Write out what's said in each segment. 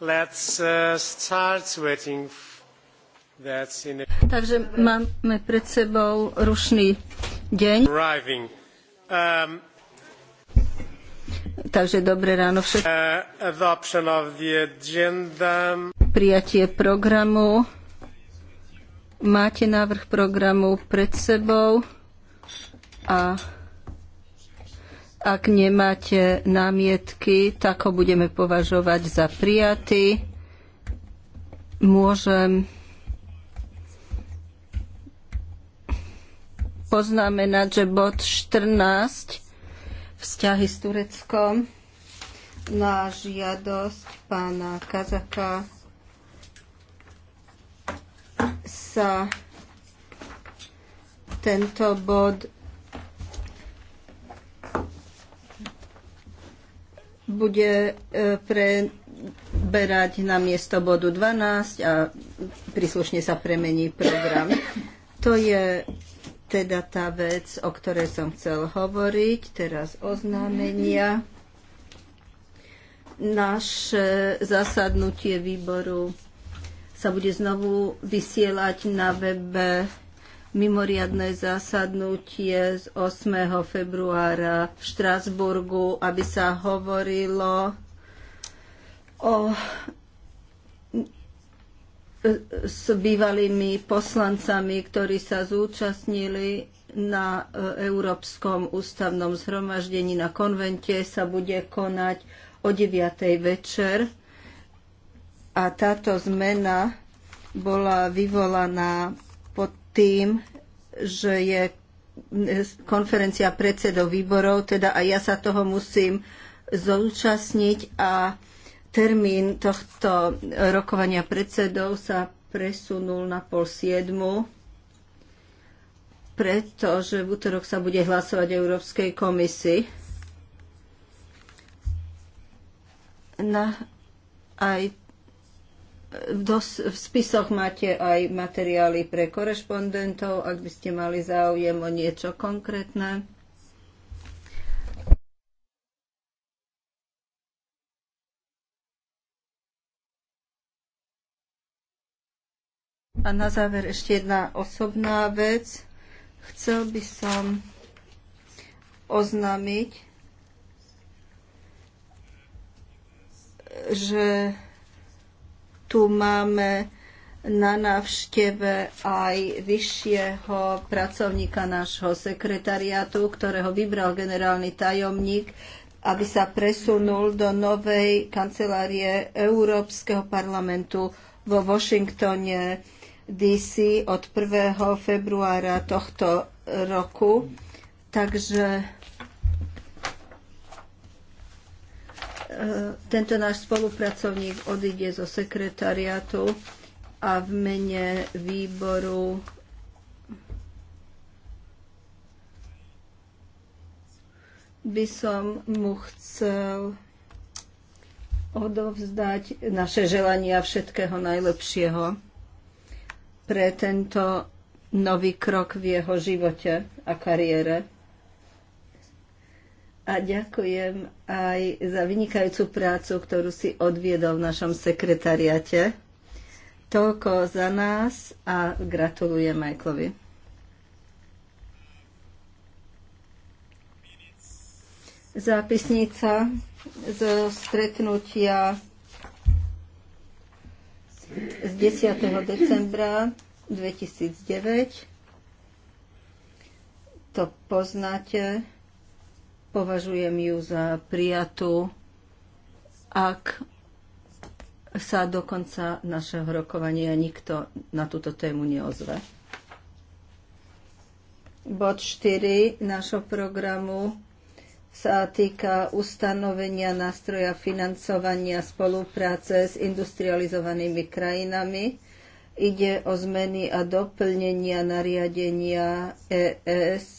Let's uh, start waiting that's in a... Takže máme pred sebou rušný deň. Um, Takže dobré ráno všetkým. Uh, Prijatie programu. Máte návrh programu pred sebou a ak nemáte námietky, tak ho budeme považovať za prijatý. Môžem poznamenať, že bod 14 vzťahy s Tureckom na žiadosť pána Kazaka sa tento bod bude e, preberať na miesto bodu 12 a príslušne sa premení program. To je teda tá vec, o ktorej som chcel hovoriť. Teraz oznámenia. Naše zasadnutie výboru sa bude znovu vysielať na webe mimoriadne zasadnutie z 8. februára v Štrasburgu, aby sa hovorilo o s bývalými poslancami, ktorí sa zúčastnili na e, Európskom ústavnom zhromaždení na konvente sa bude konať o 9. večer. A táto zmena bola vyvolaná tým, že je konferencia predsedov výborov, teda aj ja sa toho musím zúčastniť a termín tohto rokovania predsedov sa presunul na pol siedmu, pretože v útorok sa bude hlasovať Európskej komisii. Na, aj v spisoch máte aj materiály pre korešpondentov, ak by ste mali záujem o niečo konkrétne. A na záver ešte jedna osobná vec. Chcel by som oznámiť, že tu máme na návšteve aj vyššieho pracovníka nášho sekretariátu, ktorého vybral generálny tajomník, aby sa presunul do novej kancelárie Európskeho parlamentu vo Washingtone DC od 1. februára tohto roku. Takže E, tento náš spolupracovník odíde zo sekretariátu a v mene výboru by som mu chcel odovzdať naše želania všetkého najlepšieho pre tento nový krok v jeho živote a kariére a ďakujem aj za vynikajúcu prácu, ktorú si odviedol v našom sekretariate. Toľko za nás a gratulujem Michaelovi. Zápisnica zo stretnutia z 10. decembra 2009. To poznáte. Považujem ju za prijatú, ak sa do konca našeho rokovania nikto na túto tému neozve. Bod 4 nášho programu sa týka ustanovenia nástroja financovania spolupráce s industrializovanými krajinami. Ide o zmeny a doplnenia nariadenia ES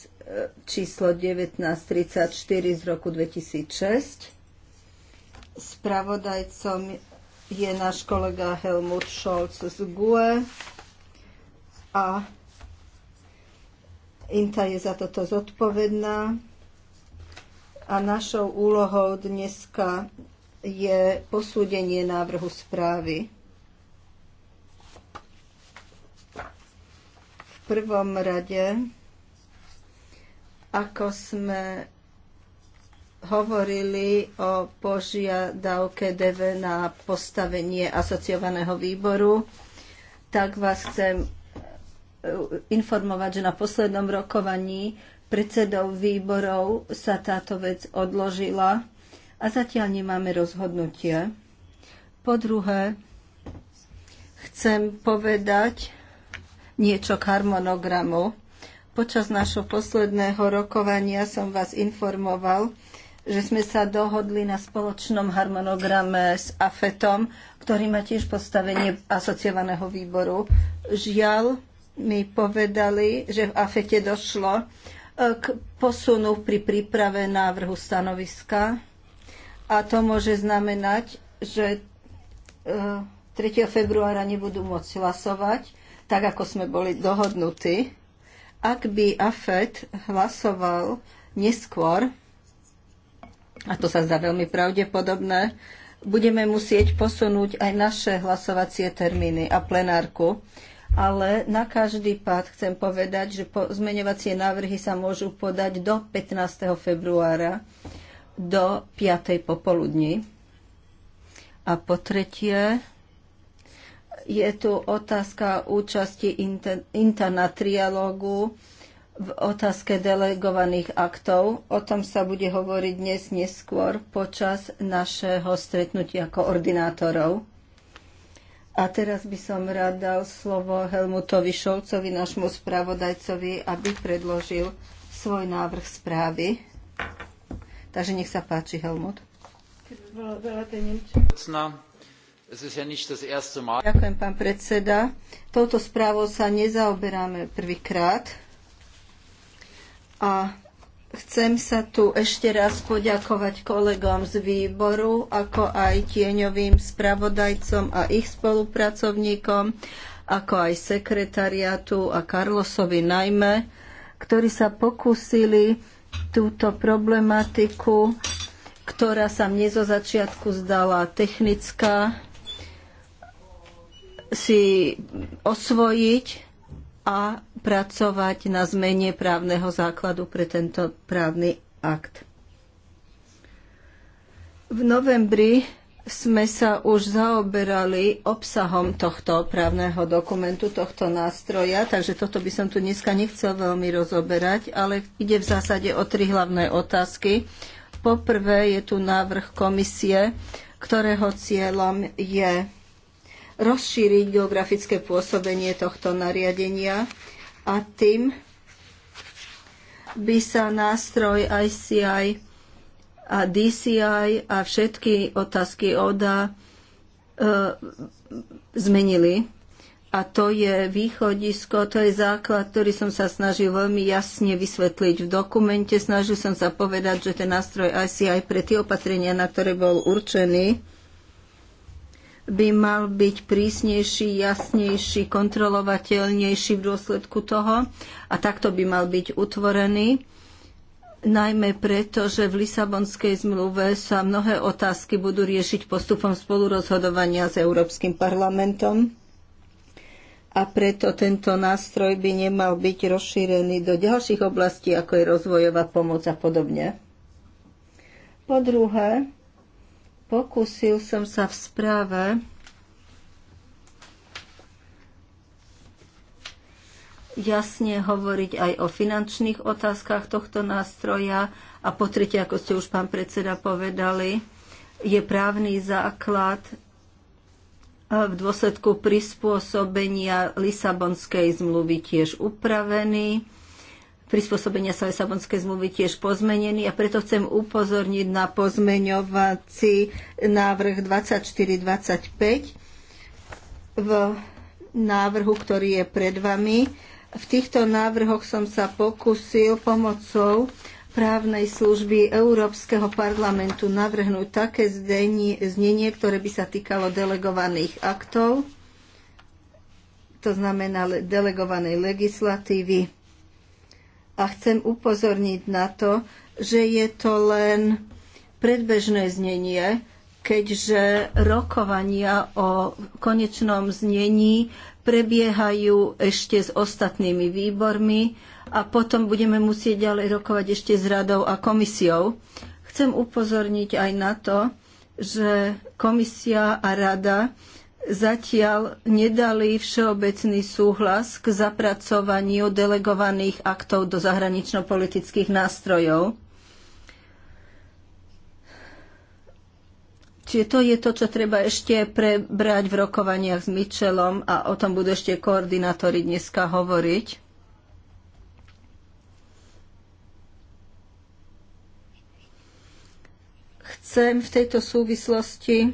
číslo 1934 z roku 2006. Spravodajcom je náš kolega Helmut Scholz z GUE a INTA je za toto zodpovedná. A našou úlohou dneska je posúdenie návrhu správy. V prvom rade ako sme hovorili o požiadavke DV na postavenie asociovaného výboru, tak vás chcem eh, informovať, že na poslednom rokovaní predsedov výborov sa táto vec odložila a zatiaľ nemáme rozhodnutie. Po druhé, chcem povedať niečo k harmonogramu. Počas našho posledného rokovania som vás informoval, že sme sa dohodli na spoločnom harmonograme s AFETom, ktorý má tiež postavenie asociovaného výboru. Žiaľ, mi povedali, že v AFETe došlo e, k posunu pri príprave návrhu stanoviska a to môže znamenať, že 3. E, februára nebudú môcť hlasovať, tak ako sme boli dohodnutí. Ak by AFET hlasoval neskôr, a to sa zdá veľmi pravdepodobné, budeme musieť posunúť aj naše hlasovacie termíny a plenárku. Ale na každý pád chcem povedať, že zmeňovacie návrhy sa môžu podať do 15. februára do 5. popoludní. A po tretie, je tu otázka účasti interna trialógu v otázke delegovaných aktov. O tom sa bude hovoriť dnes neskôr počas našeho stretnutia koordinátorov. A teraz by som rád dal slovo Helmutovi Šolcovi, nášmu spravodajcovi, aby predložil svoj návrh správy. Takže nech sa páči, Helmut. Veľa, veľa Ďakujem, pán predseda. Touto správou sa nezaoberáme prvýkrát. A chcem sa tu ešte raz poďakovať kolegom z výboru, ako aj tieňovým spravodajcom a ich spolupracovníkom, ako aj sekretariatu a Karlosovi najmä, ktorí sa pokúsili túto problematiku, ktorá sa mne zo začiatku zdala technická, si osvojiť a pracovať na zmene právneho základu pre tento právny akt. V novembri sme sa už zaoberali obsahom tohto právneho dokumentu, tohto nástroja, takže toto by som tu dneska nechcel veľmi rozoberať, ale ide v zásade o tri hlavné otázky. Poprvé je tu návrh komisie, ktorého cieľom je rozšíriť geografické pôsobenie tohto nariadenia a tým by sa nástroj ICI a DCI a všetky otázky ODA e, zmenili. A to je východisko, to je základ, ktorý som sa snažil veľmi jasne vysvetliť v dokumente. Snažil som sa povedať, že ten nástroj ICI pre tie opatrenia, na ktoré bol určený, by mal byť prísnejší, jasnejší, kontrolovateľnejší v dôsledku toho a takto by mal byť utvorený najmä preto, že v Lisabonskej zmluve sa mnohé otázky budú riešiť postupom spolurozhodovania s Európskym parlamentom a preto tento nástroj by nemal byť rozšírený do ďalších oblastí, ako je rozvojová pomoc a podobne. Po druhé, Pokúsil som sa v správe jasne hovoriť aj o finančných otázkach tohto nástroja a po tretie, ako ste už pán predseda povedali, je právny základ v dôsledku prispôsobenia Lisabonskej zmluvy tiež upravený prispôsobenia sa Lisabonskej zmluvy tiež pozmenený a preto chcem upozorniť na pozmeňovací návrh 24-25. v návrhu, ktorý je pred vami. V týchto návrhoch som sa pokusil pomocou právnej služby Európskeho parlamentu navrhnúť také znenie, ktoré by sa týkalo delegovaných aktov, to znamená delegovanej legislatívy a chcem upozorniť na to, že je to len predbežné znenie, keďže rokovania o konečnom znení prebiehajú ešte s ostatnými výbormi a potom budeme musieť ďalej rokovať ešte s radou a komisiou. Chcem upozorniť aj na to, že komisia a rada zatiaľ nedali všeobecný súhlas k zapracovaniu delegovaných aktov do zahranično-politických nástrojov. Čiže to je to, čo treba ešte prebrať v rokovaniach s Mitchellom a o tom budú ešte koordinátori dneska hovoriť. Chcem v tejto súvislosti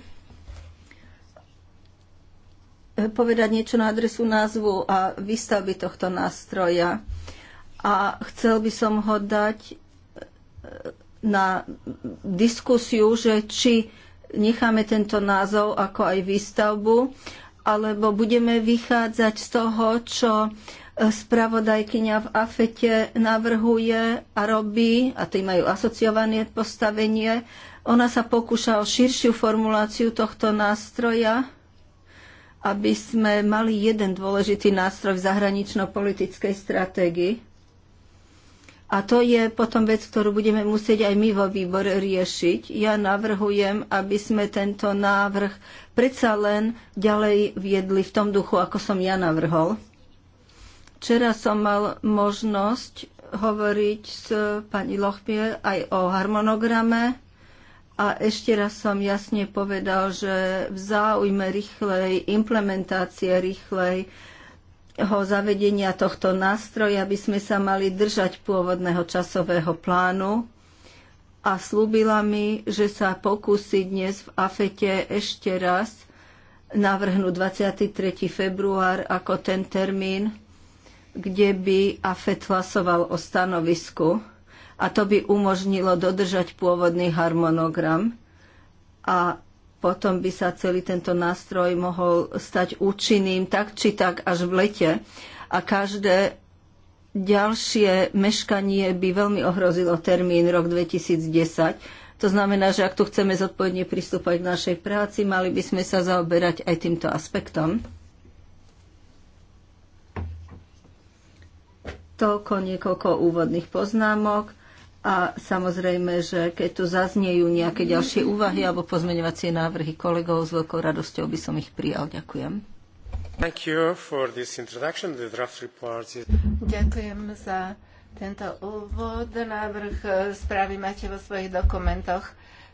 povedať niečo na adresu názvu a výstavby tohto nástroja. A chcel by som ho dať e, na diskusiu, že či necháme tento názov ako aj výstavbu, alebo budeme vychádzať z toho, čo e, spravodajkyňa v AFETE navrhuje a robí, a tým majú asociované postavenie. Ona sa pokúša o širšiu formuláciu tohto nástroja aby sme mali jeden dôležitý nástroj v zahranično-politickej stratégii. A to je potom vec, ktorú budeme musieť aj my vo výbore riešiť. Ja navrhujem, aby sme tento návrh predsa len ďalej viedli v tom duchu, ako som ja navrhol. Včera som mal možnosť hovoriť s pani Lochmie aj o harmonograme a ešte raz som jasne povedal, že v záujme rýchlej implementácie, rýchlej ho zavedenia tohto nástroja by sme sa mali držať pôvodného časového plánu a slúbila mi, že sa pokúsi dnes v AFETE ešte raz navrhnú 23. február ako ten termín, kde by AFET hlasoval o stanovisku a to by umožnilo dodržať pôvodný harmonogram a potom by sa celý tento nástroj mohol stať účinným tak či tak až v lete a každé ďalšie meškanie by veľmi ohrozilo termín rok 2010. To znamená, že ak tu chceme zodpovedne pristúpať k našej práci, mali by sme sa zaoberať aj týmto aspektom. Toľko niekoľko úvodných poznámok. A samozrejme, že keď tu zaznejú nejaké ďalšie úvahy alebo pozmeňovacie návrhy kolegov, s veľkou radosťou by som ich prijal. Ďakujem. Ďakujem za tento úvod. Návrh e, správy máte vo svojich dokumentoch.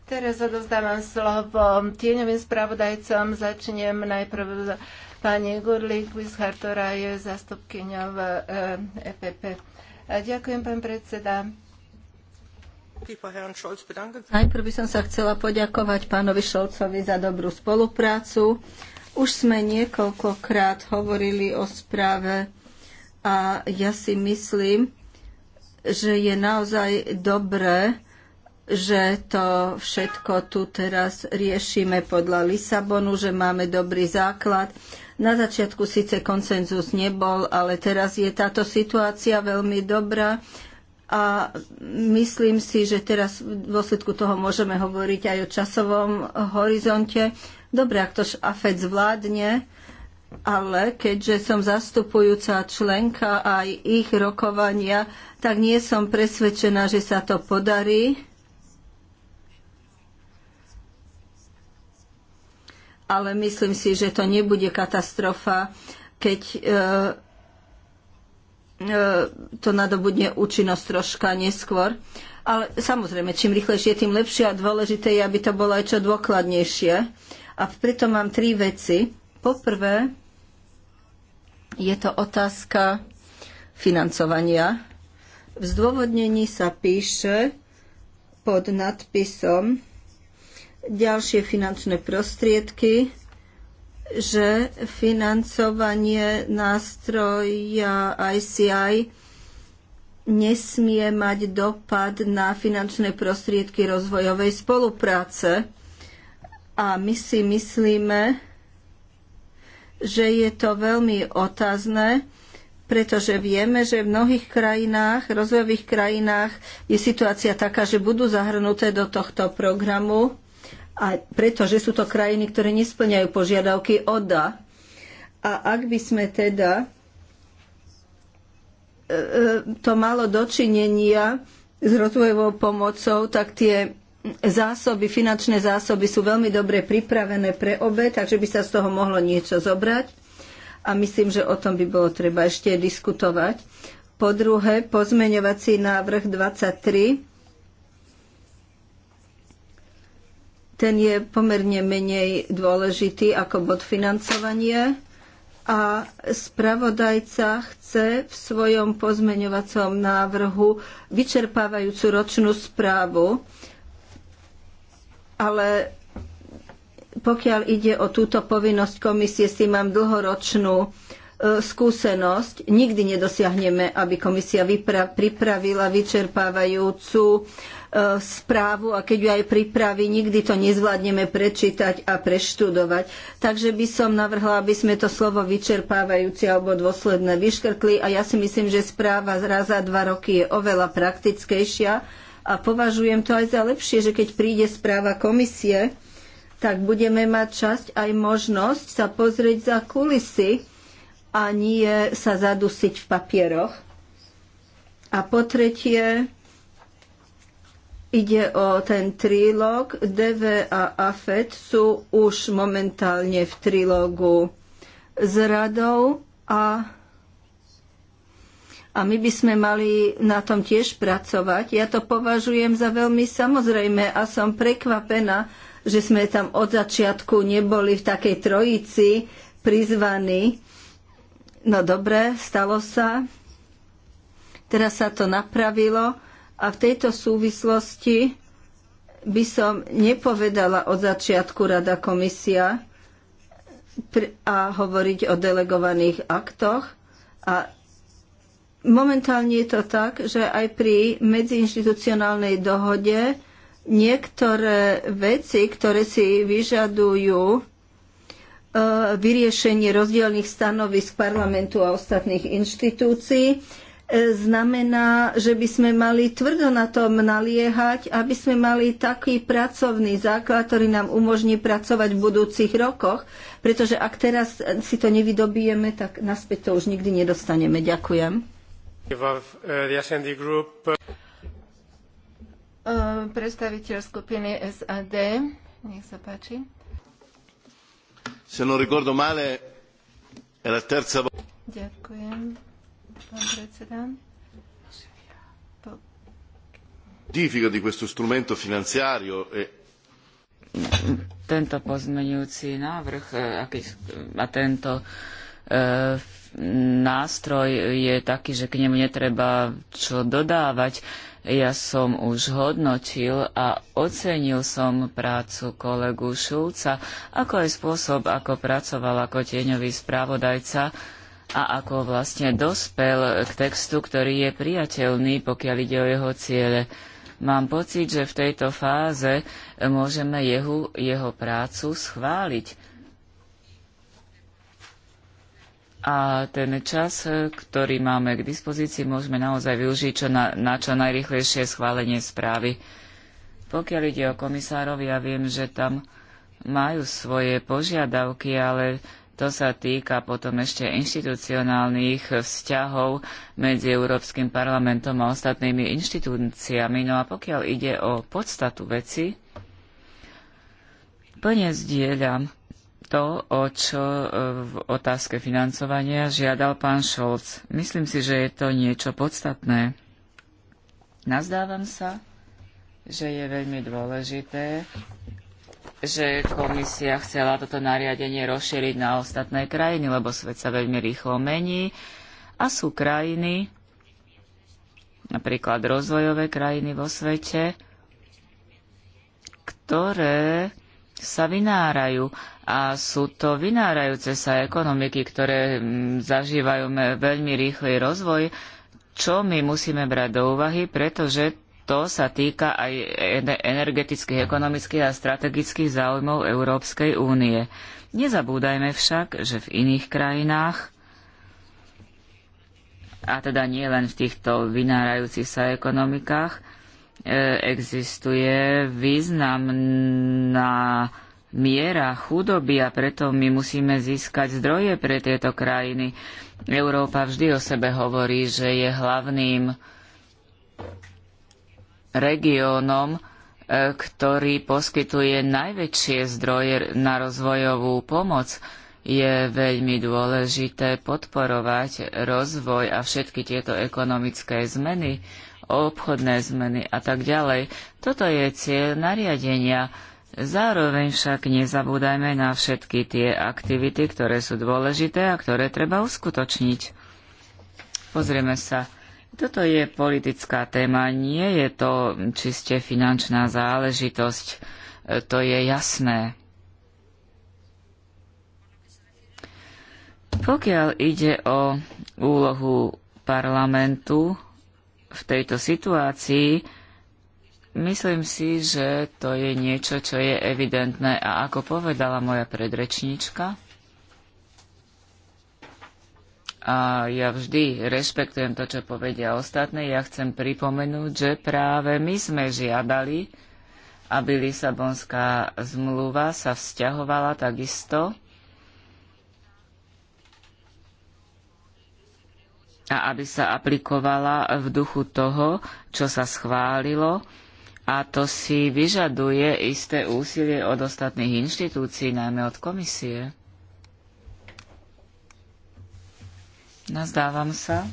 Teraz odovzdávam slovo tieňovým spravodajcom. Začnem najprv pani Gurlík, ktorá je zastupkyňou EPP. E ďakujem, pán predseda. Najprv by som sa chcela poďakovať pánovi Šolcovi za dobrú spoluprácu. Už sme niekoľkokrát hovorili o správe a ja si myslím, že je naozaj dobré, že to všetko tu teraz riešime podľa Lisabonu, že máme dobrý základ. Na začiatku síce konsenzus nebol, ale teraz je táto situácia veľmi dobrá a myslím si, že teraz v dôsledku toho môžeme hovoriť aj o časovom horizonte. Dobre, ak tož AFED zvládne, ale keďže som zastupujúca členka aj ich rokovania, tak nie som presvedčená, že sa to podarí. Ale myslím si, že to nebude katastrofa, keď e, E, to nadobudne účinnosť troška neskôr. Ale samozrejme, čím rýchlejšie, tým lepšie a dôležité je, aby to bolo aj čo dôkladnejšie. A preto mám tri veci. Poprvé, je to otázka financovania. V zdôvodnení sa píše pod nadpisom ďalšie finančné prostriedky že financovanie nástroja ICI nesmie mať dopad na finančné prostriedky rozvojovej spolupráce. A my si myslíme, že je to veľmi otázne, pretože vieme, že v mnohých krajinách, rozvojových krajinách je situácia taká, že budú zahrnuté do tohto programu a pretože sú to krajiny, ktoré nesplňajú požiadavky ODA. A ak by sme teda e, e, to malo dočinenia s rozvojovou pomocou, tak tie zásoby, finančné zásoby sú veľmi dobre pripravené pre obe, takže by sa z toho mohlo niečo zobrať. A myslím, že o tom by bolo treba ešte diskutovať. Po druhé, pozmeňovací návrh 23 ten je pomerne menej dôležitý ako bod financovanie a spravodajca chce v svojom pozmeňovacom návrhu vyčerpávajúcu ročnú správu, ale pokiaľ ide o túto povinnosť komisie, si mám dlhoročnú e, skúsenosť. Nikdy nedosiahneme, aby komisia pripravila vyčerpávajúcu správu a keď ju aj pripraví, nikdy to nezvládneme prečítať a preštudovať. Takže by som navrhla, aby sme to slovo vyčerpávajúce alebo dôsledné vyškrtli a ja si myslím, že správa raz za dva roky je oveľa praktickejšia a považujem to aj za lepšie, že keď príde správa komisie, tak budeme mať časť aj možnosť sa pozrieť za kulisy a nie sa zadusiť v papieroch. A po tretie, Ide o ten trílog. DV a AFET sú už momentálne v trílogu s radou a, a my by sme mali na tom tiež pracovať. Ja to považujem za veľmi samozrejme a som prekvapená, že sme tam od začiatku neboli v takej trojici prizvaní. No dobre, stalo sa. Teraz sa to napravilo a v tejto súvislosti by som nepovedala od začiatku Rada komisia a hovoriť o delegovaných aktoch. A momentálne je to tak, že aj pri medziinstitucionálnej dohode niektoré veci, ktoré si vyžadujú e, vyriešenie rozdielných stanovisk parlamentu a ostatných inštitúcií, znamená, že by sme mali tvrdo na tom naliehať, aby sme mali taký pracovný základ, ktorý nám umožní pracovať v budúcich rokoch, pretože ak teraz si to nevydobijeme, tak naspäť to už nikdy nedostaneme. Ďakujem. Predstaviteľ skupiny SAD, nech sa páči. Ďakujem predseda. di questo strumento finanziario e- tento pozmenujúci návrh e, a tento e, nástroj je taký, že k nemu netreba čo dodávať. Ja som už hodnotil a ocenil som prácu kolegu Šulca, ako aj spôsob, ako pracoval ako tieňový správodajca a ako vlastne dospel k textu, ktorý je priateľný, pokiaľ ide o jeho ciele. Mám pocit, že v tejto fáze môžeme jeho, jeho prácu schváliť. A ten čas, ktorý máme k dispozícii, môžeme naozaj využiť čo na, na čo najrychlejšie schválenie správy. Pokiaľ ide o komisárov, ja viem, že tam majú svoje požiadavky, ale to sa týka potom ešte inštitucionálnych vzťahov medzi Európskym parlamentom a ostatnými inštitúciami. No a pokiaľ ide o podstatu veci, plne zdieľam to, o čo e, v otázke financovania žiadal pán Šolc. Myslím si, že je to niečo podstatné. Nazdávam sa, že je veľmi dôležité, že komisia chcela toto nariadenie rozšíriť na ostatné krajiny, lebo svet sa veľmi rýchlo mení a sú krajiny, napríklad rozvojové krajiny vo svete, ktoré sa vynárajú a sú to vynárajúce sa ekonomiky, ktoré mm, zažívajú veľmi rýchly rozvoj, čo my musíme brať do úvahy, pretože to sa týka aj energetických, ekonomických a strategických záujmov Európskej únie. Nezabúdajme však, že v iných krajinách, a teda nie len v týchto vynárajúcich sa ekonomikách, e, existuje významná miera chudoby a preto my musíme získať zdroje pre tieto krajiny. Európa vždy o sebe hovorí, že je hlavným regiónom, e, ktorý poskytuje najväčšie zdroje na rozvojovú pomoc, je veľmi dôležité podporovať rozvoj a všetky tieto ekonomické zmeny, obchodné zmeny a tak ďalej. Toto je cieľ nariadenia. Zároveň však nezabúdajme na všetky tie aktivity, ktoré sú dôležité a ktoré treba uskutočniť. Pozrieme sa toto je politická téma, nie je to čiste finančná záležitosť, e, to je jasné. Pokiaľ ide o úlohu parlamentu v tejto situácii, myslím si, že to je niečo, čo je evidentné. A ako povedala moja predrečníčka, a ja vždy rešpektujem to, čo povedia ostatné. Ja chcem pripomenúť, že práve my sme žiadali, aby Lisabonská zmluva sa vzťahovala takisto a aby sa aplikovala v duchu toho, čo sa schválilo a to si vyžaduje isté úsilie od ostatných inštitúcií, najmä od komisie. Nazdávam sa,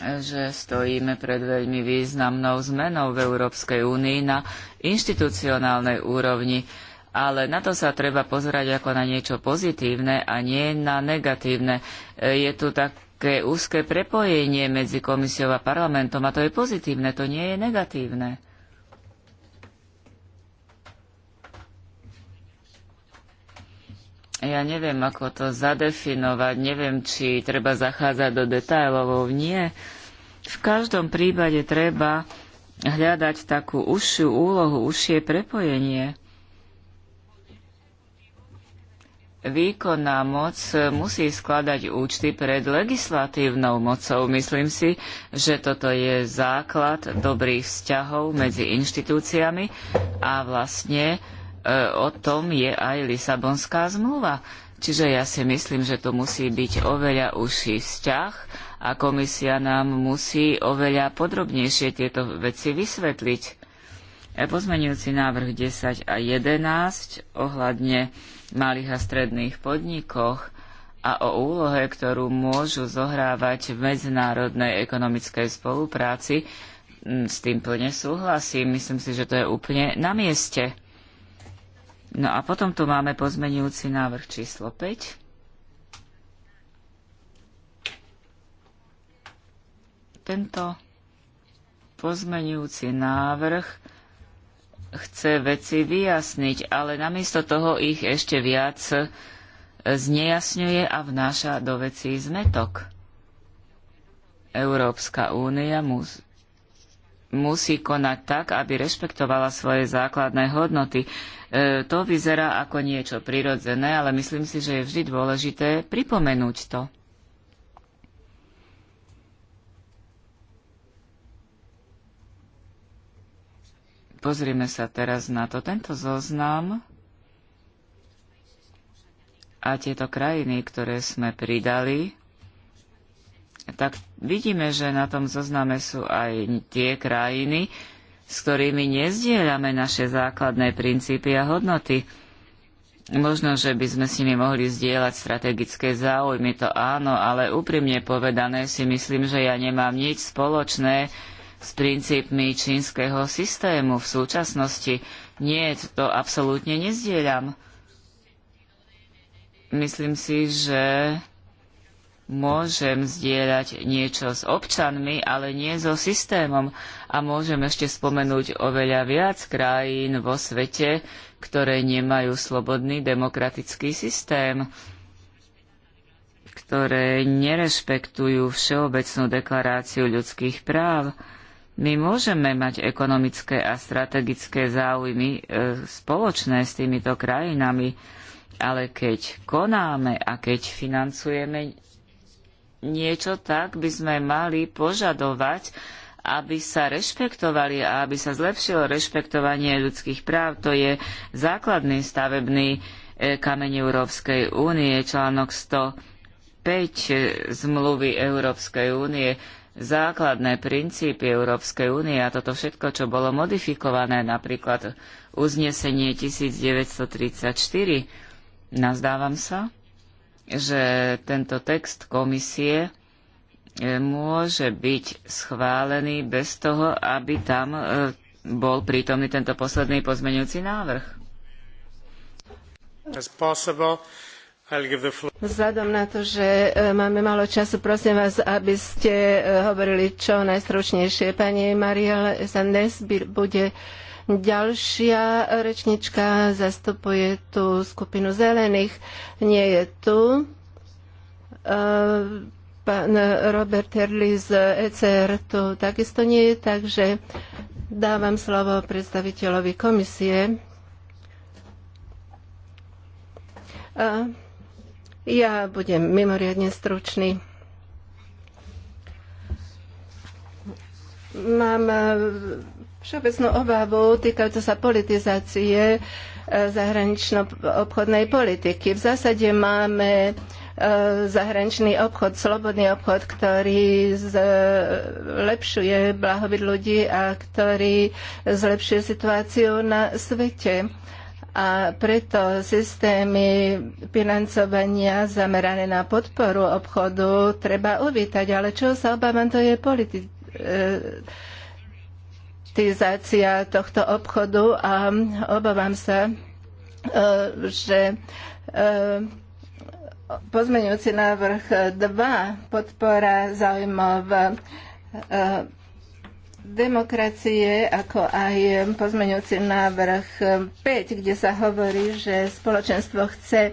že stojíme pred veľmi významnou zmenou v Európskej únii na inštitucionálnej úrovni, ale na to sa treba pozerať ako na niečo pozitívne a nie na negatívne. Je tu také úzke prepojenie medzi komisiou a parlamentom a to je pozitívne, to nie je negatívne. ja neviem, ako to zadefinovať, neviem, či treba zachádzať do detajlov, nie. V každom prípade treba hľadať takú užšiu úlohu, užšie prepojenie. Výkonná moc musí skladať účty pred legislatívnou mocou. Myslím si, že toto je základ dobrých vzťahov medzi inštitúciami a vlastne E, o tom je aj Lisabonská zmluva. Čiže ja si myslím, že to musí byť oveľa užší vzťah a komisia nám musí oveľa podrobnejšie tieto veci vysvetliť. E, Pozmenujúci návrh 10 a 11 ohľadne malých a stredných podnikoch a o úlohe, ktorú môžu zohrávať v medzinárodnej ekonomickej spolupráci, s tým plne súhlasím. Myslím si, že to je úplne na mieste. No a potom tu máme pozmenujúci návrh číslo 5. Tento pozmenujúci návrh chce veci vyjasniť, ale namiesto toho ich ešte viac znejasňuje a vnáša do veci zmetok. Európska únia mus, musí konať tak, aby rešpektovala svoje základné hodnoty. E, to vyzerá ako niečo prirodzené, ale myslím si, že je vždy dôležité pripomenúť to. Pozrime sa teraz na to. Tento zoznam a tieto krajiny, ktoré sme pridali, tak vidíme, že na tom zozname sú aj tie krajiny, s ktorými nezdieľame naše základné princípy a hodnoty. Možno, že by sme s nimi mohli zdieľať strategické záujmy, to áno, ale úprimne povedané si myslím, že ja nemám nič spoločné s princípmi čínskeho systému v súčasnosti. Nie, to absolútne nezdieľam. Myslím si, že môžem zdieľať niečo s občanmi, ale nie so systémom. A môžem ešte spomenúť oveľa viac krajín vo svete, ktoré nemajú slobodný demokratický systém, ktoré nerešpektujú Všeobecnú deklaráciu ľudských práv. My môžeme mať ekonomické a strategické záujmy e, spoločné s týmito krajinami, ale keď konáme a keď financujeme niečo, tak by sme mali požadovať, aby sa rešpektovali a aby sa zlepšilo rešpektovanie ľudských práv. To je základný stavebný e, kameň Európskej únie, článok 105 e, zmluvy Európskej únie, základné princípy Európskej únie a toto všetko, čo bolo modifikované, napríklad uznesenie 1934, nazdávam sa, že tento text komisie e, môže byť schválený bez toho, aby tam e, bol prítomný tento posledný pozmeňujúci návrh. Vzhľadom na to, že e, máme málo času, prosím vás, aby ste hovorili čo najstručnejšie. Pani Marielle Sandes bude Ďalšia rečnička zastupuje tu skupinu zelených. Nie je tu. E, pán Robert Herli z ECR tu takisto nie je, takže dávam slovo predstaviteľovi komisie. A e, ja budem mimoriadne stručný. Mám všeobecnú obavu týkajúcu sa politizácie e, zahranično-obchodnej politiky. V zásade máme e, zahraničný obchod, slobodný obchod, ktorý zlepšuje blahobyt ľudí a ktorý zlepšuje situáciu na svete a preto systémy financovania zamerané na podporu obchodu treba uvítať. Ale čo sa obávam, to je politi- e, privatizácia tohto obchodu a obávam sa, e, že e, pozmeňujúci návrh 2 podpora záujmov e, demokracie, ako aj pozmeňujúci návrh 5, kde sa hovorí, že spoločenstvo chce e,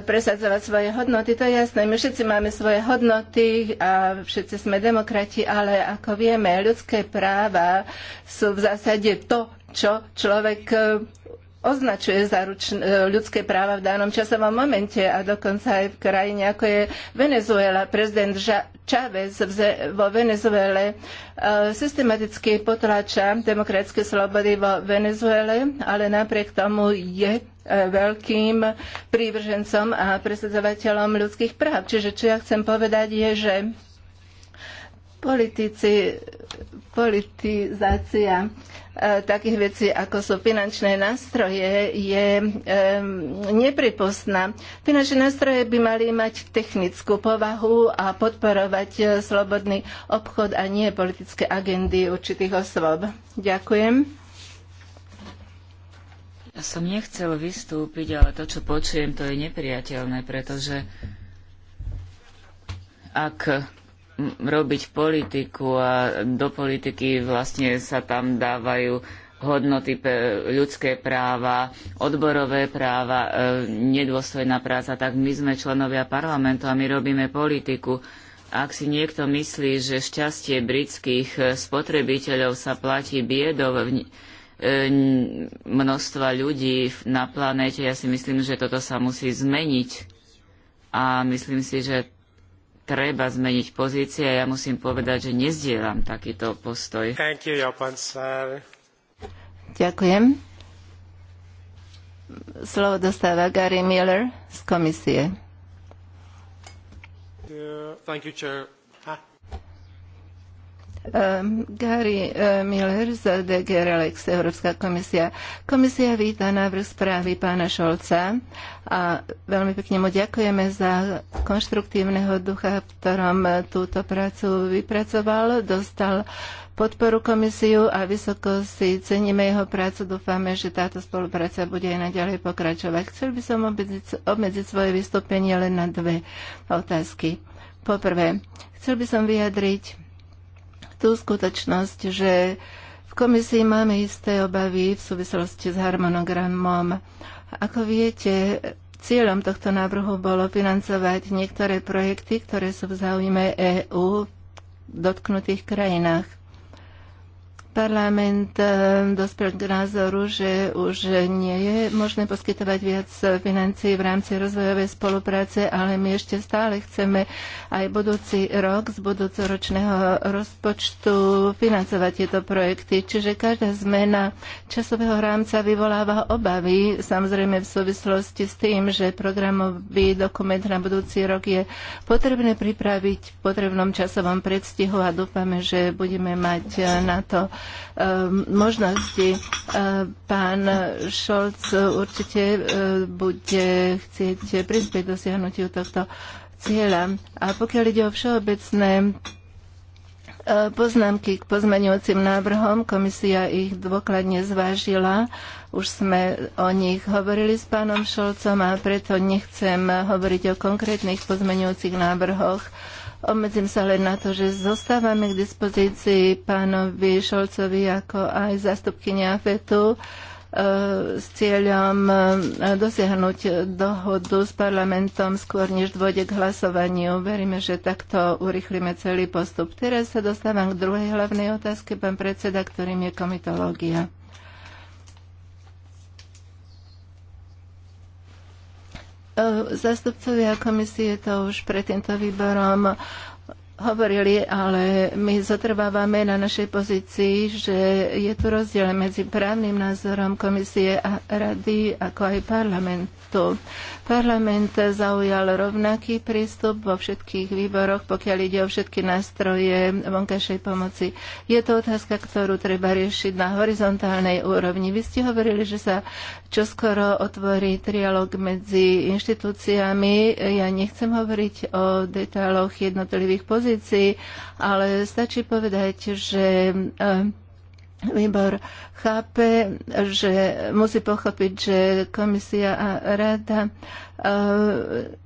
presadzovať svoje hodnoty. To je jasné, my všetci máme svoje hodnoty a všetci sme demokrati, ale ako vieme, ľudské práva sú v zásade to, čo človek e, označuje za e, ľudské práva v danom časovom momente a dokonca aj v krajine ako je Venezuela. Prezident Chávez vo Venezuele e, systematicky potláča demokratické slobody vo Venezuele, ale napriek tomu je e, veľkým prívržencom a presadzovateľom ľudských práv. Čiže čo ja chcem povedať je, že politici, politizácia E, takých vecí, ako sú finančné nástroje, je um, nepripustná. Finančné nástroje by mali mať technickú povahu a podporovať e, slobodný obchod a nie politické agendy určitých osôb. Ďakujem. Ja som nechcel vystúpiť, ale to, čo počujem, to je nepriateľné, pretože ak robiť politiku a do politiky vlastne sa tam dávajú hodnoty ľudské práva, odborové práva, e, nedôstojná práca, tak my sme členovia parlamentu a my robíme politiku. Ak si niekto myslí, že šťastie britských e, spotrebiteľov sa platí biedou e, množstva ľudí na planéte, ja si myslím, že toto sa musí zmeniť. A myslím si, že treba zmeniť pozície. a Ja musím povedať, že nezdielam takýto postoj. You, Ďakujem. Slovo dostáva Gary Miller z komisie. You, Ehm, Gary ehm, Miller z DG Relax, Európska komisia. Komisia víta návrh správy pána Šolca a veľmi pekne mu ďakujeme za konštruktívneho ducha, v ktorom túto prácu vypracoval. Dostal podporu komisiu a vysoko si ceníme jeho prácu. Dúfame, že táto spolupráca bude aj naďalej pokračovať. Chcel by som obmedziť, obmedziť svoje vystúpenie len na dve otázky. Poprvé, chcel by som vyjadriť tú skutočnosť, že v komisii máme isté obavy v súvislosti s harmonogramom. Ako viete, cieľom tohto návrhu bolo financovať niektoré projekty, ktoré sú v záujme EÚ v dotknutých krajinách. Parlament eh, dospel k názoru, že už nie je možné poskytovať viac financií v rámci rozvojovej spolupráce, ale my ešte stále chceme aj budúci rok z budúcoročného rozpočtu financovať tieto projekty. Čiže každá zmena časového rámca vyvoláva obavy, samozrejme v súvislosti s tým, že programový dokument na budúci rok je potrebné pripraviť v potrebnom časovom predstihu a dúfame, že budeme mať na to Ehm, možnosti. Ehm, pán Šolc určite ehm, bude chcieť prispieť dosiahnutiu tohto cieľa. A pokiaľ ide o všeobecné poznámky k pozmeňujúcim návrhom. Komisia ich dôkladne zvážila. Už sme o nich hovorili s pánom Šolcom a preto nechcem hovoriť o konkrétnych pozmeňujúcich návrhoch Obmedzím sa len na to, že zostávame k dispozícii pánovi Šolcovi ako aj zastupkynia FETu e, s cieľom e, dosiahnuť dohodu s parlamentom skôr, než dôjde k hlasovaniu. Veríme, že takto urychlíme celý postup. Teraz sa dostávam k druhej hlavnej otázke, pán predseda, ktorým je komitológia. E, zastupcovia komisie to už pred týmto výborom hovorili, ale my zatrvávame na našej pozícii, že je tu rozdiel medzi právnym názorom komisie a rady, ako aj parlamentu. Parlament zaujal rovnaký prístup vo všetkých výboroch, pokiaľ ide o všetky nástroje vonkajšej pomoci. Je to otázka, ktorú treba riešiť na horizontálnej úrovni. Vy ste hovorili, že sa čoskoro otvorí trialog medzi inštitúciami. Ja nechcem hovoriť o detáloch jednotlivých pozícií, dispozícii, ale stačí povedať, že eh, Výbor chápe, že musí pochopiť, že komisia a rada eh,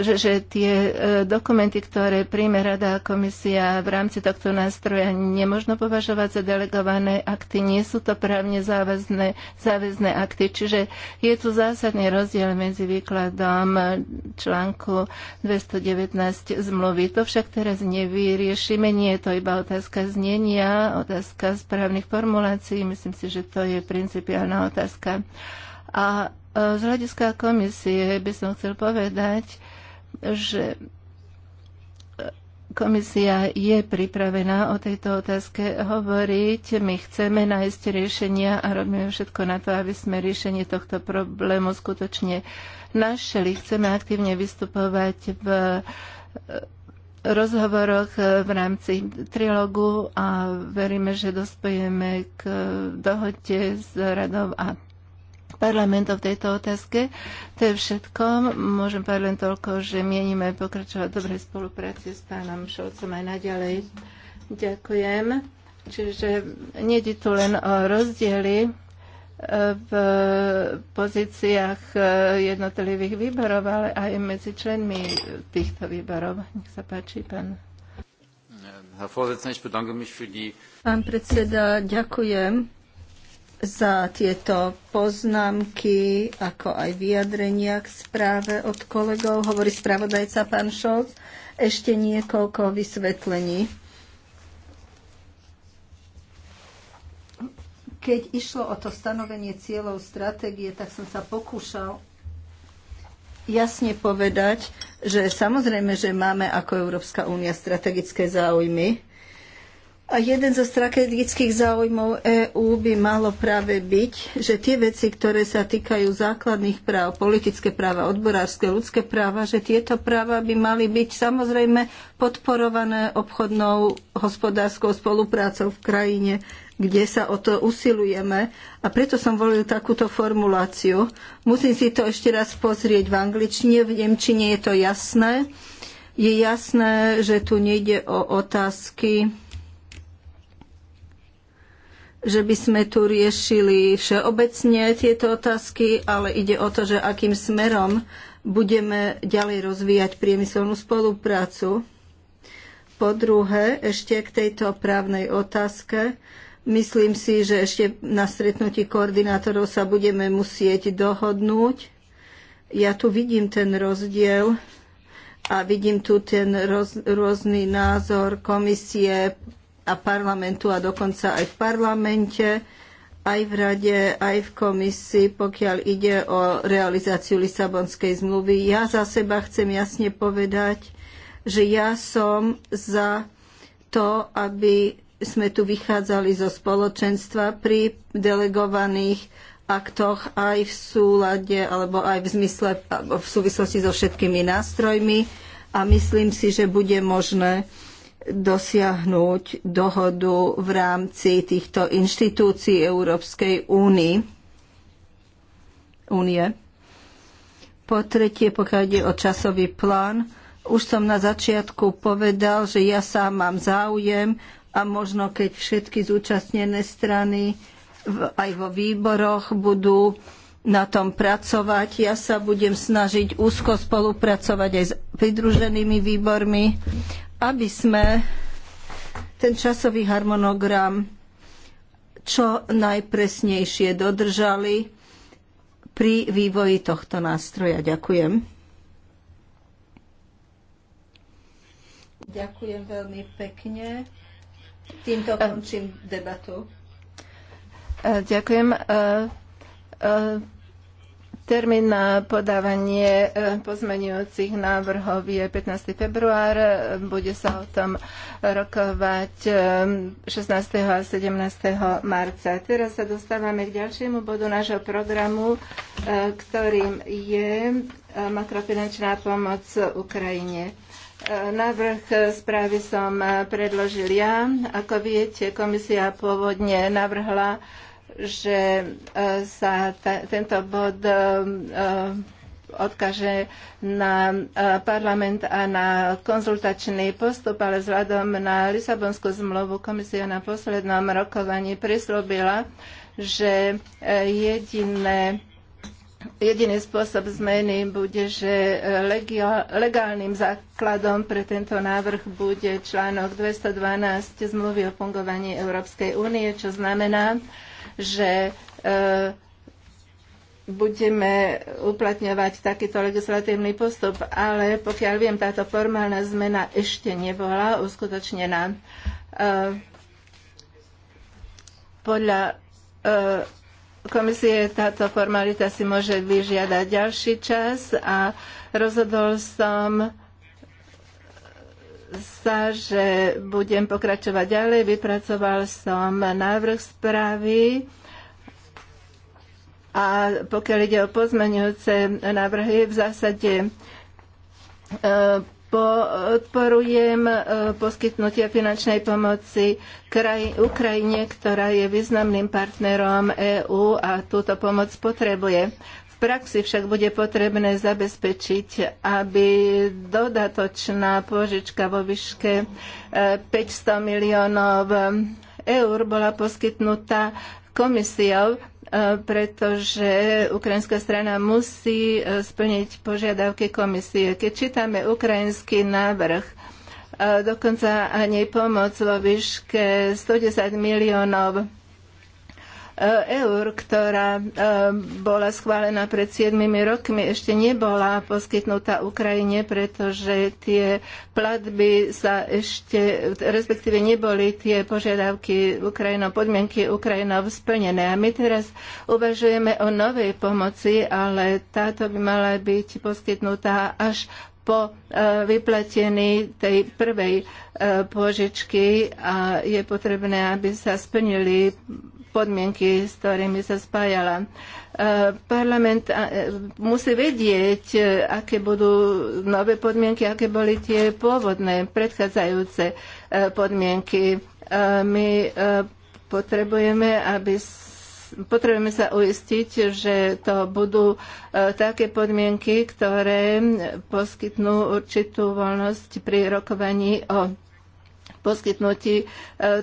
že, že tie e, dokumenty, ktoré príjme Rada a komisia v rámci tohto nástroja, nemôžno považovať za delegované akty, nie sú to právne záväzné, záväzné akty. Čiže je tu zásadný rozdiel medzi výkladom článku 219 zmluvy. To však teraz nevyriešime, nie je to iba otázka znenia, otázka správnych formulácií. Myslím si, že to je principiálna otázka. A e, z hľadiska komisie by som chcel povedať, že komisia je pripravená o tejto otázke hovoriť. My chceme nájsť riešenia a robíme všetko na to, aby sme riešenie tohto problému skutočne našli. Chceme aktívne vystupovať v rozhovoroch v rámci trilogu a veríme, že dospojeme k dohode s radou a parlamentov v tejto otázke. To je všetko. Môžem povedať len toľko, že mienime pokračovať dobrej spolupráci s pánom Šolcom aj naďalej. Ďakujem. Čiže nejde tu len o rozdiely e, v pozíciách e, jednotlivých výborov, ale aj medzi členmi týchto výborov. Nech sa páči, pán. Pán predseda, ďakujem za tieto poznámky, ako aj vyjadrenia k správe od kolegov. Hovorí spravodajca pán Šolc. Ešte niekoľko vysvetlení. Keď išlo o to stanovenie cieľov stratégie, tak som sa pokúšal jasne povedať, že samozrejme, že máme ako Európska únia strategické záujmy, a jeden zo strategických záujmov EÚ by malo práve byť, že tie veci, ktoré sa týkajú základných práv, politické práva, odborárske, ľudské práva, že tieto práva by mali byť samozrejme podporované obchodnou hospodárskou spoluprácou v krajine, kde sa o to usilujeme. A preto som volil takúto formuláciu. Musím si to ešte raz pozrieť v angličtine, v nemčine je to jasné. Je jasné, že tu nejde o otázky že by sme tu riešili všeobecne tieto otázky, ale ide o to, že akým smerom budeme ďalej rozvíjať priemyselnú spoluprácu. Po druhé, ešte k tejto právnej otázke. Myslím si, že ešte na stretnutí koordinátorov sa budeme musieť dohodnúť. Ja tu vidím ten rozdiel a vidím tu ten roz, rôzny názor komisie, a parlamentu a dokonca aj v parlamente, aj v rade, aj v komisii, pokiaľ ide o realizáciu Lisabonskej zmluvy. Ja za seba chcem jasne povedať, že ja som za to, aby sme tu vychádzali zo spoločenstva pri delegovaných aktoch aj v súlade alebo aj v, zmysle, v súvislosti so všetkými nástrojmi a myslím si, že bude možné dosiahnuť dohodu v rámci týchto inštitúcií Európskej únie. únie. Po tretie, pokiaľ ide o časový plán, už som na začiatku povedal, že ja sám mám záujem a možno keď všetky zúčastnené strany aj vo výboroch budú na tom pracovať. Ja sa budem snažiť úzko spolupracovať aj s pridruženými výbormi aby sme ten časový harmonogram čo najpresnejšie dodržali pri vývoji tohto nástroja. Ďakujem. Ďakujem veľmi pekne. Týmto končím debatu. Ďakujem. E, e, Termín na podávanie e, pozmenujúcich návrhov je 15. február. Bude sa o tom rokovať 16. E, a 17. marca. Teraz sa dostávame k ďalšiemu bodu nášho programu, e, ktorým je makrofinančná pomoc Ukrajine. Návrh správy som predložil ja. Ako viete, komisia pôvodne navrhla že e, sa ta, tento bod e, e, odkaže na parlament a na konzultačný postup, ale vzhľadom na Lisabonskú zmluvu komisia na poslednom rokovaní prislúbila, že jediné Jediný spôsob zmeny bude, že legálnym základom pre tento návrh bude článok 212 zmluvy o fungovaní Európskej únie, čo znamená, že e, budeme uplatňovať takýto legislatívny postup, ale pokiaľ viem, táto formálna zmena ešte nebola uskutočnená. E, podľa e, komisie táto formalita si môže vyžiadať ďalší čas a rozhodol som sa, že budem pokračovať ďalej. Vypracoval som návrh správy a pokiaľ ide o pozmeňujúce návrhy, v zásade e, podporujem e, poskytnutie finančnej pomoci kraj, Ukrajine, ktorá je významným partnerom EÚ a túto pomoc potrebuje praxi však bude potrebné zabezpečiť, aby dodatočná požička vo výške 500 e, miliónov eur bola poskytnutá komisiou, e, pretože ukrajinská strana musí e, splniť požiadavky komisie. Keď čítame ukrajinský návrh, dokonca ani pomoc vo výške 110 miliónov E, eur, ktorá e, bola schválená pred 7 rokmi, ešte nebola poskytnutá Ukrajine, pretože tie platby sa ešte, respektíve neboli tie požiadavky Ukrajinou, podmienky Ukrajinou splnené. A my teraz uvažujeme o novej pomoci, ale táto by mala byť poskytnutá až po e, vyplatení tej prvej požičky a je potrebné, aby sa splnili podmienky, s ktorými sa spájala. E, parlament e, musí vedieť, e, aké budú nové podmienky, aké boli tie pôvodné, predchádzajúce podmienky. My potrebujeme, aby potrebujeme sa uistiť, že to budú také podmienky, ktoré poskytnú určitú voľnosť pri rokovaní o poskytnutí e,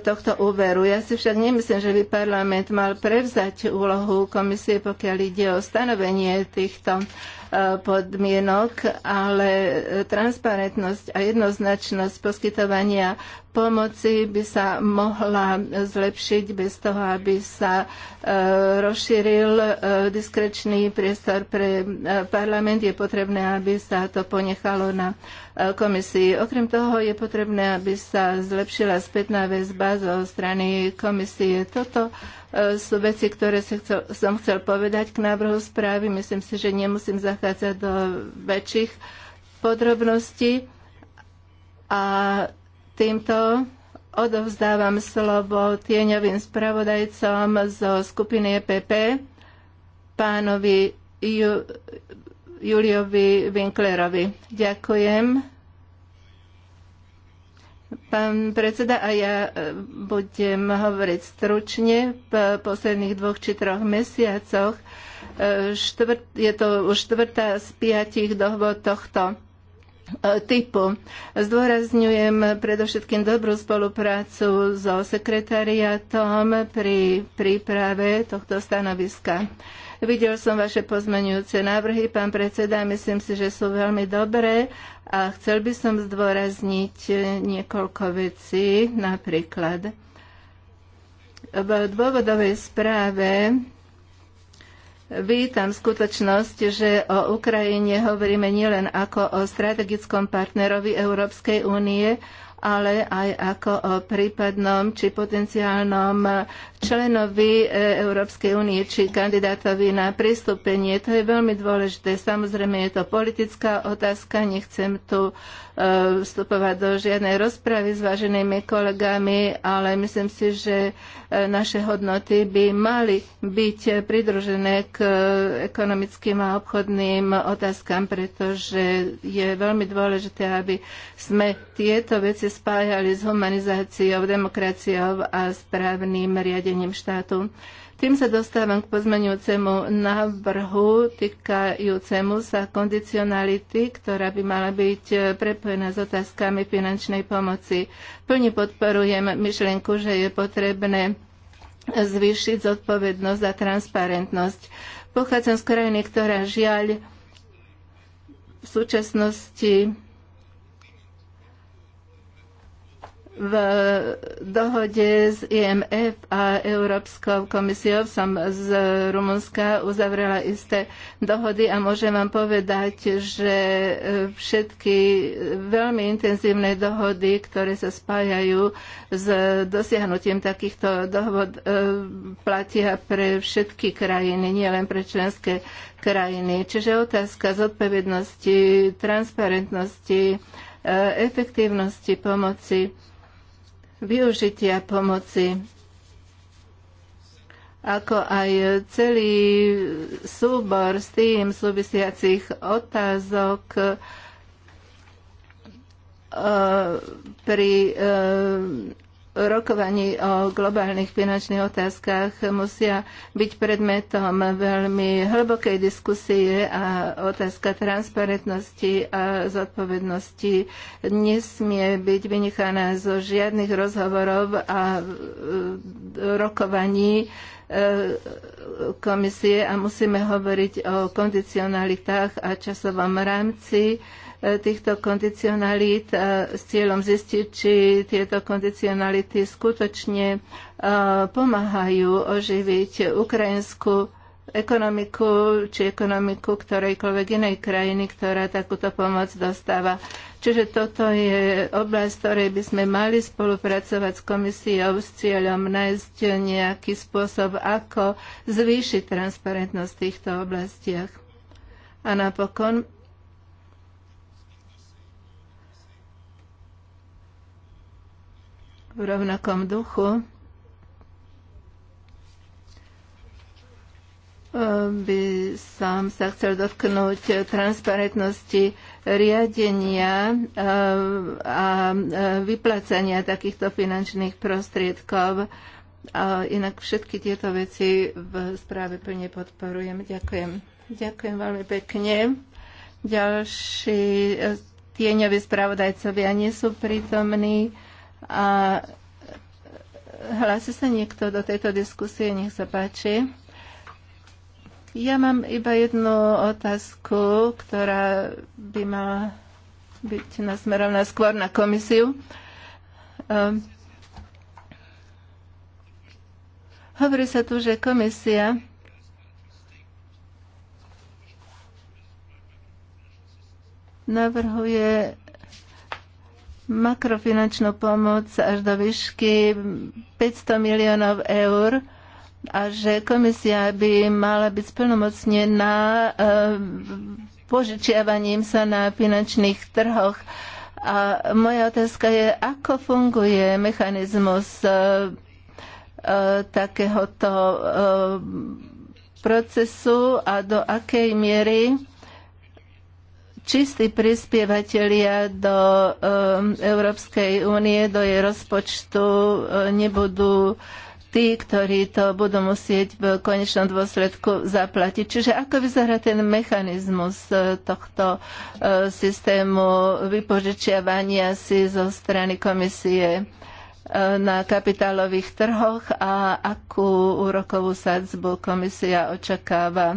tohto úveru. Ja si však nemyslím, že by parlament mal prevzať úlohu komisie, pokiaľ ide o stanovenie týchto podmienok, ale transparentnosť a jednoznačnosť poskytovania pomoci by sa mohla zlepšiť bez toho, aby sa e, rozšíril e, diskrečný priestor pre e, parlament. Je potrebné, aby sa to ponechalo na komisii. Okrem toho je potrebné, aby sa zlepšila spätná väzba zo strany komisie. Toto E, sú veci, ktoré som chcel povedať k návrhu správy. Myslím si, že nemusím zachádzať do väčších podrobností. A týmto odovzdávam slovo tieňovým spravodajcom zo skupiny EPP, pánovi Ju- Juliovi Winklerovi. Ďakujem. Pán predseda, a ja e, budem hovoriť stručne. V posledných dvoch či troch mesiacoch e, štvrt, je to už štvrtá z piatich dohôd tohto e, typu. Zdôrazňujem predovšetkým dobrú spoluprácu so sekretariatom pri príprave tohto stanoviska. Videl som vaše pozmenujúce návrhy, pán predseda, myslím si, že sú veľmi dobré a chcel by som zdôrazniť niekoľko vecí, napríklad v dôvodovej správe Vítam skutočnosť, že o Ukrajine hovoríme nielen ako o strategickom partnerovi Európskej únie, ale aj ako o e, prípadnom či potenciálnom e, členovi e, Európskej únie či kandidátovi na pristúpenie. To je veľmi dôležité. Samozrejme je to politická otázka, nechcem tu uh, E, vstupovať do žiadnej rozpravy s váženými kolegami, ale myslím si, že e, naše hodnoty by mali byť pridružené k e, ekonomickým a obchodným otázkam, pretože je veľmi dôležité, aby sme tieto veci spájali s humanizáciou, demokraciou a správnym riadením štátu. Tým sa dostávam k pozmeňujúcemu návrhu týkajúcemu sa kondicionality, ktorá by mala byť e, prepojená s otázkami finančnej pomoci. Plne podporujem myšlienku, že je potrebné zvýšiť zodpovednosť a transparentnosť. Pochádzam z krajiny, ktorá žiaľ v súčasnosti v dohode s IMF a Európskou komisiou som z Rumunska uzavrela isté dohody a môžem vám povedať, že všetky veľmi intenzívne dohody, ktoré sa spájajú s dosiahnutím takýchto dohod, e, platia pre všetky krajiny, nielen pre členské krajiny. Čiže otázka zodpovednosti, transparentnosti, e, efektívnosti pomoci využitia pomoci, ako aj celý súbor s tým súvisiacich otázok e, pri e, rokovaní o globálnych finančných otázkach musia byť predmetom veľmi hlbokej diskusie a otázka transparentnosti a zodpovednosti nesmie byť vynechaná zo žiadnych rozhovorov a e, rokovaní e, komisie a musíme hovoriť o kondicionalitách a časovom rámci E, týchto kondicionalít e, s cieľom zistiť, či tieto kondicionality skutočne e, pomáhajú oživiť ukrajinskú ekonomiku či ekonomiku ktorejkoľvek inej krajiny, ktorá takúto pomoc dostáva. Čiže toto je oblasť, v ktorej by sme mali spolupracovať s komisiou s cieľom nájsť nejaký spôsob, ako zvýšiť transparentnosť v týchto oblastiach. A napokon v rovnakom duchu by som sa chcel dotknúť transparentnosti riadenia eh, a eh, vyplacania takýchto finančných prostriedkov. A inak všetky tieto veci v správe plne podporujem. Ďakujem. Ďakujem veľmi pekne. Ďalší eh, tieňoví spravodajcovia nie sú prítomní. A e, hlási sa niekto do tejto diskusie, nech sa páči. Ja mám iba jednu otázku, ktorá by mala byť nasmerovaná skôr na komisiu. Um, hovorí sa tu, že komisia navrhuje makrofinančnú pomoc až do výšky 500 miliónov eur a že komisia by mala byť splnomocnená eh, požičiavaním sa na finančných trhoch. A moja otázka je, ako funguje mechanizmus eh, eh, takéhoto procesu a do akej miery čistí prispievateľia do um, Európskej únie, do jej rozpočtu uh, nebudú tí, ktorí to budú musieť v konečnom dôsledku zaplatiť. Čiže ako vyzerá ten mechanizmus uh, tohto uh, systému vypožičiavania si zo strany komisie na kapitálových trhoch a akú úrokovú sadzbu komisia očakáva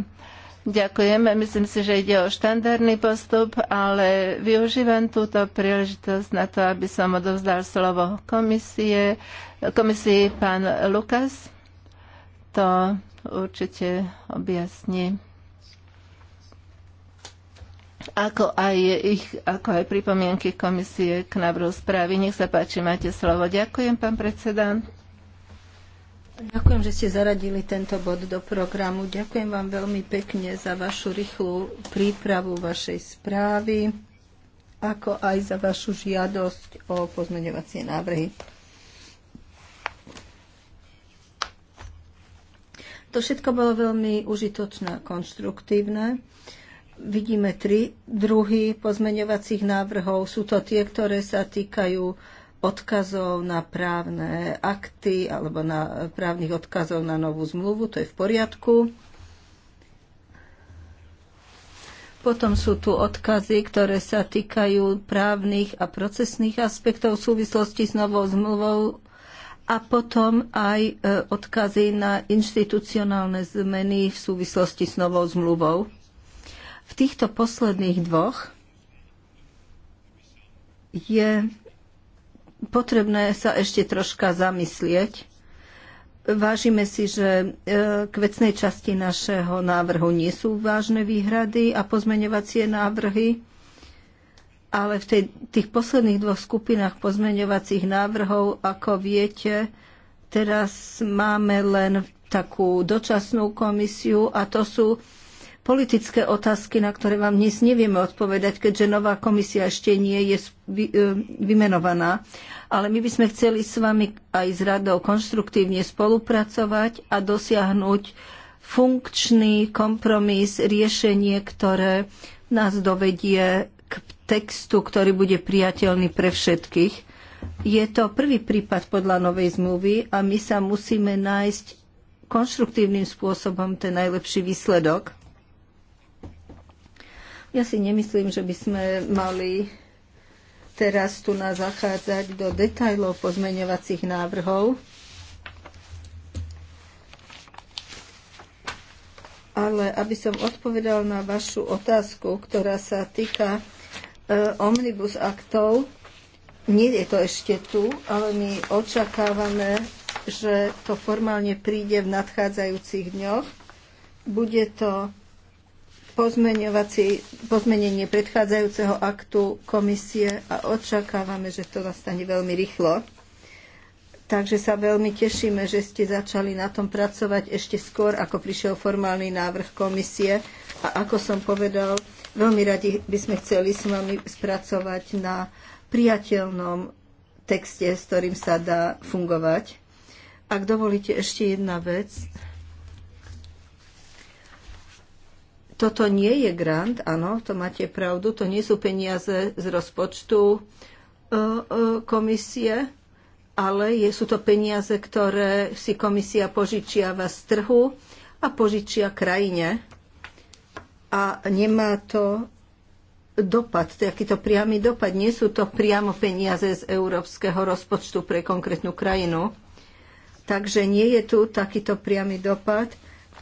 Ďakujem. Myslím si, že ide o štandardný postup, ale využívam túto príležitosť na to, aby som odovzdal slovo komisie. Komisii pán Lukas to určite objasní. Ako aj, ich, ako aj pripomienky komisie k návrhu správy. Nech sa páči, máte slovo. Ďakujem, pán predseda. Ďakujem, že ste zaradili tento bod do programu. Ďakujem vám veľmi pekne za vašu rýchlu prípravu vašej správy, ako aj za vašu žiadosť o pozmeňovacie návrhy. To všetko bolo veľmi užitočné a konštruktívne. Vidíme tri druhy pozmeňovacích návrhov. Sú to tie, ktoré sa týkajú odkazov na právne akty alebo na právnych odkazov na novú zmluvu, to je v poriadku. Potom sú tu odkazy, ktoré sa týkajú právnych a procesných aspektov v súvislosti s novou zmluvou a potom aj e, odkazy na inštitucionálne zmeny v súvislosti s novou zmluvou. V týchto posledných dvoch je potrebné sa ešte troška zamyslieť. Vážime si, že e, k vecnej časti našeho návrhu nie sú vážne výhrady a pozmeňovacie návrhy, ale v tej, tých posledných dvoch skupinách pozmeňovacích návrhov, ako viete, teraz máme len takú dočasnú komisiu a to sú politické otázky, na ktoré vám dnes nevieme odpovedať, keďže nová komisia ešte nie je e, vymenovaná. Ale my by sme chceli s vami aj s radou konštruktívne spolupracovať a dosiahnuť funkčný kompromis, riešenie, ktoré nás dovedie k textu, ktorý bude priateľný pre všetkých. Je to prvý prípad podľa novej zmluvy a my sa musíme nájsť konštruktívnym spôsobom ten najlepší výsledok. Ja si nemyslím, že by sme mali teraz tu na zachádzať do detajlov pozmeňovacích návrhov. Ale aby som odpovedal na vašu otázku, ktorá sa týka e, omnibus aktov, nie je to ešte tu, ale my očakávame, že to formálne príde v nadchádzajúcich dňoch. Bude to pozmenenie predchádzajúceho aktu komisie a očakávame, že to nastane veľmi rýchlo. Takže sa veľmi tešíme, že ste začali na tom pracovať ešte skôr, ako prišiel formálny návrh komisie. A ako som povedal, veľmi radi by sme chceli s vami spracovať na priateľnom texte, s ktorým sa dá fungovať. Ak dovolíte ešte jedna vec, Toto nie je grant, áno, to máte pravdu, to nie sú peniaze z rozpočtu e, e, komisie, ale je, sú to peniaze, ktoré si komisia požičiava z trhu a požičia krajine. A nemá to dopad, takýto priamy dopad. Nie sú to priamo peniaze z európskeho rozpočtu pre konkrétnu krajinu. Takže nie je tu takýto priamy dopad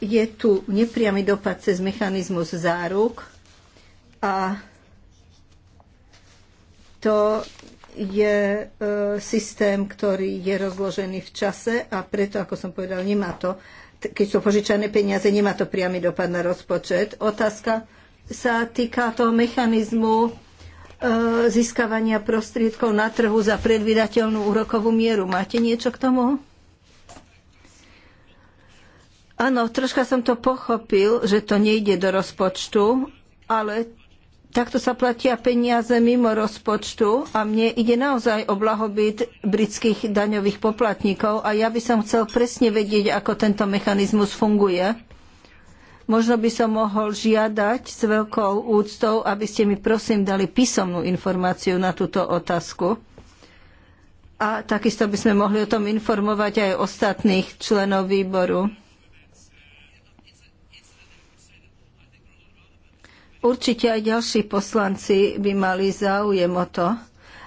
je tu nepriamy dopad cez mechanizmus záruk a to je e, systém, ktorý je rozložený v čase a preto, ako som povedal, nemá to, keď sú požičané peniaze, nemá to priamy dopad na rozpočet. Otázka sa týka toho mechanizmu e, získavania prostriedkov na trhu za predvydateľnú úrokovú mieru. Máte niečo k tomu? Áno, troška som to pochopil, že to nejde do rozpočtu, ale takto sa platia peniaze mimo rozpočtu a mne ide naozaj o blahobyt britských daňových poplatníkov a ja by som chcel presne vedieť, ako tento mechanizmus funguje. Možno by som mohol žiadať s veľkou úctou, aby ste mi prosím dali písomnú informáciu na túto otázku. A takisto by sme mohli o tom informovať aj ostatných členov výboru. Určite aj ďalší poslanci by mali záujem o to,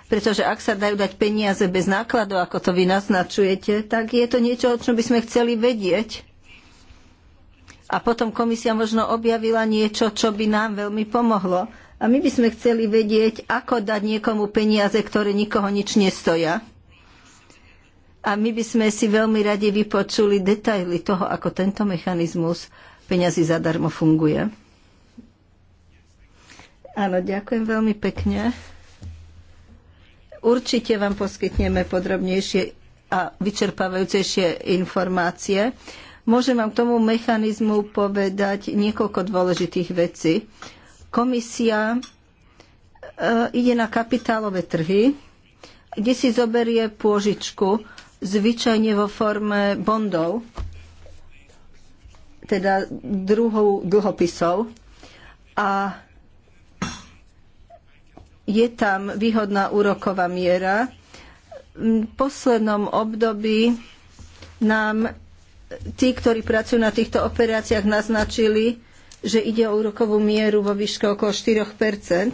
pretože ak sa dajú dať peniaze bez nákladov, ako to vy naznačujete, tak je to niečo, o čom by sme chceli vedieť. A potom komisia možno objavila niečo, čo by nám veľmi pomohlo. A my by sme chceli vedieť, ako dať niekomu peniaze, ktoré nikoho nič nestoja. A my by sme si veľmi radi vypočuli detaily toho, ako tento mechanizmus peniazy zadarmo funguje. Áno, ďakujem veľmi pekne. Určite vám poskytneme podrobnejšie a vyčerpávajúcejšie informácie. Môžem vám k tomu mechanizmu povedať niekoľko dôležitých vecí. Komisia e, ide na kapitálové trhy, kde si zoberie pôžičku zvyčajne vo forme bondov, teda druhou dlhopisov. A je tam výhodná úroková miera. V poslednom období nám tí, ktorí pracujú na týchto operáciách, naznačili, že ide o úrokovú mieru vo výške okolo 4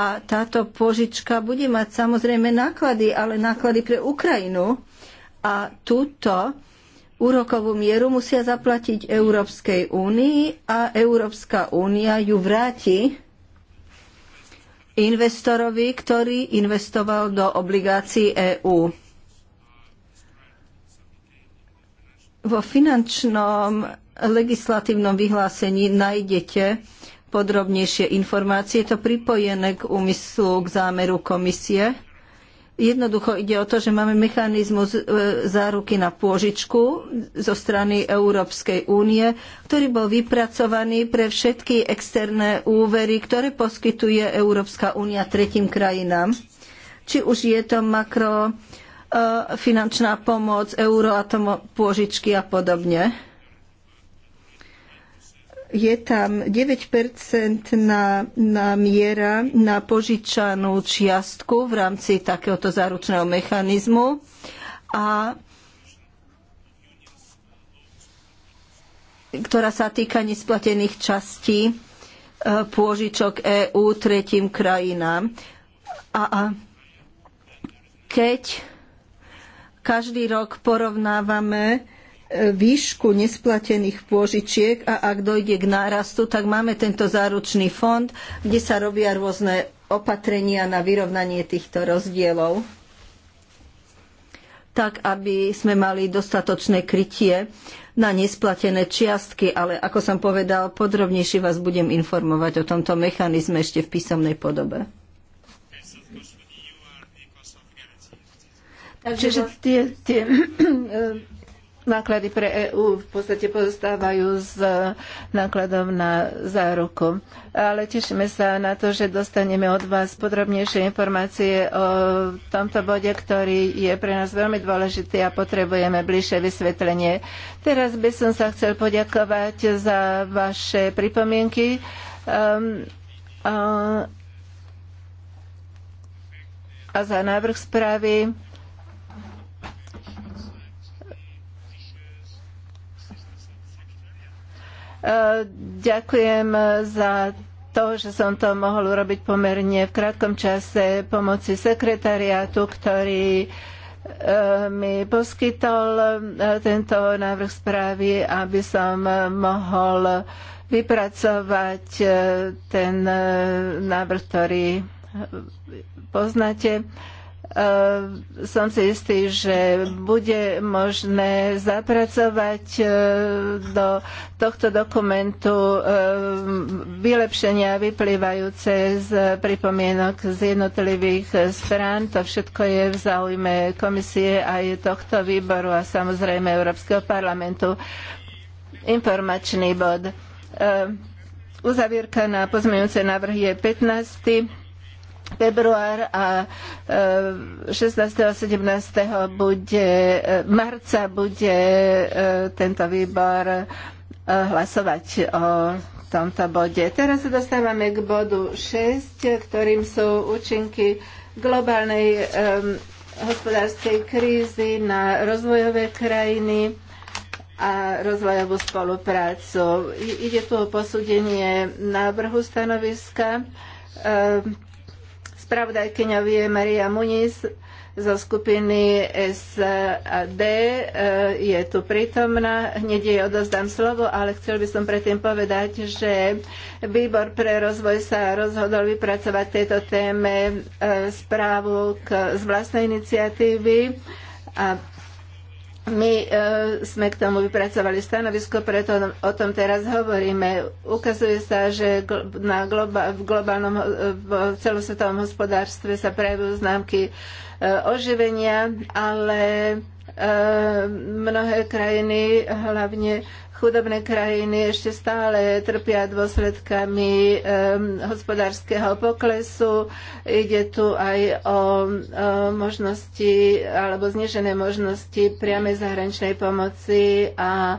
a táto požička bude mať samozrejme náklady, ale náklady pre Ukrajinu. A túto úrokovú mieru musia zaplatiť Európskej únii a Európska únia ju vráti investorovi, ktorý investoval do obligácií EÚ. Vo finančnom legislatívnom vyhlásení nájdete podrobnejšie informácie. Je to pripojené k úmyslu, k zámeru komisie Jednoducho ide o to, že máme mechanizmus e, záruky na pôžičku zo strany Európskej únie, ktorý bol vypracovaný pre všetky externé úvery, ktoré poskytuje Európska únia tretím krajinám. Či už je to makrofinančná e, pomoc, euroatomo pôžičky a podobne je tam 9% na, na miera na požičanú čiastku v rámci takéhoto záručného mechanizmu a ktorá sa týka nesplatených častí e, pôžičok EÚ tretím krajinám. A, a keď každý rok porovnávame výšku nesplatených pôžičiek a ak dojde k nárastu, tak máme tento záručný fond, kde sa robia rôzne opatrenia na vyrovnanie týchto rozdielov tak, aby sme mali dostatočné krytie na nesplatené čiastky, ale ako som povedal, podrobnejšie vás budem informovať o tomto mechanizme ešte v písomnej podobe. Takže tie, tie eh, náklady pre EÚ v podstate pozostávajú z nákladov na záruku. Ale tešíme sa na to, že dostaneme od vás podrobnejšie informácie o tomto bode, ktorý je pre nás veľmi dôležitý a potrebujeme bližšie vysvetlenie. Teraz by som sa chcel poďakovať za vaše pripomienky. Um, a, a za návrh správy E, ďakujem za to, že som to mohol urobiť pomerne v krátkom čase pomoci sekretariátu, ktorý e, mi poskytol e, tento návrh správy, aby som mohol vypracovať ten návrh, ktorý poznáte. Ehm, som si istý, že bude možné zapracovať ehm, do tohto dokumentu ehm, vylepšenia vyplývajúce z pripomienok z jednotlivých strán. To všetko je v záujme komisie aj tohto výboru a samozrejme Európskeho parlamentu. Informačný bod. Uzavierka na pozmeňujúce návrhy je 15 február a 16. E, a 17. Bude, e, marca bude e, tento výbor hlasovať o tomto bode. Teraz sa dostávame k bodu 6, ktorým sú účinky globálnej hospodárskej krízy na rozvojové krajiny a rozvojovú spoluprácu. Ide tu o posúdenie návrhu stanoviska Spravodajkyňou je Maria Muniz zo skupiny SD, eh, Je tu prítomná. Hneď jej odozdám slovo, ale chcel by som predtým povedať, že Výbor pre rozvoj sa rozhodol vypracovať tejto téme eh, správu z vlastnej iniciatívy a my e, sme k tomu vypracovali stanovisko, preto o tom teraz hovoríme. Ukazuje sa, že na globa, v globálnom, e, v celosvetovom hospodárstve sa prejavujú známky e, oživenia, ale Ehm, mnohé krajiny, hlavne chudobné krajiny, ešte stále trpia dôsledkami ehm, hospodárskeho poklesu. Ide tu aj o možnosti alebo znižené možnosti priamej zahraničnej pomoci a e,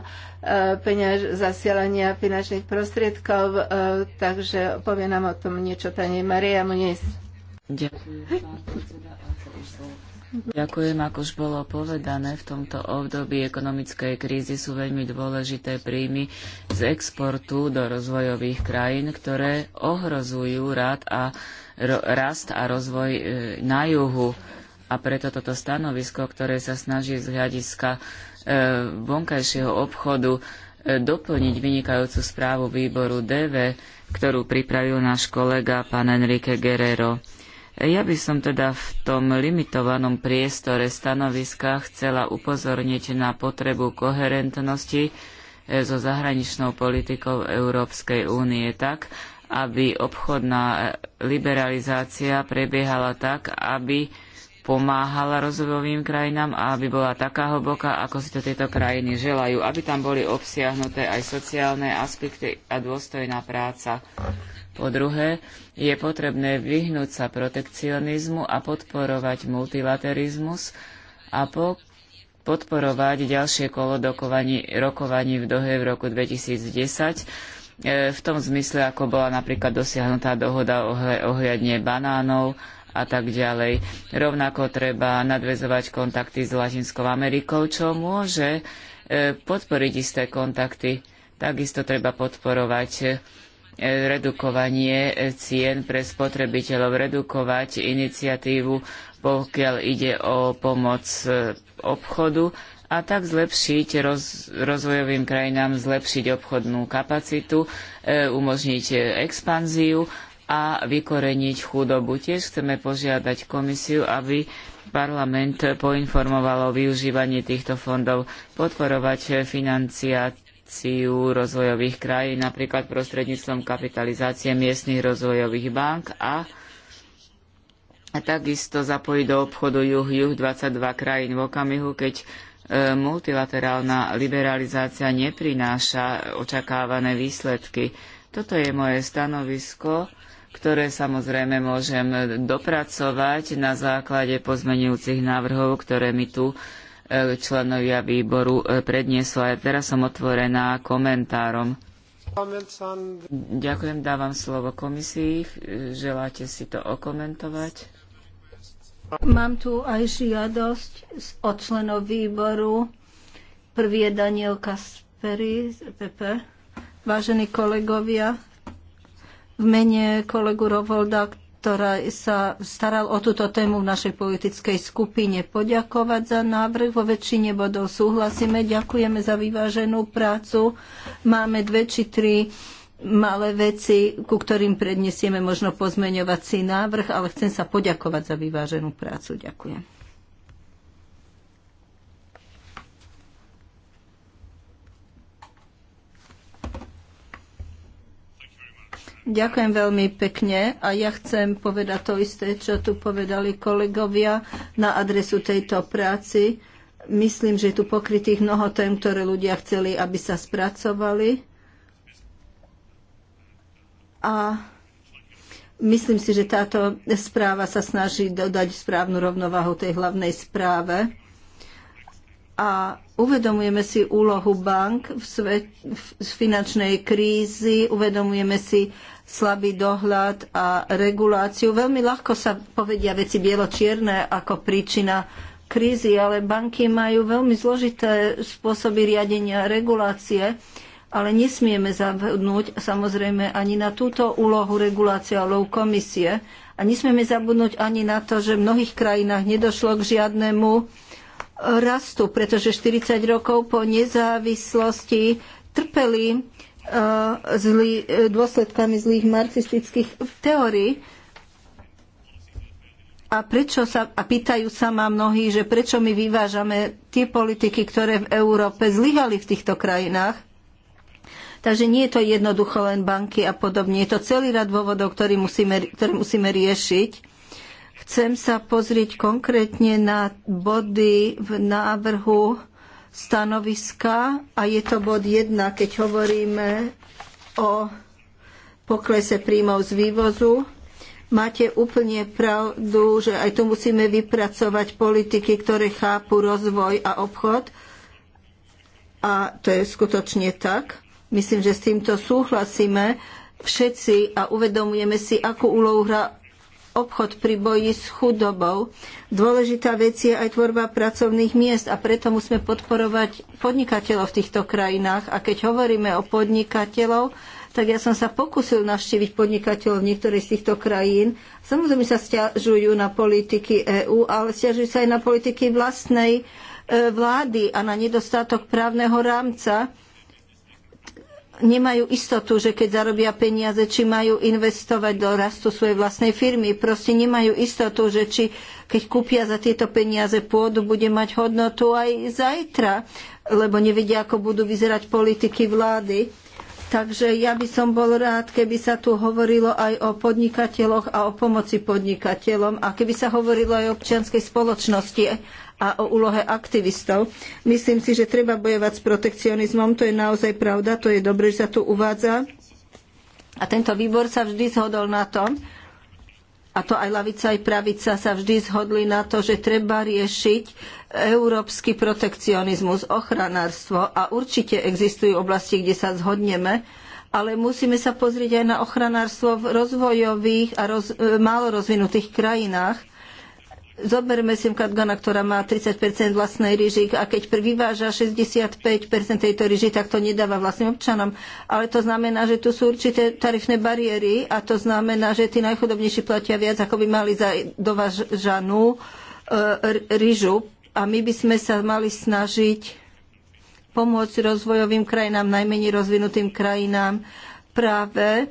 peniaž, zasielania finančných prostriedkov, e, takže povie nám o tom niečo pani Maria Muniz. Ďakujem. Ďakujem, ako už bolo povedané, v tomto období ekonomickej krízy sú veľmi dôležité príjmy z exportu do rozvojových krajín, ktoré ohrozujú rad a, ro, rast a rozvoj e, na juhu. A preto toto stanovisko, ktoré sa snaží z hľadiska e, vonkajšieho obchodu e, doplniť vynikajúcu správu výboru DV, ktorú pripravil náš kolega pán Enrique Guerrero. Ja by som teda v tom limitovanom priestore stanoviska chcela upozorniť na potrebu koherentnosti e, so zahraničnou politikou Európskej únie tak, aby obchodná e, liberalizácia prebiehala tak, aby pomáhala rozvojovým krajinám a aby bola taká hlboká, ako si to tieto krajiny želajú, aby tam boli obsiahnuté aj sociálne aspekty a dôstojná práca. Po druhé, je potrebné vyhnúť sa protekcionizmu a podporovať multilaterizmus a po podporovať ďalšie kolo dokovaní, rokovaní v Dohe v roku 2010 e, v tom zmysle, ako bola napríklad dosiahnutá dohoda ohľadne banánov a tak ďalej. Rovnako treba nadvezovať kontakty s Latinskou Amerikou, čo môže e, podporiť isté kontakty. Takisto treba podporovať e, redukovanie cien pre spotrebiteľov, redukovať iniciatívu, pokiaľ ide o pomoc e, obchodu a tak zlepšiť roz, rozvojovým krajinám, zlepšiť obchodnú kapacitu, e, umožniť expanziu a vykoreniť chudobu. Tiež chceme požiadať komisiu, aby parlament poinformoval o využívaní týchto fondov, podporovať financiát realizáciu rozvojových krajín, napríklad prostredníctvom kapitalizácie miestnych rozvojových bank a takisto zapojiť do obchodu juh-juh 22 krajín v okamihu, keď e, multilaterálna liberalizácia neprináša očakávané výsledky. Toto je moje stanovisko, ktoré samozrejme môžem dopracovať na základe pozmenujúcich návrhov, ktoré mi tu členovia výboru e, predniesla. Ja teraz som otvorená komentárom. Ďakujem, dávam slovo komisii. Želáte si to okomentovať? Mám tu aj žiadosť od členov výboru. Prvý je Daniel Kasperi z PP. E Vážení kolegovia, v mene kolegu Rovolda, ktorá sa staral o túto tému v našej politickej skupine, poďakovať za návrh. Vo väčšine bodov súhlasíme. Ďakujeme za vyváženú prácu. Máme dve či tri malé veci, ku ktorým prednesieme možno pozmeňovací návrh, ale chcem sa poďakovať za vyváženú prácu. Ďakujem. Ďakujem veľmi pekne a ja chcem povedať to isté, čo tu povedali kolegovia na adresu tejto práci. Myslím, že je tu pokrytých mnoho tém, ktoré ľudia chceli, aby sa spracovali. A myslím si, že táto správa sa snaží dodať správnu rovnováhu tej hlavnej správe a uvedomujeme si úlohu bank v, svet, v finančnej krízi, uvedomujeme si slabý dohľad a reguláciu. Veľmi ľahko sa povedia veci bielo-čierne ako príčina krízy, ale banky majú veľmi zložité spôsoby riadenia regulácie, ale nesmieme zabudnúť samozrejme ani na túto úlohu regulácie a komisie a nesmieme zabudnúť ani na to, že v mnohých krajinách nedošlo k žiadnemu rastu, pretože 40 rokov po nezávislosti trpeli e, zlý, e, dôsledkami zlých marxistických teórií. A, prečo sa, a pýtajú sa ma mnohí, že prečo my vyvážame tie politiky, ktoré v Európe zlyhali v týchto krajinách. Takže nie je to jednoducho len banky a podobne. Je to celý rad dôvodov, ktoré musíme, ktoré musíme riešiť. Chcem sa pozrieť konkrétne na body v návrhu stanoviska a je to bod 1, keď hovoríme o poklese príjmov z vývozu. Máte úplne pravdu, že aj tu musíme vypracovať politiky, ktoré chápu rozvoj a obchod. A to je skutočne tak. Myslím, že s týmto súhlasíme všetci a uvedomujeme si, akú úlohu hrá obchod pri boji s chudobou. Dôležitá vec je aj tvorba pracovných miest a preto musíme podporovať podnikateľov v týchto krajinách. A keď hovoríme o podnikateľov, tak ja som sa pokusil navštíviť podnikateľov v niektorých z týchto krajín. Samozrejme sa stiažujú na politiky EÚ, ale stiažujú sa aj na politiky vlastnej e, vlády a na nedostatok právneho rámca nemajú istotu, že keď zarobia peniaze, či majú investovať do rastu svojej vlastnej firmy. Proste nemajú istotu, že či keď kúpia za tieto peniaze pôdu, bude mať hodnotu aj zajtra, lebo nevedia, ako budú vyzerať politiky vlády. Takže ja by som bol rád, keby sa tu hovorilo aj o podnikateľoch a o pomoci podnikateľom a keby sa hovorilo aj o občianskej spoločnosti a o úlohe aktivistov. Myslím si, že treba bojovať s protekcionizmom, to je naozaj pravda, to je dobre, že sa tu uvádza. A tento výbor sa vždy zhodol na tom, a to aj lavica, aj pravica sa vždy zhodli na to, že treba riešiť európsky protekcionizmus, ochranárstvo a určite existujú oblasti, kde sa zhodneme, ale musíme sa pozrieť aj na ochranárstvo v rozvojových a roz, e, málo rozvinutých krajinách. Zoberme si Gana, ktorá má 30% vlastnej ryži a keď vyváža 65% tejto ryži, tak to nedáva vlastným občanom. Ale to znamená, že tu sú určité tarifné bariéry a to znamená, že tí najchudobnejší platia viac, ako by mali za dovážanú e, ryžu. A my by sme sa mali snažiť pomôcť rozvojovým krajinám, najmenej rozvinutým krajinám práve e,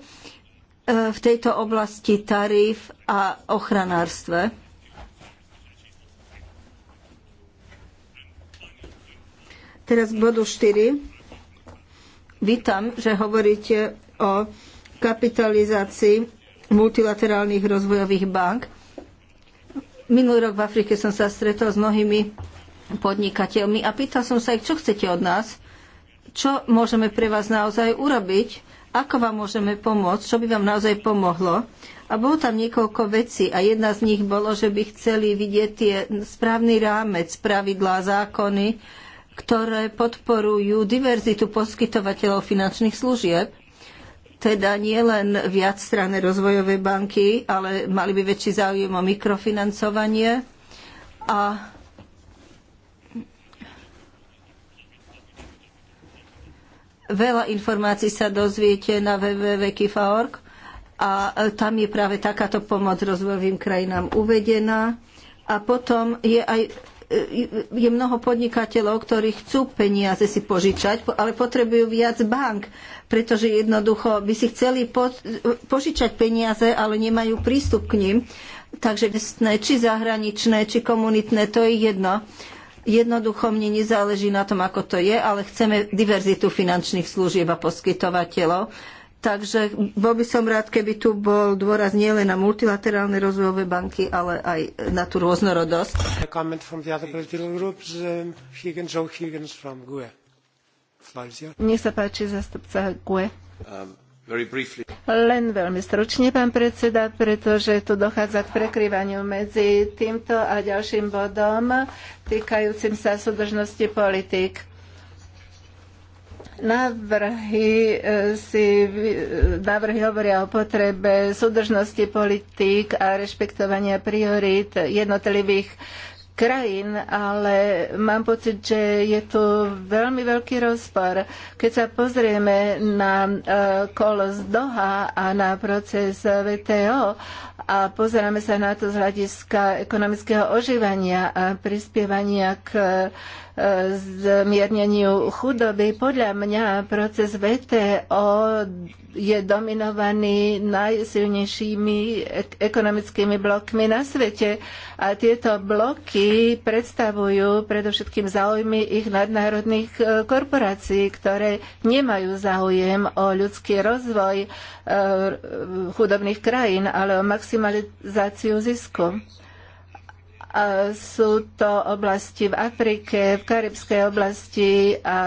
v tejto oblasti tarif a ochranárstve. Teraz k bodu 4. Vítam, že hovoríte o kapitalizácii multilaterálnych rozvojových bank. Minulý rok v Afrike som sa stretol s mnohými podnikateľmi a pýtal som sa ich, čo chcete od nás, čo môžeme pre vás naozaj urobiť, ako vám môžeme pomôcť, čo by vám naozaj pomohlo. A bolo tam niekoľko vecí a jedna z nich bolo, že by chceli vidieť tie správny rámec, pravidlá, zákony, ktoré podporujú diverzitu poskytovateľov finančných služieb. Teda nie len viac strany rozvojové banky, ale mali by väčší záujem o mikrofinancovanie a veľa informácií sa dozviete na www.kifa.org a tam je práve takáto pomoc rozvojovým krajinám uvedená. A potom je aj je mnoho podnikateľov, ktorí chcú peniaze si požičať, ale potrebujú viac bank, pretože jednoducho by si chceli po, požičať peniaze, ale nemajú prístup k ním. Takže či zahraničné, či komunitné, to je jedno. Jednoducho mne nezáleží na tom, ako to je, ale chceme diverzitu finančných služieb a poskytovateľov Takže bol by som rád, keby tu bol dôraz nielen na multilaterálne rozvojové banky, ale aj na tú rôznorodosť. Um, Nech sa páči, zastupca GUE. Um, len veľmi stručne, pán predseda, pretože tu dochádza k prekryvaniu medzi týmto a ďalším bodom týkajúcim sa súdržnosti politik. Návrhy, e, si, e, návrhy hovoria o potrebe súdržnosti politík a rešpektovania priorít jednotlivých krajín, ale mám pocit, že je tu veľmi veľký rozpor. Keď sa pozrieme na e, kolo z Doha a na proces VTO a pozeráme sa na to z hľadiska ekonomického oživania a prispievania k e, zmierneniu chudoby. Podľa mňa proces VTO je dominovaný najsilnejšími ekonomickými blokmi na svete a tieto bloky predstavujú predovšetkým záujmy ich nadnárodných e, korporácií, ktoré nemajú záujem o ľudský rozvoj e, chudobných krajín, ale o maximálne maximalizáciu zisku. A sú to oblasti v Afrike, v karibskej oblasti a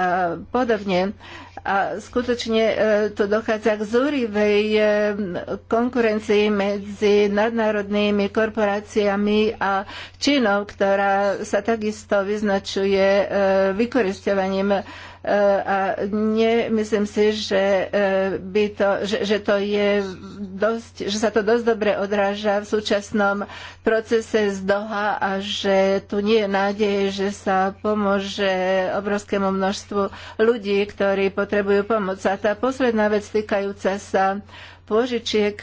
podobne. A skutočne e, tu dochádza k zúrivej e, konkurencii medzi nadnárodnými korporáciami a Čínou, ktorá sa takisto vyznačuje e, vykoristovaním Eh, a nemyslím si, že, eh, by to, že, že, to je dosť, že sa to dosť dobre odráža v súčasnom procese z Doha a že tu nie je nádej, že sa pomôže obrovskému množstvu ľudí, ktorí potrebujú pomoc. A tá posledná vec týkajúca sa pôžičiek,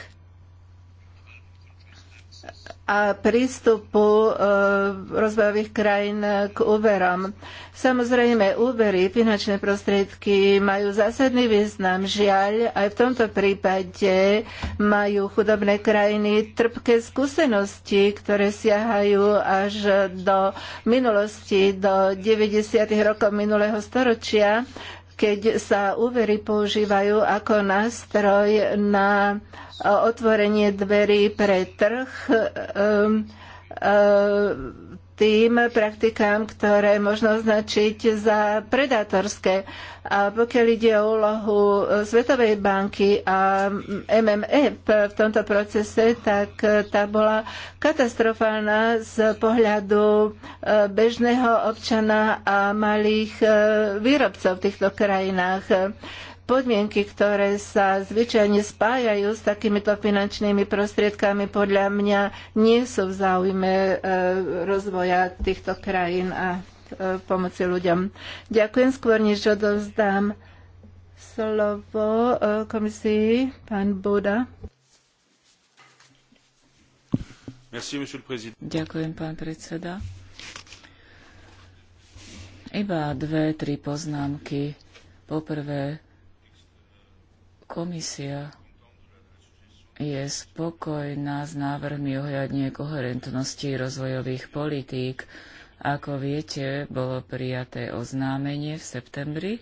a prístupu e, rozvojových krajín k úverom. Samozrejme, úvery, finančné prostriedky majú zásadný význam. Žiaľ, aj v tomto prípade majú chudobné krajiny trpké skúsenosti, ktoré siahajú až do minulosti, do 90. rokov minulého storočia keď sa úvery používajú ako nástroj na otvorenie dverí pre trh, um, um, tým praktikám, ktoré možno označiť za predátorské. A pokiaľ ide o úlohu Svetovej banky a MMF e v tomto procese, tak tá bola katastrofálna z pohľadu e, bežného občana a malých e, výrobcov v týchto krajinách podmienky, ktoré sa zvyčajne spájajú s takýmito finančnými prostriedkami, podľa mňa nie sú v záujme e, rozvoja týchto krajín a e, pomoci ľuďom. Ďakujem skôr, než odovzdám slovo e, komisii, pán Buda. Merci, Ďakujem, pán predseda. Iba dve, tri poznámky. Poprvé, Komisia je spokojná s návrhmi ohľadne koherentnosti rozvojových politík. Ako viete, bolo prijaté oznámenie v septembri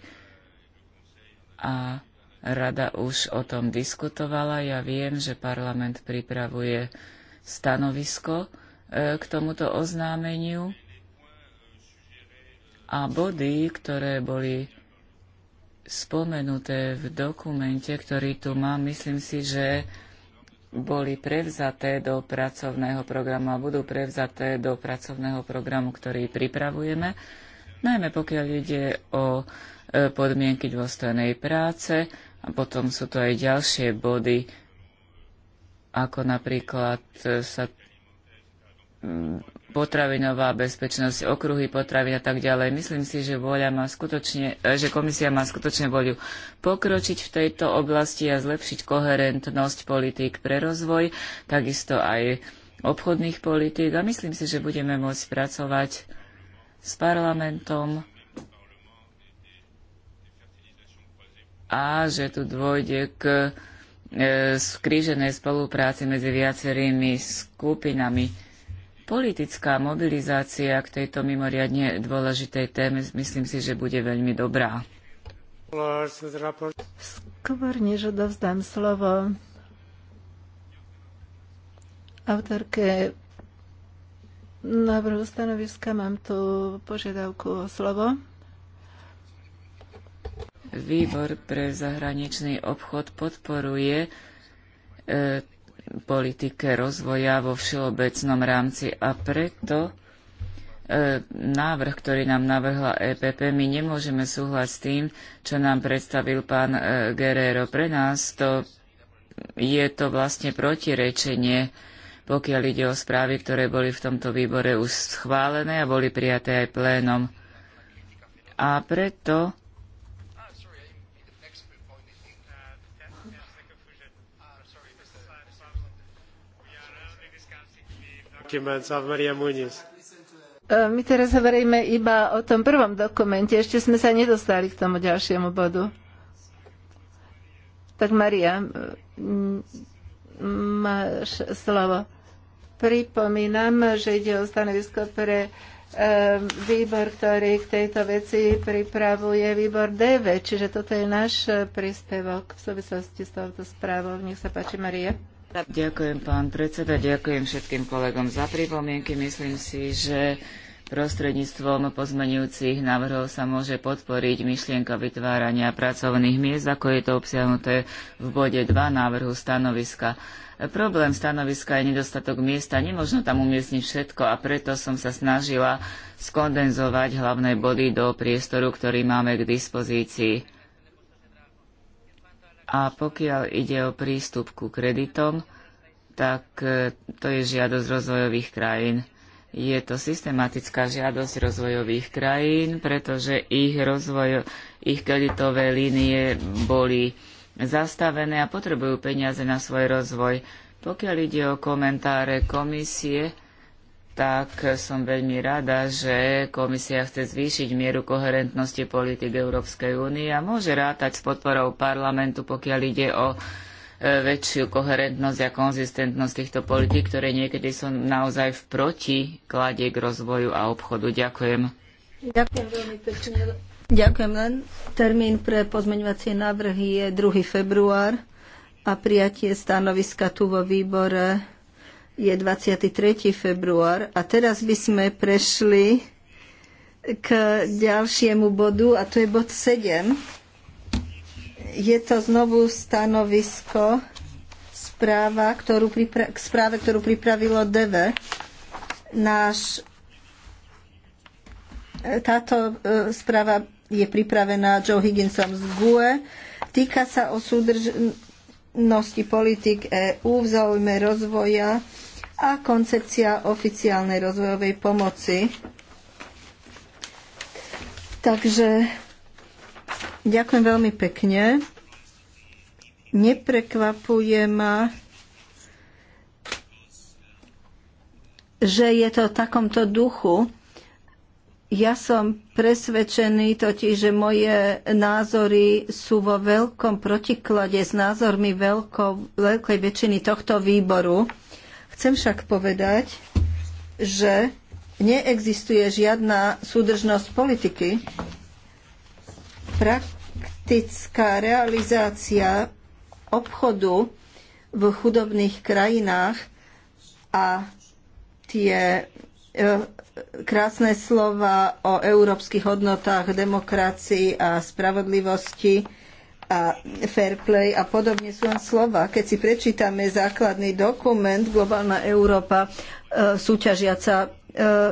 a rada už o tom diskutovala. Ja viem, že parlament pripravuje stanovisko e, k tomuto oznámeniu a body, ktoré boli spomenuté v dokumente, ktorý tu mám, myslím si, že boli prevzaté do pracovného programu a budú prevzaté do pracovného programu, ktorý pripravujeme, najmä pokiaľ ide o e, podmienky dôstojnej práce a potom sú to aj ďalšie body, ako napríklad e, sa Mm, potravinová bezpečnosť, okruhy potravín a tak ďalej. Myslím si, že, voľa má skutočne, e, že komisia má skutočne voľu pokročiť v tejto oblasti a zlepšiť koherentnosť politík pre rozvoj, takisto aj obchodných politík a myslím si, že budeme môcť pracovať s parlamentom a že tu dôjde k e, skríženej spolupráci medzi viacerými skupinami Politická mobilizácia k tejto mimoriadne dôležitej téme myslím si, že bude veľmi dobrá. Skôr než odovzdám slovo autorke návrhu stanoviska, mám tu požiadavku o slovo. Výbor pre zahraničný obchod podporuje e, politike rozvoja vo všeobecnom rámci a preto e, návrh, ktorý nám navrhla EPP, my nemôžeme súhlasiť s tým, čo nám predstavil pán e, Guerrero. Pre nás to je to vlastne protirečenie, pokiaľ ide o správy, ktoré boli v tomto výbore už schválené a boli prijaté aj plénom. A preto E, my teraz hovoríme iba o tom prvom dokumente. Ešte sme sa nedostali k tomu ďalšiemu bodu. Tak Maria, máš slovo. Pripomínam, že ide o stanovisko pre e, výbor, ktorý k tejto veci pripravuje výbor DV, čiže toto je náš e, príspevok v súvislosti s touto správou. Nech sa páči, Maria. Ďakujem, pán predseda, ďakujem všetkým kolegom za pripomienky. Myslím si, že prostredníctvom pozmenujúcich návrhov sa môže podporiť myšlienka vytvárania pracovných miest, ako je to obsiahnuté v bode 2 návrhu stanoviska. Problém stanoviska je nedostatok miesta, nemožno tam umiestniť všetko a preto som sa snažila skondenzovať hlavné body do priestoru, ktorý máme k dispozícii. A pokiaľ ide o prístup ku kreditom, tak e, to je žiadosť rozvojových krajín. Je to systematická žiadosť rozvojových krajín, pretože ich, rozvoj, ich kreditové línie boli zastavené a potrebujú peniaze na svoj rozvoj. Pokiaľ ide o komentáre komisie, tak som veľmi rada, že komisia chce zvýšiť mieru koherentnosti politik Európskej únie a môže rátať s podporou parlamentu, pokiaľ ide o e, väčšiu koherentnosť a konzistentnosť týchto politik, ktoré niekedy sú naozaj v protiklade k rozvoju a obchodu. Ďakujem. Ďakujem veľmi pekne. Ďakujem len. Termín pre pozmeňovacie návrhy je 2. február a prijatie stanoviska tu vo výbore je 23. február a teraz by sme prešli k ďalšiemu bodu a to je bod 7. Je to znovu stanovisko správa, ktorú k správe, ktorú pripravilo DV. Náš, e, táto e, správa je pripravená Joe Higginsom z GUE. Týka sa o súdržnosti politik EÚ v záujme rozvoja a koncepcia oficiálnej rozvojovej pomoci. Takže ďakujem veľmi pekne. Neprekvapuje ma, že je to v takomto duchu. Ja som presvedčený totiž, že moje názory sú vo veľkom protiklade s názormi veľko, veľkej väčšiny tohto výboru. Chcem však povedať, že neexistuje žiadna súdržnosť politiky. Praktická realizácia obchodu v chudobných krajinách a tie e, krásne slova o európskych hodnotách, demokracii a spravodlivosti a fair play a podobne sú len slova. Keď si prečítame základný dokument Globálna Európa e, súťažiaca e,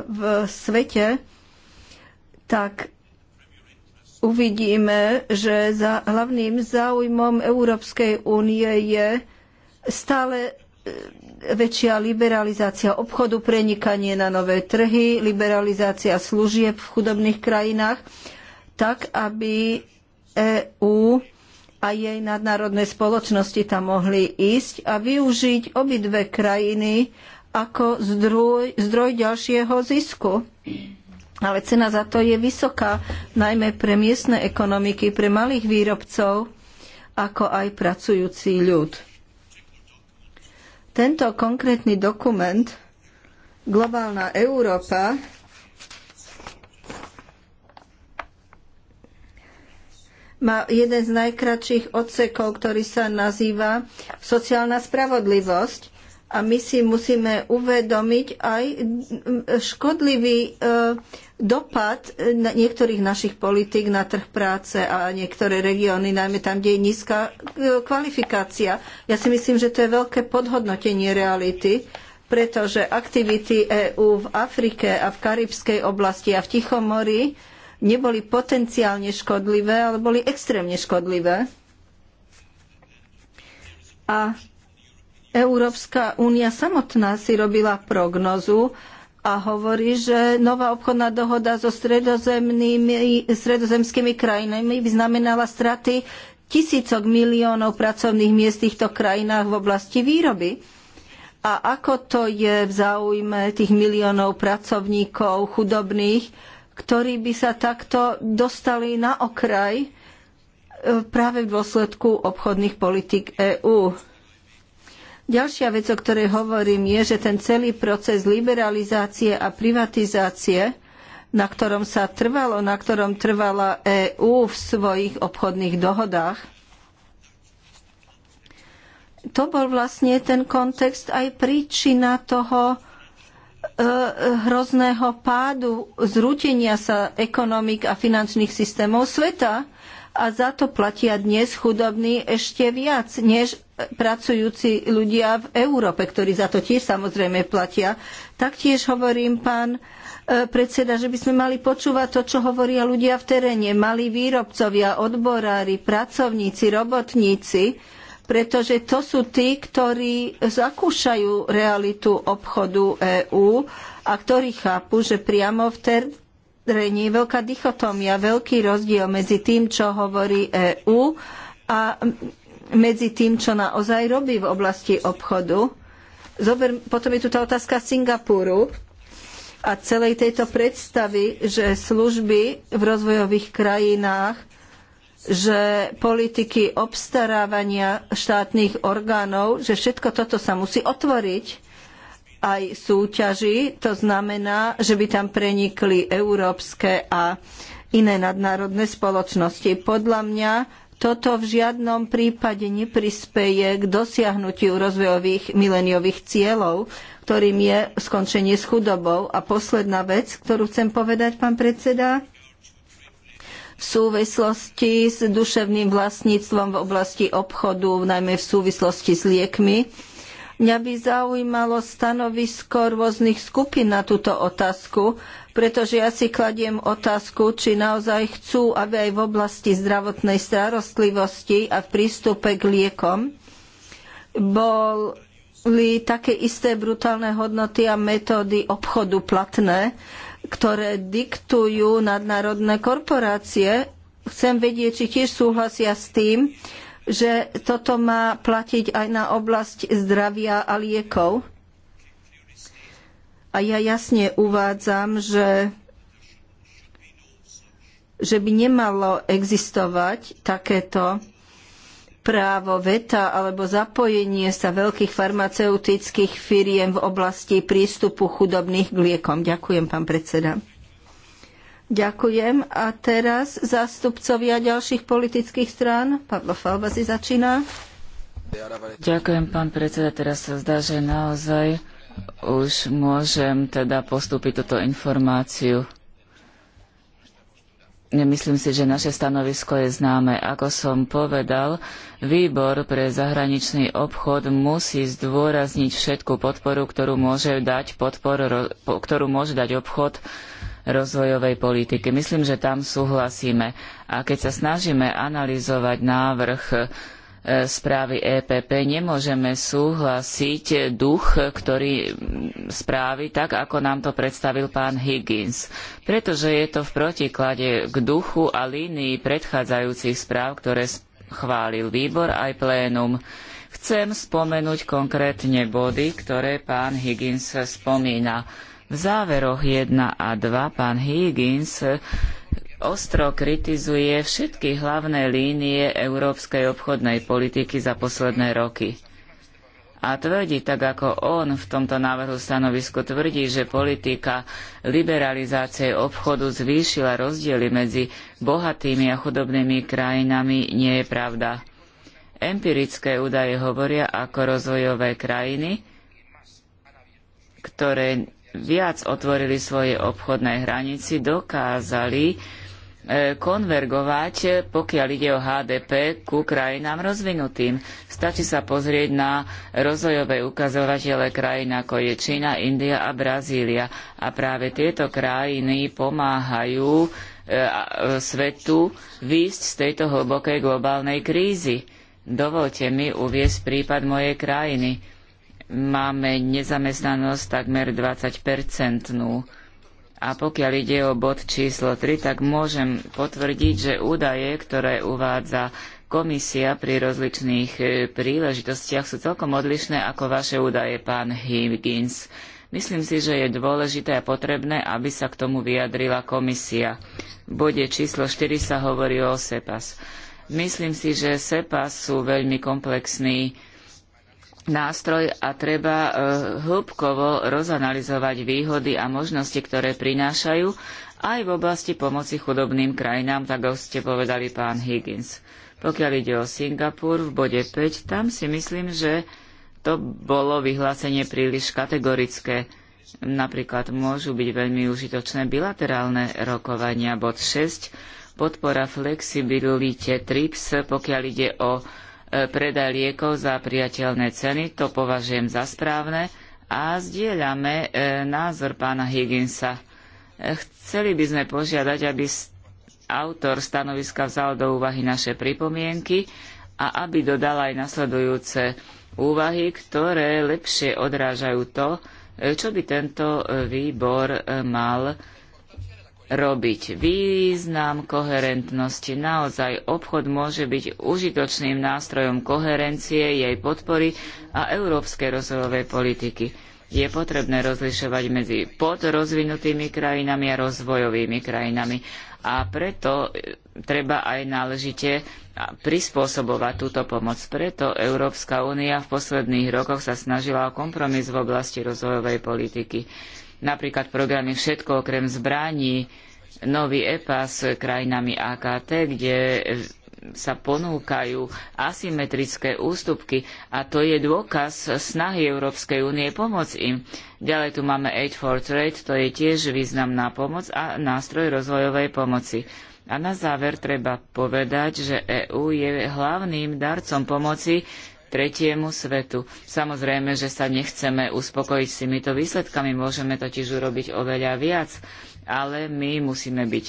v svete, tak uvidíme, že za hlavným záujmom Európskej únie je stále e, väčšia liberalizácia obchodu, prenikanie na nové trhy, liberalizácia služieb v chudobných krajinách, tak aby EÚ a jej nadnárodné spoločnosti tam mohli ísť a využiť obidve krajiny ako zdroj, zdroj ďalšieho zisku. Ale cena za to je vysoká, najmä pre miestne ekonomiky, pre malých výrobcov, ako aj pracujúci ľud. Tento konkrétny dokument Globálna Európa má jeden z najkračších odsekov, ktorý sa nazýva sociálna spravodlivosť. A my si musíme uvedomiť aj škodlivý e, dopad niektorých našich politík na trh práce a niektoré regióny, najmä tam, kde je nízka e, kvalifikácia. Ja si myslím, že to je veľké podhodnotenie reality pretože aktivity EÚ v Afrike a v Karibskej oblasti a v Tichomorí neboli potenciálne škodlivé, ale boli extrémne škodlivé. A Európska únia samotná si robila prognozu a hovorí, že nová obchodná dohoda so stredozemskými krajinami by znamenala straty tisícok miliónov pracovných miest v týchto krajinách v oblasti výroby. A ako to je v záujme tých miliónov pracovníkov chudobných, ktorí by sa takto dostali na okraj e, práve v dôsledku obchodných politík EÚ. Ďalšia vec, o ktorej hovorím, je, že ten celý proces liberalizácie a privatizácie, na ktorom sa trvalo, na ktorom trvala EÚ v svojich obchodných dohodách, to bol vlastne ten kontext aj príčina toho, E, hrozného pádu, zrútenia sa ekonomik a finančných systémov sveta a za to platia dnes chudobní ešte viac než pracujúci ľudia v Európe, ktorí za to tiež samozrejme platia. Taktiež hovorím, pán e, predseda, že by sme mali počúvať to, čo hovoria ľudia v teréne, mali výrobcovia, odborári, pracovníci, robotníci, pretože to sú tí, ktorí zakúšajú realitu obchodu EÚ a ktorí chápu, že priamo v teréne je veľká dichotomia, veľký rozdiel medzi tým, čo hovorí EÚ a medzi tým, čo naozaj robí v oblasti obchodu. Zober, potom je tu tá otázka Singapuru a celej tejto predstavy, že služby v rozvojových krajinách že politiky obstarávania štátnych orgánov, že všetko toto sa musí otvoriť aj súťaži. To znamená, že by tam prenikli európske a iné nadnárodné spoločnosti. Podľa mňa toto v žiadnom prípade neprispeje k dosiahnutiu rozvojových mileniových cieľov, ktorým je skončenie s chudobou. A posledná vec, ktorú chcem povedať, pán predseda, v súvislosti s duševným vlastníctvom v oblasti obchodu, najmä v súvislosti s liekmi. Mňa by zaujímalo stanovisko rôznych skupín na túto otázku, pretože ja si kladiem otázku, či naozaj chcú, aby aj v oblasti zdravotnej starostlivosti a v prístupe k liekom boli také isté brutálne hodnoty a metódy obchodu platné, ktoré diktujú nadnárodné korporácie. Chcem vedieť, či tiež súhlasia s tým, že toto má platiť aj na oblasť zdravia a liekov. A ja jasne uvádzam, že, že by nemalo existovať takéto právo veta alebo zapojenie sa veľkých farmaceutických firiem v oblasti prístupu chudobných k liekom. Ďakujem, pán predseda. Ďakujem. A teraz zástupcovia ďalších politických strán. Pavlo Falba si začína. Ďakujem, pán predseda. Teraz sa zdá, že naozaj už môžem teda postúpiť túto informáciu Myslím si, že naše stanovisko je známe. Ako som povedal, výbor pre zahraničný obchod musí zdôrazniť všetku podporu, ktorú môže dať, ktorú môže dať obchod rozvojovej politiky. Myslím, že tam súhlasíme. A keď sa snažíme analyzovať návrh E, správy EPP nemôžeme súhlasiť duch, ktorý mm, správy tak, ako nám to predstavil pán Higgins. Pretože je to v protiklade k duchu a línii predchádzajúcich správ, ktoré chválil výbor aj plénum. Chcem spomenúť konkrétne body, ktoré pán Higgins spomína. V záveroch 1 a 2 pán Higgins ostro kritizuje všetky hlavné línie európskej obchodnej politiky za posledné roky. A tvrdí, tak ako on v tomto návrhu stanovisku tvrdí, že politika liberalizácie obchodu zvýšila rozdiely medzi bohatými a chudobnými krajinami, nie je pravda. Empirické údaje hovoria, ako rozvojové krajiny, ktoré viac otvorili svoje obchodné hranici, dokázali E, konvergovať, e, pokiaľ ide o HDP, ku krajinám rozvinutým. Stačí sa pozrieť na rozvojové ukazovatele krajín ako je Čína, India a Brazília. A práve tieto krajiny pomáhajú e, svetu výjsť z tejto hlbokej globálnej krízy. Dovolte mi uviesť prípad mojej krajiny. Máme nezamestnanosť takmer 20-percentnú a pokiaľ ide o bod číslo 3, tak môžem potvrdiť, že údaje, ktoré uvádza komisia pri rozličných e, príležitostiach sú celkom odlišné ako vaše údaje, pán Higgins. Myslím si, že je dôležité a potrebné, aby sa k tomu vyjadrila komisia. V bode číslo 4 sa hovorí o SEPAS. Myslím si, že SEPAS sú veľmi komplexný nástroj a treba e, hĺbkovo rozanalizovať výhody a možnosti, ktoré prinášajú aj v oblasti pomoci chudobným krajinám, tak ako ste povedali pán Higgins. Pokiaľ ide o Singapur v bode 5, tam si myslím, že to bolo vyhlásenie príliš kategorické. Napríklad môžu byť veľmi užitočné bilaterálne rokovania. Bod 6. Podpora flexibilite TRIPS, pokiaľ ide o E, predaj liekov za prijateľné ceny. To považujem za správne a zdieľame e, názor pána Higginsa. E, chceli by sme požiadať, aby autor stanoviska vzal do úvahy naše pripomienky a aby dodal aj nasledujúce úvahy, ktoré lepšie odrážajú to, čo by tento výbor mal robiť význam koherentnosti. Naozaj obchod môže byť užitočným nástrojom koherencie, jej podpory a európskej rozvojovej politiky. Je potrebné rozlišovať medzi podrozvinutými krajinami a rozvojovými krajinami. A preto e, treba aj náležite prispôsobovať túto pomoc. Preto Európska únia v posledných rokoch sa snažila o kompromis v oblasti rozvojovej politiky napríklad programy Všetko okrem zbraní, nový EPA s krajinami AKT, kde sa ponúkajú asymetrické ústupky a to je dôkaz snahy Európskej únie pomôcť im. Ďalej tu máme Aid for Trade, to je tiež významná pomoc a nástroj rozvojovej pomoci. A na záver treba povedať, že EÚ je hlavným darcom pomoci tretiemu svetu. Samozrejme, že sa nechceme uspokojiť s týmito výsledkami, môžeme totiž urobiť oveľa viac, ale my musíme byť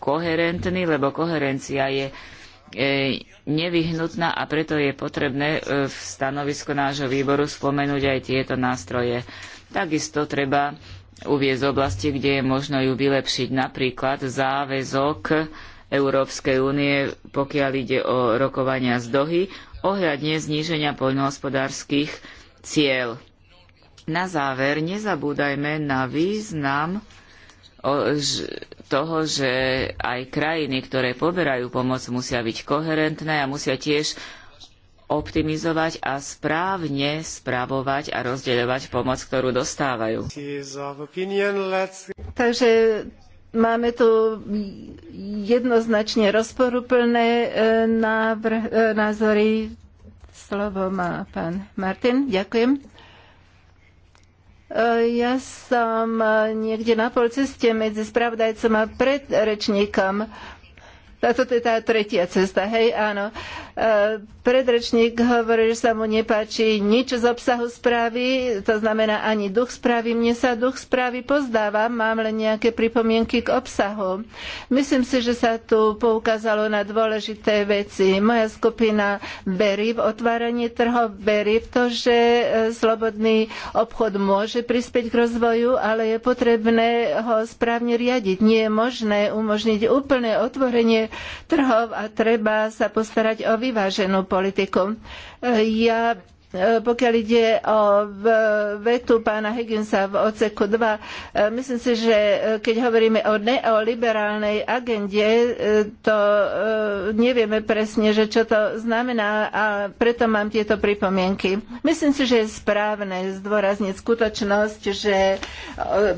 koherentní, lebo koherencia je e, nevyhnutná a preto je potrebné e, v stanovisku nášho výboru spomenúť aj tieto nástroje. Takisto treba uviezť oblasti, kde je možno ju vylepšiť, napríklad záväzok Európskej únie, pokiaľ ide o rokovania z Dohy ohľadne zníženia poľnohospodárskych cieľ. Na záver nezabúdajme na význam toho, že aj krajiny, ktoré poberajú pomoc, musia byť koherentné a musia tiež optimizovať a správne spravovať a rozdeľovať pomoc, ktorú dostávajú. Takže Máme tu jednoznačne rozporuplné e, návrh, e, názory. Slovo má pán Martin. Ďakujem. E, ja som niekde na polceste medzi spravodajcom a predrečníkom. Táto je tá tretia cesta, hej, áno. E, predrečník hovorí, že sa mu nepáči nič z obsahu správy, to znamená ani duch správy. Mne sa duch správy pozdáva, mám len nejaké pripomienky k obsahu. Myslím si, že sa tu poukázalo na dôležité veci. Moja skupina verí v otváranie trhov, verí v to, že e, slobodný obchod môže prispieť k rozvoju, ale je potrebné ho správne riadiť. Nie je možné umožniť úplné otvorenie trhov a treba sa postarať o vyváženú politiku. Ja e, pokiaľ ide o vetu pána Higginsa v odseku 2, e, myslím si, že e, keď hovoríme o neoliberálnej agende, to nevieme presne, že čo to znamená a preto mám tieto pripomienky. Myslím si, že je správne zdôrazniť skutočnosť, že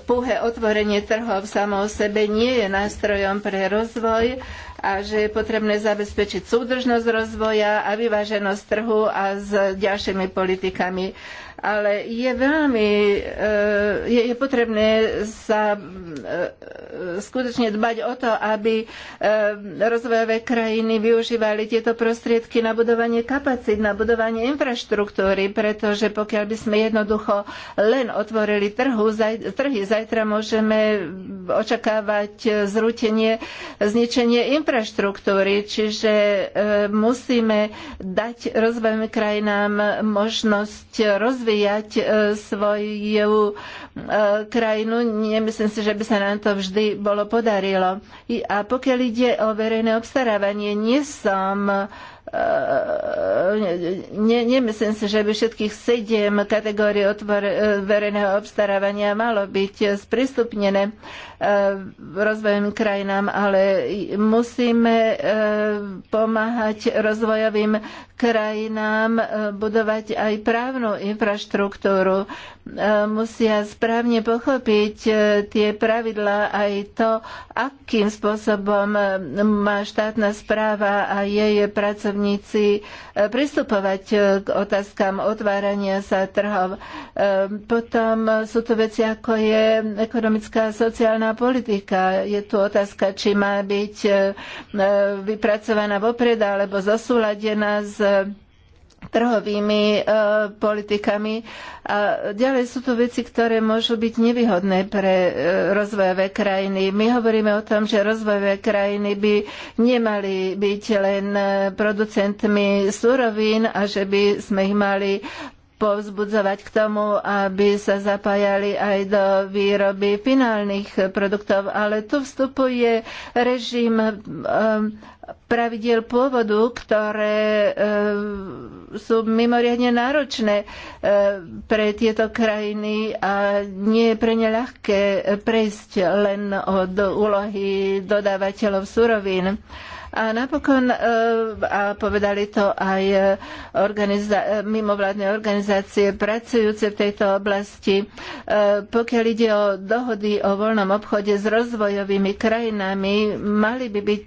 puhé otvorenie trhov samo o sebe nie je nástrojom pre rozvoj, a že je potrebné zabezpečiť súdržnosť rozvoja a vyváženosť trhu a s ďalšími politikami ale je veľmi, e, je, je potrebné sa e, skutočne dbať o to, aby e, rozvojové krajiny využívali tieto prostriedky na budovanie kapacít, na budovanie infraštruktúry, pretože pokiaľ by sme jednoducho len otvorili trhu, zaj, trhy, zajtra môžeme očakávať zrútenie, zničenie infraštruktúry, čiže musíme dať rozvojovým krajinám možnosť rozvíjať rozvíjať e, svoju e, krajinu. Nemyslím si, že by sa nám to vždy bolo podarilo. A pokiaľ ide o verejné obstarávanie, nie som e, ne, nemyslím si, že by všetkých sedem kategórií otvor, verejného obstarávania malo byť sprístupnené. Eh, rozvojovým krajinám, ale musíme eh, pomáhať rozvojovým krajinám eh, budovať aj právnu infraštruktúru. Musia správne pochopiť tie pravidlá aj to, akým spôsobom má štátna správa a jej pracovníci pristupovať k otázkam otvárania sa trhov. Potom sú to veci, ako je ekonomická a sociálna politika. Je tu otázka, či má byť e, e, vypracovaná vopred alebo zosúladená s e, trhovými e, politikami. A ďalej sú tu veci, ktoré môžu byť nevyhodné pre e, rozvojové krajiny. My hovoríme o tom, že rozvojové krajiny by nemali byť len producentmi surovín a že by sme ich mali povzbudzovať k tomu, aby sa zapájali aj do výroby finálnych produktov, ale tu vstupuje režim ehm, pravidiel pôvodu, ktoré ehm, sú mimoriadne náročné ehm, pre tieto krajiny a nie je pre ne ľahké prejsť len od úlohy dodávateľov surovín. A napokon, e, a povedali to aj e, organiza- e, mimovládne organizácie pracujúce v tejto oblasti, pokiaľ ide o dohody o voľnom obchode s rozvojovými krajinami, mali by byť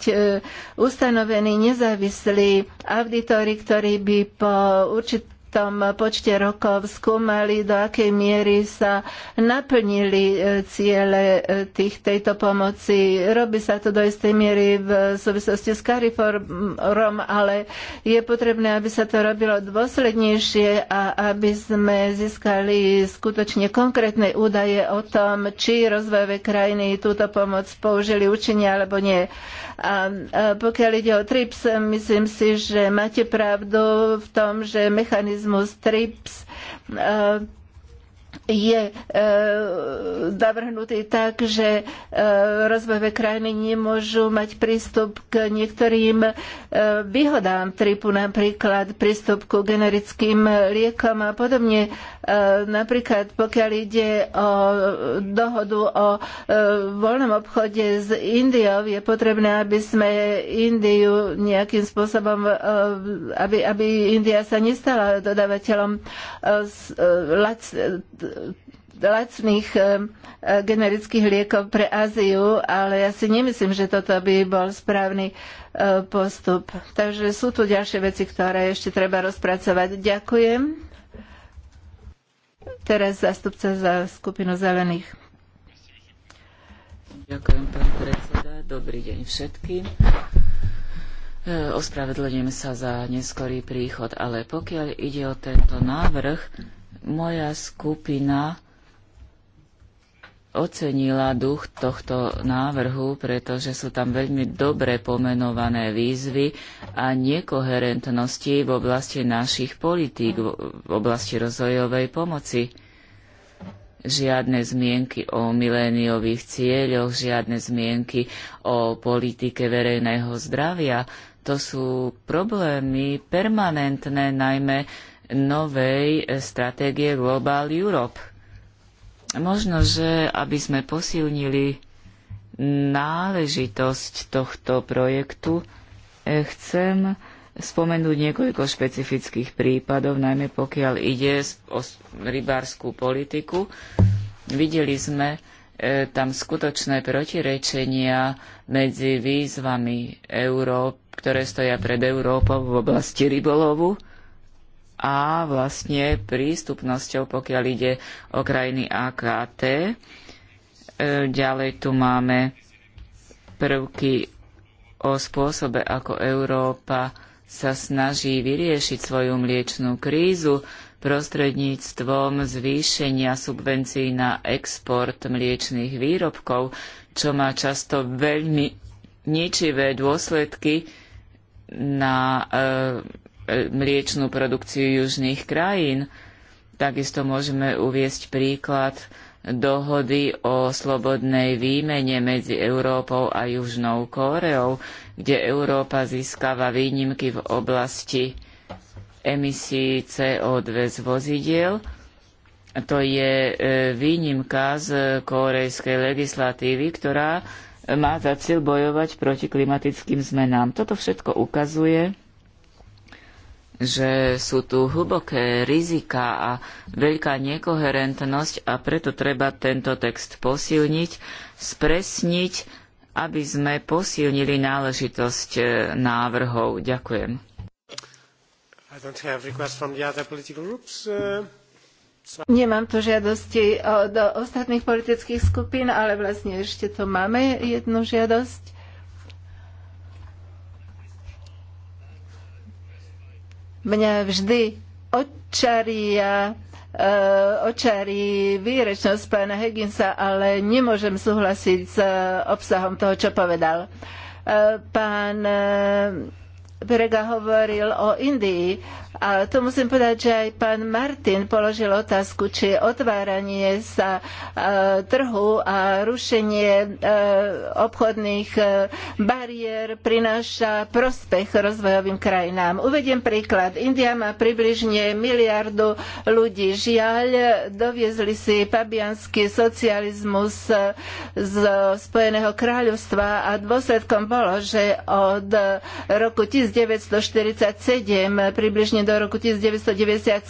ustanovení nezávislí auditori, ktorí by po určitých istom počte rokov skúmali, do akej miery sa naplnili e, ciele e, tých, tejto pomoci. Robí sa to do istej miery v súvislosti s Cariforom, ale je potrebné, aby sa to robilo dôslednejšie a aby sme získali skutočne konkrétne údaje o tom, či rozvojové krajiny túto pomoc použili účinne alebo nie. A pokiaľ ide o TRIPS, myslím si, že máte pravdu v tom, že mechanizmus Erasmus TRIPS eh, je e, navrhnutý tak, že e, rozvojové krajiny nemôžu mať prístup k niektorým e, výhodám, tripu napríklad prístup ku generickým liekom a podobne. E, napríklad pokiaľ ide o dohodu o e, voľnom obchode s Indiou, je potrebné, aby sme Indiu nejakým spôsobom, e, aby, aby India sa nestala dodávateľom e, e lac, lacných eh, eh, generických liekov pre Áziu, ale ja si nemyslím, že toto by bol správny eh, postup. Takže sú tu ďalšie veci, ktoré ešte treba rozpracovať. Ďakujem. Teraz zastupca za skupinu zelených. Ďakujem, pán predseda. Dobrý deň všetkým. Ospravedlňujem sa za neskorý príchod, ale pokiaľ ide o tento návrh, moja skupina ocenila duch tohto návrhu, pretože sú tam veľmi dobre pomenované výzvy a nekoherentnosti v oblasti našich politík, v oblasti rozvojovej pomoci. Žiadne zmienky o miléniových cieľoch, žiadne zmienky o politike verejného zdravia. To sú problémy permanentné, najmä novej stratégie Global Europe. Možno, že aby sme posilnili náležitosť tohto projektu, eh, chcem spomenúť niekoľko špecifických prípadov, najmä pokiaľ ide o rybárskú politiku. Videli sme eh, tam skutočné protirečenia medzi výzvami Európ, ktoré stoja pred Európou v oblasti rybolovu a vlastne prístupnosťou, pokiaľ ide o krajiny AKT. E, ďalej tu máme prvky o spôsobe, ako Európa sa snaží vyriešiť svoju mliečnú krízu prostredníctvom zvýšenia subvencií na export mliečných výrobkov, čo má často veľmi ničivé dôsledky na e, E, mliečnú produkciu južných krajín. Takisto môžeme uviesť príklad dohody o slobodnej výmene medzi Európou a Južnou Kóreou, kde Európa získava výnimky v oblasti emisí CO2 z vozidiel. To je e, výnimka z kórejskej legislatívy, ktorá má za cieľ bojovať proti klimatickým zmenám. Toto všetko ukazuje, že sú tu hlboké rizika a veľká nekoherentnosť a preto treba tento text posilniť, spresniť, aby sme posilnili náležitosť e, návrhov. Ďakujem. Uh, Nemám tu žiadosti od ostatných politických skupín, ale vlastne ešte to máme jednu žiadosť Mňa vždy očaria e, očarí výrečnosť pána Higginsa, ale nemôžem súhlasiť s e, obsahom toho, čo povedal. E, pán Brega hovoril o Indii. A to musím povedať, že aj pán Martin položil otázku, či otváranie sa e, trhu a rušenie e, obchodných e, bariér prináša prospech rozvojovým krajinám. Uvediem príklad. India má približne miliardu ľudí. Žiaľ, doviezli si pabianský socializmus z Spojeného kráľovstva a dôsledkom bolo, že od roku 1947 približne do roku 1997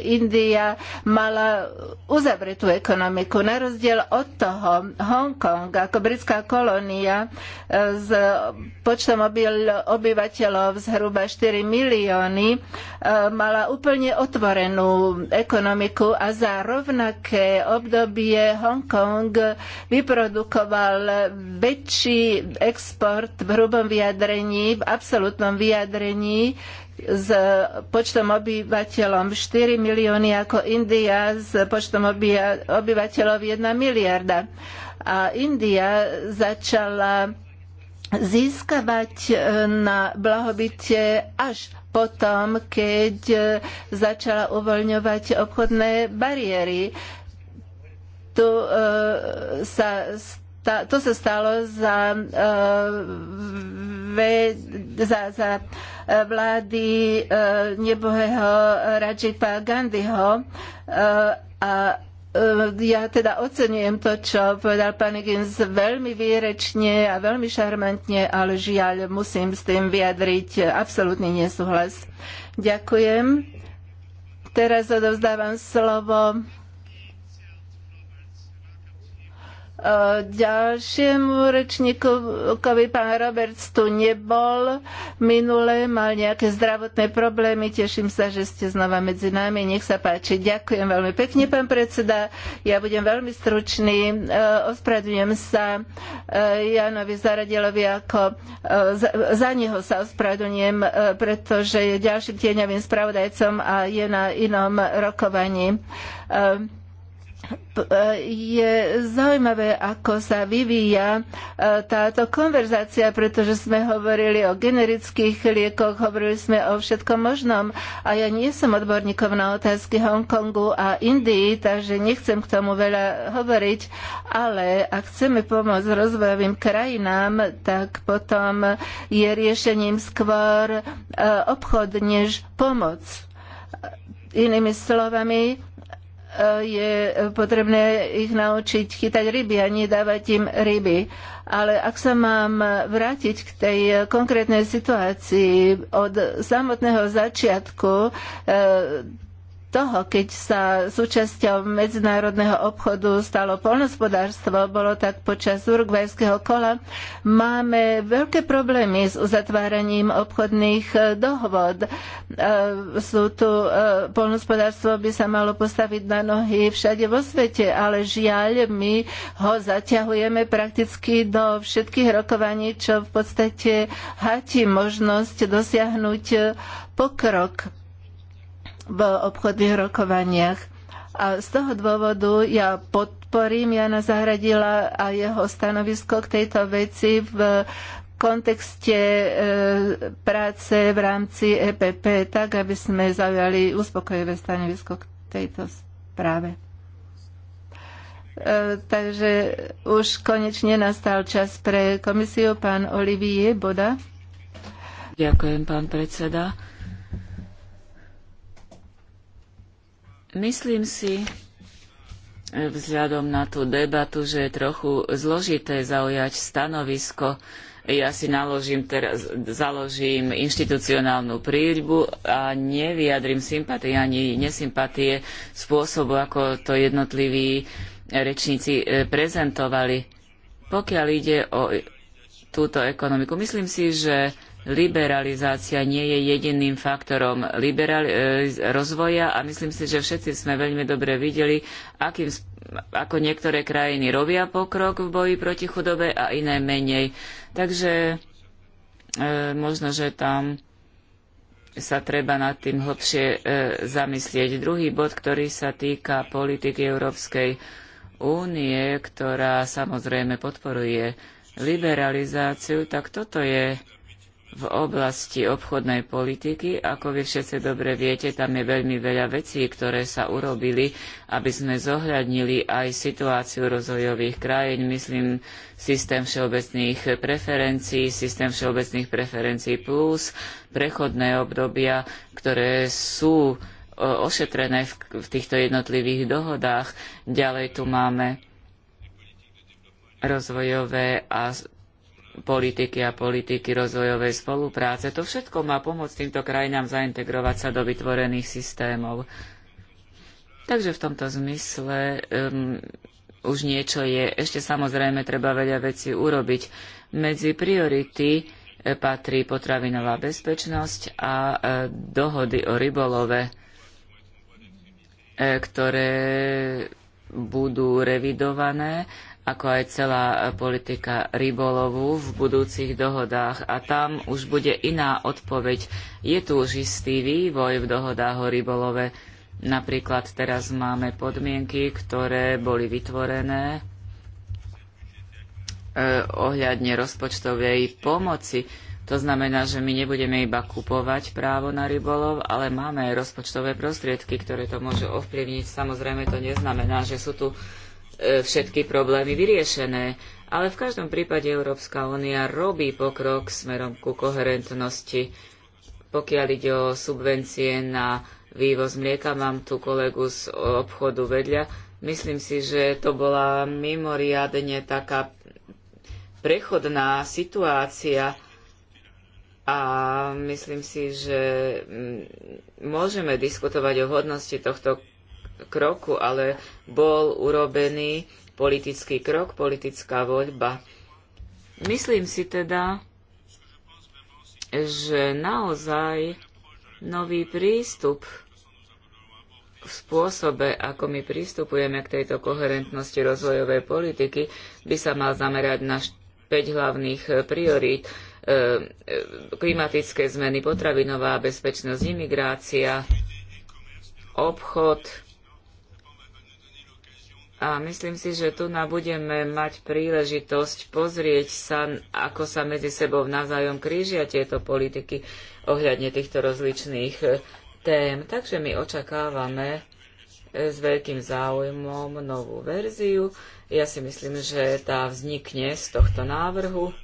India mala uzavretú ekonomiku. Na rozdiel od toho Hongkong ako britská kolónia e, s počtom obyvateľov zhruba 4 milióny e, mala úplne otvorenú ekonomiku a za rovnaké obdobie Hongkong vyprodukoval väčší export v hrubom vyjadrení, v absolútnom vyjadrení s počtom obyvateľom 4 milióny ako India s počtom obyvateľov 1 miliarda. A India začala získavať e, na blahobite až potom, keď e, začala uvoľňovať obchodné bariéry. Tu e, sa ta, to sa stalo za, eh, ve, za, za eh, vlády eh, nebohého Rajipa Gandhiho a ja teda oceňujem to, čo povedal pán Higgins veľmi výrečne a veľmi šarmantne, ale žiaľ, musím s tým vyjadriť absolútny nesúhlas. Ďakujem. Teraz odovzdávam slovo Ďalšiemu rečníkovi, pán Roberts, tu nebol. Minule mal nejaké zdravotné problémy. Teším sa, že ste znova medzi nami. Nech sa páči. Ďakujem veľmi pekne, pán predseda. Ja budem veľmi stručný. E, ospravedlňujem sa e, Janovi Zaradilovi ako... E, za, za neho sa ospravedlňujem, pretože je ďalším tieňovým spravodajcom a je na inom rokovaní je zaujímavé, ako sa vyvíja e, táto konverzácia, pretože sme hovorili o generických liekoch, hovorili sme o všetkom možnom a ja nie som odborníkom na otázky Hongkongu a Indii, takže nechcem k tomu veľa hovoriť, ale ak chceme pomôcť rozvojovým krajinám, tak potom je riešením skôr e, obchod než pomoc. Inými slovami, E, je potrebné ich naučiť chytať ryby a nedávať im ryby. Ale ak sa mám vrátiť k tej konkrétnej situácii, od samotného začiatku e, toho, keď sa súčasťou medzinárodného obchodu stalo polnospodárstvo, bolo tak počas urugvajského kola, máme veľké problémy s uzatváraním obchodných e, dohôd. E, sú tu, e, polnospodárstvo by sa malo postaviť na nohy všade vo svete, ale žiaľ, my ho zaťahujeme prakticky do všetkých rokovaní, čo v podstate hatí možnosť dosiahnuť pokrok v obchodných rokovaniach. A z toho dôvodu ja podporím Jana Zahradila a jeho stanovisko k tejto veci v kontexte e, práce v rámci EPP, tak aby sme zaujali uspokojivé stanovisko k tejto správe. E, takže už konečne nastal čas pre komisiu. Pán Olivier Boda. Ďakujem, pán predseda. Myslím si, e, vzhľadom na tú debatu, že je trochu zložité zaujať stanovisko. Ja si naložím teraz, založím inštitucionálnu príľbu a nevyjadrim sympatie ani nesympatie spôsobu, ako to jednotliví rečníci e, prezentovali. Pokiaľ ide o túto ekonomiku, myslím si, že liberalizácia nie je jediným faktorom e, rozvoja a myslím si, že všetci sme veľmi dobre videli, akým, ako niektoré krajiny robia pokrok v boji proti chudobe a iné menej. Takže e, možno, že tam sa treba nad tým hlbšie e, zamyslieť. Druhý bod, ktorý sa týka politiky Európskej únie, ktorá samozrejme podporuje liberalizáciu, tak toto je v oblasti obchodnej politiky. Ako vy všetci dobre viete, tam je veľmi veľa vecí, ktoré sa urobili, aby sme zohľadnili aj situáciu rozvojových krajín. Myslím, systém všeobecných preferencií, systém všeobecných preferencií plus, prechodné obdobia, ktoré sú e, ošetrené v týchto jednotlivých dohodách. Ďalej tu máme rozvojové a politiky a politiky rozvojovej spolupráce. To všetko má pomôcť týmto krajinám zaintegrovať sa do vytvorených systémov. Takže v tomto zmysle um, už niečo je. Ešte samozrejme treba veľa vecí urobiť. Medzi priority eh, patrí potravinová bezpečnosť a eh, dohody o rybolove, eh, ktoré budú revidované ako aj celá e, politika rybolovu v budúcich dohodách a tam už bude iná odpoveď. Je tu už istý vývoj v dohodách o rybolove. Napríklad teraz máme podmienky, ktoré boli vytvorené e, ohľadne rozpočtovej pomoci. To znamená, že my nebudeme iba kupovať právo na rybolov, ale máme aj rozpočtové prostriedky, ktoré to môžu ovplyvniť. Samozrejme, to neznamená, že sú tu E, všetky problémy vyriešené. Ale v každom prípade Európska únia robí pokrok smerom ku koherentnosti. Pokiaľ ide o subvencie na vývoz mlieka, mám tu kolegu z obchodu vedľa. Myslím si, že to bola mimoriadne taká prechodná situácia a myslím si, že mm, môžeme diskutovať o hodnosti tohto kroku, ale bol urobený politický krok, politická voľba. Myslím si teda, že naozaj nový prístup v spôsobe, ako my pristupujeme k tejto koherentnosti rozvojovej politiky, by sa mal zamerať na 5 hlavných e, priorít. E, e, klimatické zmeny, potravinová bezpečnosť, imigrácia, obchod, a myslím si, že tu na budeme mať príležitosť pozrieť sa, ako sa medzi sebou navzájom krížia tieto politiky ohľadne týchto rozličných e, tém. Takže my očakávame e, s veľkým záujmom novú verziu. Ja si myslím, že tá vznikne z tohto návrhu.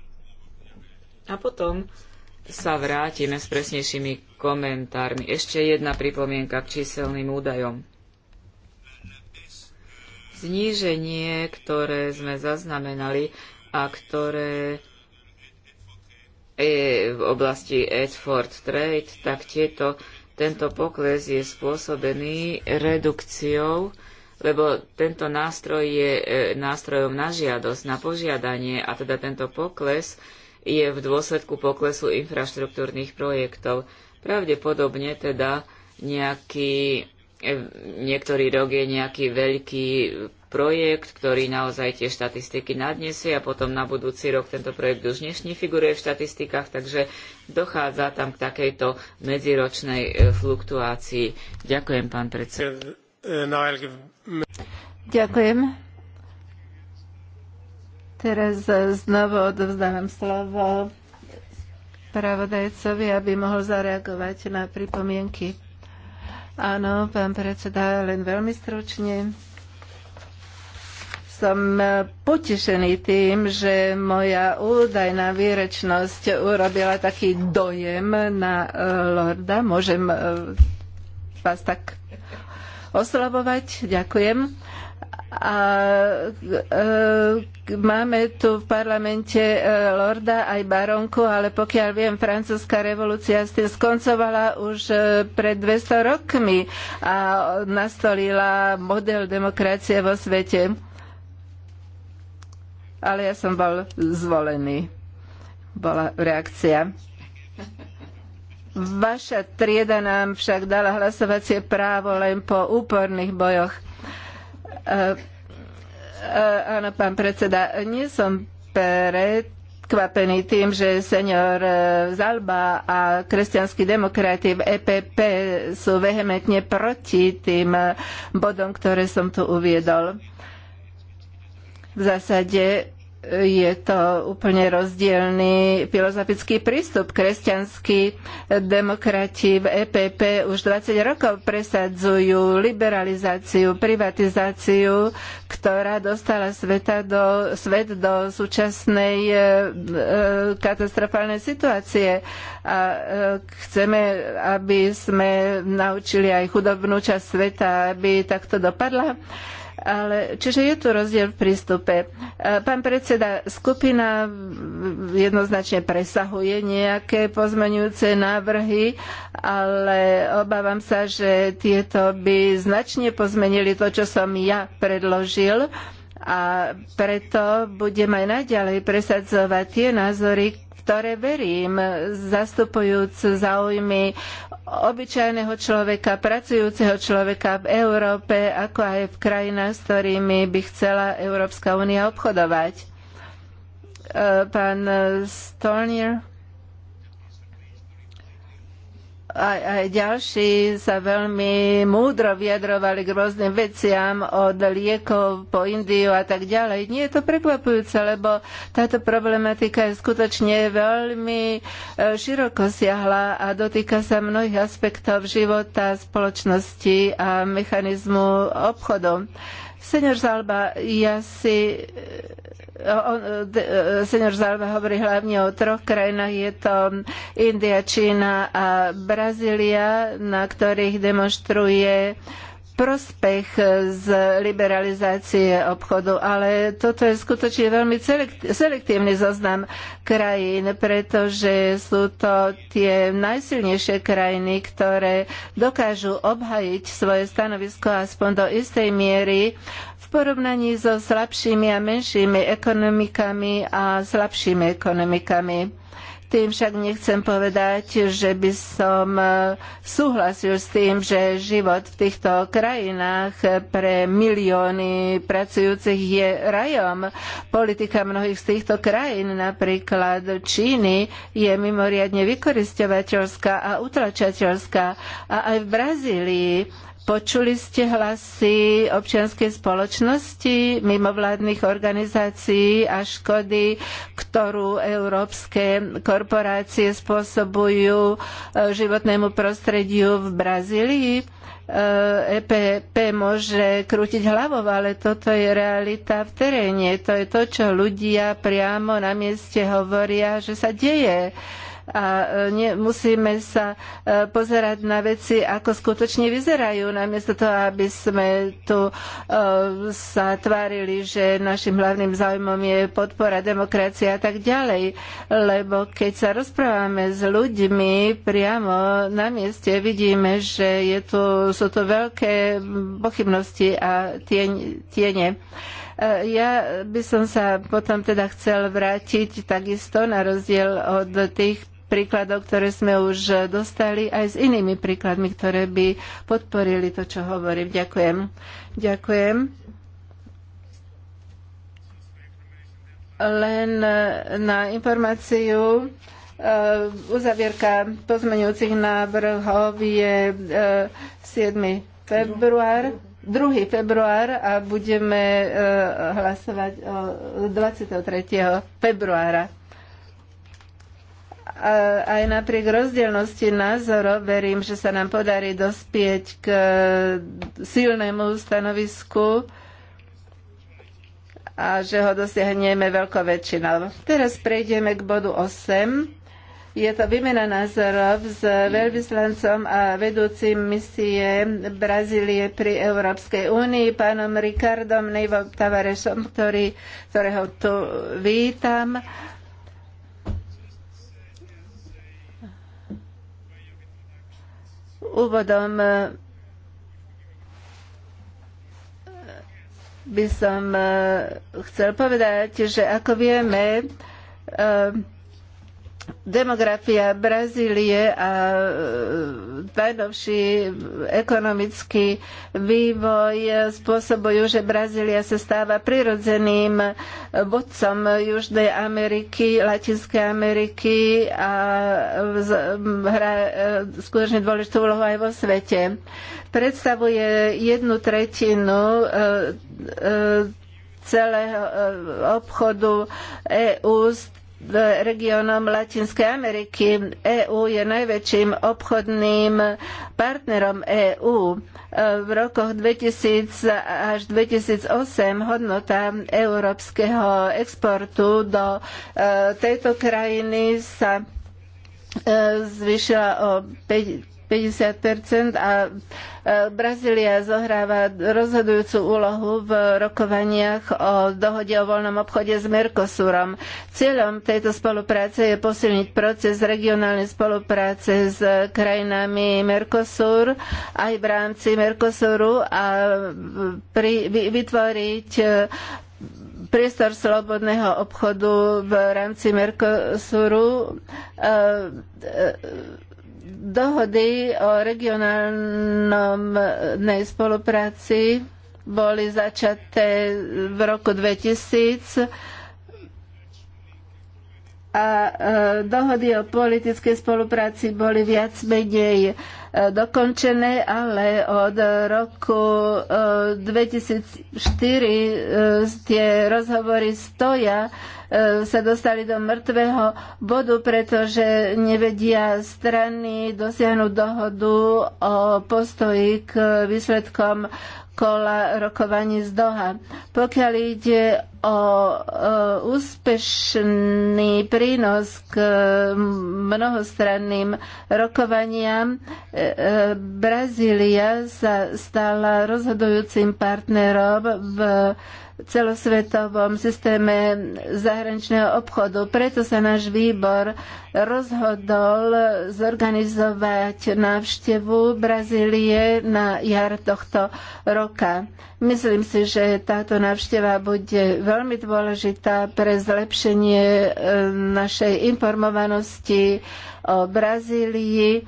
A potom sa vrátime s presnejšími komentármi. Ešte jedna pripomienka k číselným údajom zníženie, ktoré sme zaznamenali a ktoré je v oblasti Edford Trade, tak tieto, tento pokles je spôsobený redukciou, lebo tento nástroj je e, nástrojom na žiadosť, na požiadanie a teda tento pokles je v dôsledku poklesu infraštruktúrnych projektov. Pravdepodobne teda nejaký niektorý rok je nejaký veľký projekt, ktorý naozaj tie štatistiky nadnesie a potom na budúci rok tento projekt už nefiguruje v štatistikách, takže dochádza tam k takejto medziročnej e, fluktuácii. Ďakujem, pán predseda. Ďakujem. Teraz znovu odovzdávam slovo spravodajcovi, aby mohol zareagovať na pripomienky. Áno, pán predseda, len veľmi stručne. Som potešený tým, že moja údajná výrečnosť urobila taký dojem na e, Lorda. Môžem e, vás tak oslavovať. Ďakujem a e, máme tu v parlamente e, Lorda aj baronku, ale pokiaľ viem, francúzska revolúcia s tým skoncovala už e, pred 200 rokmi a nastolila model demokracie vo svete. Ale ja som bol zvolený. Bola reakcia. Vaša trieda nám však dala hlasovacie právo len po úporných bojoch Áno, pán predseda, nie som prekvapený tým, že senior e, Zalba a kresťanskí demokrati v EPP sú vehementne proti tým e, bodom, ktoré som tu uviedol. V zásade je to úplne rozdielný filozofický prístup. Kresťanskí demokrati v EPP už 20 rokov presadzujú liberalizáciu, privatizáciu, ktorá dostala sveta do, svet do súčasnej e, e, katastrofálnej situácie. A e, chceme, aby sme naučili aj chudobnú časť sveta, aby takto dopadla. E, ale, čiže je tu rozdiel v prístupe. E, pán predseda, skupina jednoznačne presahuje nejaké pozmeňujúce návrhy, ale obávam sa, že tieto by značne pozmenili to, čo som ja predložil a preto budem aj naďalej presadzovať tie názory, ktoré verím, zastupujúc záujmy obyčajného človeka, pracujúceho človeka v Európe, ako aj v krajinách, s ktorými by chcela Európska únia obchodovať. E, pán Stornier aj, aj ďalší sa veľmi múdro vyjadrovali k rôznym veciam od liekov po Indiu a tak ďalej. Nie je to prekvapujúce, lebo táto problematika je skutočne veľmi e, široko siahla a dotýka sa mnohých aspektov života, spoločnosti a mechanizmu obchodov. Senior Zalba, ja si... E, e, senior Zalba hovorí hlavne o troch krajinách. Je to India, Čína a Brazília, na ktorých demonstruje prospech z liberalizácie obchodu, ale toto je skutočne veľmi selektívny zoznam krajín, pretože sú to tie najsilnejšie krajiny, ktoré dokážu obhajiť svoje stanovisko aspoň do istej miery v porovnaní so slabšími a menšími ekonomikami a slabšími ekonomikami. Tým však nechcem povedať, že by som e, súhlasil s tým, že život v týchto krajinách pre milióny pracujúcich je rajom. Politika mnohých z týchto krajín, napríklad Číny, je mimoriadne vykoristovateľská a utlačateľská. A aj v Brazílii Počuli ste hlasy občianskej spoločnosti, mimovládnych organizácií a škody, ktorú európske korporácie spôsobujú e, životnému prostrediu v Brazílii. EPP e môže krútiť hlavou, ale toto je realita v teréne. To je to, čo ľudia priamo na mieste hovoria, že sa deje a ne, musíme sa e, pozerať na veci, ako skutočne vyzerajú, namiesto toho, aby sme tu e, sa tvárili, že našim hlavným záujmom je podpora demokracie a tak ďalej, lebo keď sa rozprávame s ľuďmi priamo na mieste, vidíme, že je tu, sú tu veľké pochybnosti a tieň, tiene. E, ja by som sa potom teda chcel vrátiť takisto na rozdiel od tých príkladov, ktoré sme už dostali, aj s inými príkladmi, ktoré by podporili to, čo hovorím. Ďakujem. Ďakujem. Len e, na informáciu e, uzavierka pozmeňujúcich návrhov je 7. E, február. 2. február a budeme hlasovať 23. februára aj napriek rozdielnosti názorov verím, že sa nám podarí dospieť k silnému stanovisku a že ho dosiahneme veľkou väčšinou. Teraz prejdeme k bodu 8. Je to výmena názorov s veľvyslancom a vedúcim misie Brazílie pri Európskej únii, pánom Ricardom Neivo Tavarešom, ktorý, ktorého tu vítam Úvodom e, by som e, chcel povedať, že ako vieme, e, demografia Brazílie a e, najnovší ekonomický vývoj spôsobujú, že Brazília sa stáva prirodzeným vodcom Južnej Ameriky, Latinskej Ameriky a hrá e, skutočne dôležitú úlohu aj vo svete. Predstavuje jednu tretinu e, celého obchodu EU s regiónom Latinskej Ameriky. EÚ je najväčším obchodným partnerom EÚ. V rokoch 2000 až 2008 hodnota európskeho exportu do e, tejto krajiny sa e, zvýšila o 5 50 a e, Brazília zohráva rozhodujúcu úlohu v rokovaniach o dohode o voľnom obchode s Mercosurom. Cieľom tejto spolupráce je posilniť proces regionálnej spolupráce s krajinami Mercosur aj v rámci Mercosuru a pri, vytvoriť e, priestor slobodného obchodu v rámci Mercosuru e, Dohody o regionálnej spolupráci boli začaté v roku 2000 a e, dohody o politickej spolupráci boli viac menej e, dokončené, ale od roku 2004 e, tie rozhovory stoja E, sa dostali do mŕtvého bodu, pretože nevedia strany dosiahnuť dohodu o postoji k výsledkom kola rokovaní z Doha. Pokiaľ ide o e, úspešný prínos k mnohostranným rokovaniam, e, Brazília sa stala rozhodujúcim partnerom v celosvetovom systéme zahraničného obchodu. Preto sa náš výbor rozhodol zorganizovať návštevu Brazílie na jar tohto roka. Myslím si, že táto návšteva bude veľmi dôležitá pre zlepšenie eh, našej informovanosti o Brazílii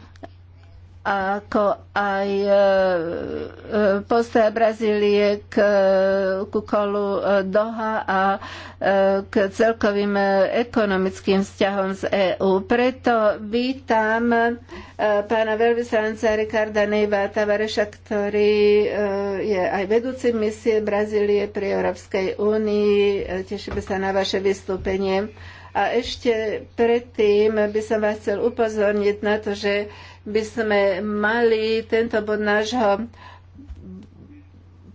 ako aj e, e, postoja Brazílie k, kukolu kolu e, Doha a k celkovým ekonomickým vzťahom z EÚ. Preto vítam pána veľvyslanca Ricarda Neiva Tavareša, ktorý je aj vedúci misie Brazílie pri Európskej únii. Tešíme sa na vaše vystúpenie. A ešte predtým by som vás chcel upozorniť na to, že by sme mali tento bod nášho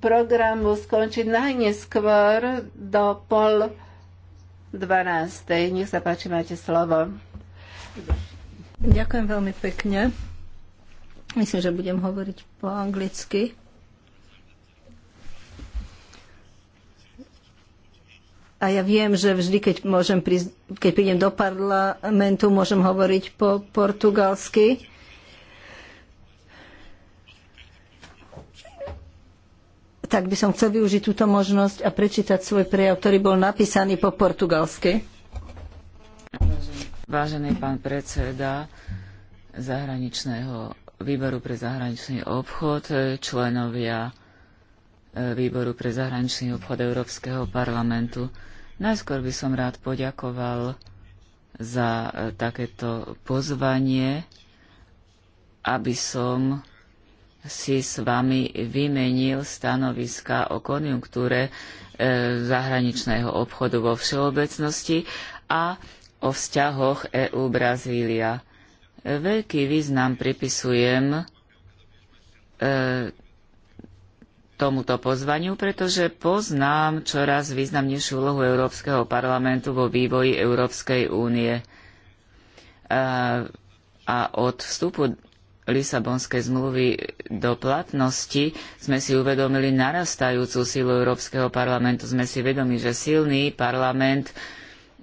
programu skončiť najneskôr do pol 12. Nech sa páči, máte slovo. Ďakujem veľmi pekne. Myslím, že budem hovoriť po anglicky. A ja viem, že vždy, keď, môžem prísť, keď prídem do parlamentu, môžem hovoriť po portugalsky. tak by som chcel využiť túto možnosť a prečítať svoj prejav, ktorý bol napísaný po portugalsky. Vážený pán predseda zahraničného výboru pre zahraničný obchod, členovia e, výboru pre zahraničný obchod Európskeho parlamentu. Najskôr by som rád poďakoval za e, takéto pozvanie, aby som si s vami vymenil stanoviska o konjunktúre e, zahraničného obchodu vo všeobecnosti a o vzťahoch EU-Brazília. Veľký význam pripisujem e, tomuto pozvaniu, pretože poznám čoraz významnejšiu úlohu Európskeho parlamentu vo vývoji Európskej únie. E, a od vstupu Lisabonskej zmluvy do platnosti sme si uvedomili narastajúcu silu Európskeho parlamentu. Sme si vedomi, že silný parlament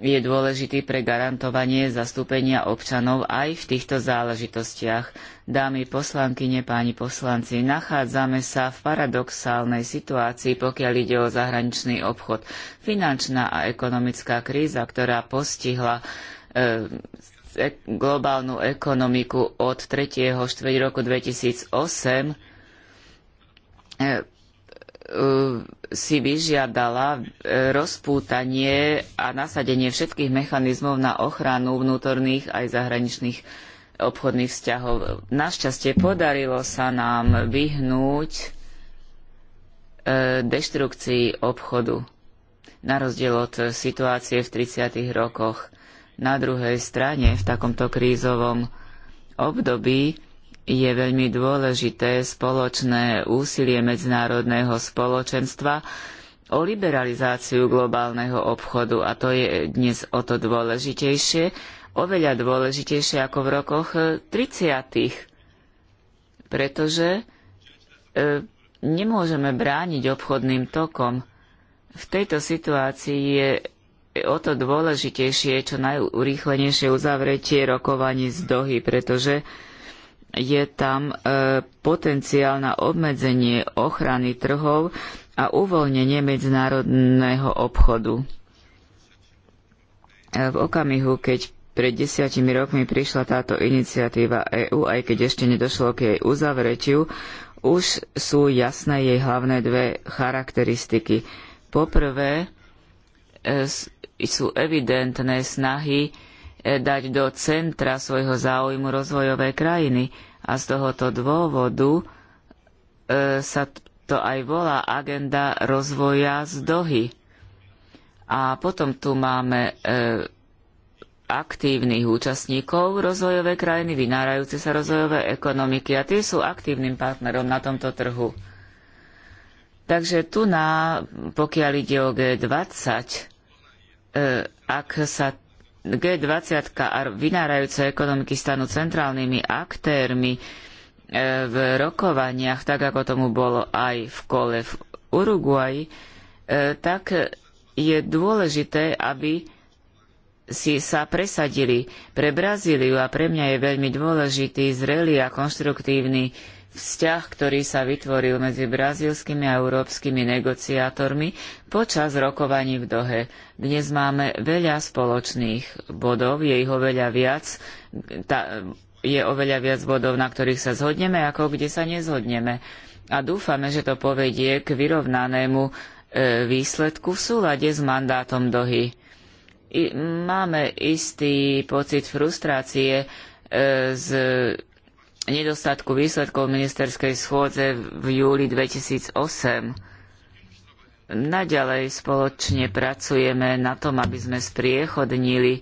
je dôležitý pre garantovanie zastúpenia občanov aj v týchto záležitostiach. Dámy poslankyne, páni poslanci, nachádzame sa v paradoxálnej situácii, pokiaľ ide o zahraničný obchod. Finančná a ekonomická kríza, ktorá postihla e, globálnu ekonomiku od 3. štveť roku 2008 e, e, si vyžiadala e, rozpútanie a nasadenie všetkých mechanizmov na ochranu vnútorných aj zahraničných obchodných vzťahov. Našťastie podarilo sa nám vyhnúť deštrukcii obchodu, na rozdiel od situácie v 30. rokoch. Na druhej strane, v takomto krízovom období je veľmi dôležité spoločné úsilie medzinárodného spoločenstva o liberalizáciu globálneho obchodu a to je dnes o to dôležitejšie, oveľa dôležitejšie ako v rokoch 30. Pretože e, nemôžeme brániť obchodným tokom. V tejto situácii je o to dôležitejšie čo najurýchlenejšie uzavretie rokovaní z Dohy, pretože je tam e, potenciál na obmedzenie ochrany trhov a uvoľnenie medzinárodného obchodu. E, v okamihu, keď pred desiatimi rokmi prišla táto iniciatíva EÚ, aj keď ešte nedošlo k jej uzavretiu, už sú jasné jej hlavné dve charakteristiky. Poprvé, e, sú evidentné snahy eh, dať do centra svojho záujmu rozvojové krajiny a z tohoto dôvodu eh, sa to aj volá agenda rozvoja z Dohy. A potom tu máme eh, aktívnych účastníkov rozvojové krajiny, vynárajúce sa rozvojové ekonomiky a tie sú aktívnym partnerom na tomto trhu. Takže tu na, pokiaľ ide o G20, E, ak sa G20 a vynárajúce ekonomiky stanú centrálnymi aktérmi e, v rokovaniach, tak ako tomu bolo aj v kole v Uruguay, e, tak je dôležité, aby si sa presadili. Pre Brazíliu a pre mňa je veľmi dôležitý, zrelý a konštruktívny vzťah, ktorý sa vytvoril medzi brazílskymi a európskymi negociátormi počas rokovaní v Dohe. Dnes máme veľa spoločných bodov, je ich oveľa viac, tá, je oveľa viac bodov, na ktorých sa zhodneme, ako kde sa nezhodneme. A dúfame, že to povedie k vyrovnanému e, výsledku v súlade s mandátom Dohy. I, máme istý pocit frustrácie e, z nedostatku výsledkov ministerskej schôdze v júli 2008. Naďalej spoločne pracujeme na tom, aby sme spriechodnili e,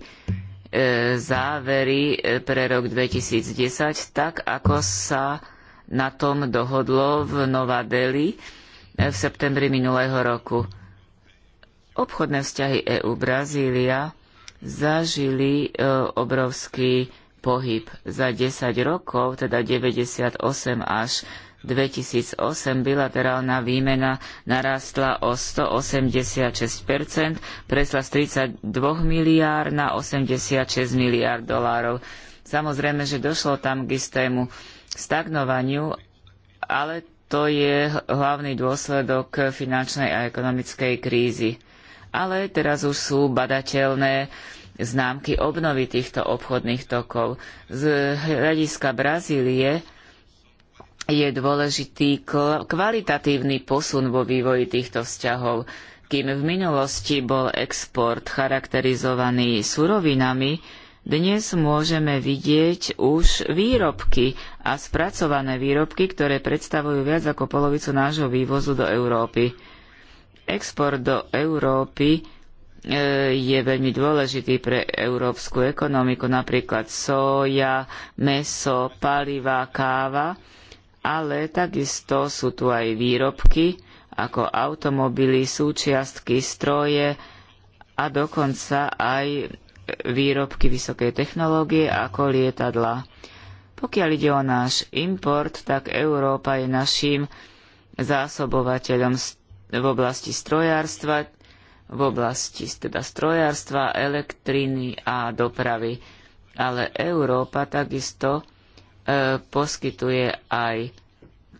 závery e, pre rok 2010, tak ako sa na tom dohodlo v Nova Delhi e, v septembri minulého roku. Obchodné vzťahy EU-Brazília zažili obrovský pohyb. Za 10 rokov, teda 98 až 2008, bilaterálna výmena narastla o 186 presla z 32 miliárd na 86 miliárd dolárov. Samozrejme, že došlo tam k istému stagnovaniu, ale to je hlavný dôsledok finančnej a ekonomickej krízy. Ale teraz už sú badateľné známky obnovy týchto obchodných tokov. Z hľadiska Brazílie je dôležitý kvalitatívny posun vo vývoji týchto vzťahov. Kým v minulosti bol export charakterizovaný surovinami, dnes môžeme vidieť už výrobky a spracované výrobky, ktoré predstavujú viac ako polovicu nášho vývozu do Európy. Export do Európy E, je veľmi dôležitý pre európsku ekonomiku, napríklad soja, meso, paliva, káva, ale takisto sú tu aj výrobky ako automobily, súčiastky, stroje a dokonca aj výrobky vysokej technológie ako lietadla. Pokiaľ ide o náš import, tak Európa je naším zásobovateľom v oblasti strojárstva, v oblasti teda strojárstva, elektriny a dopravy. Ale Európa takisto e, poskytuje aj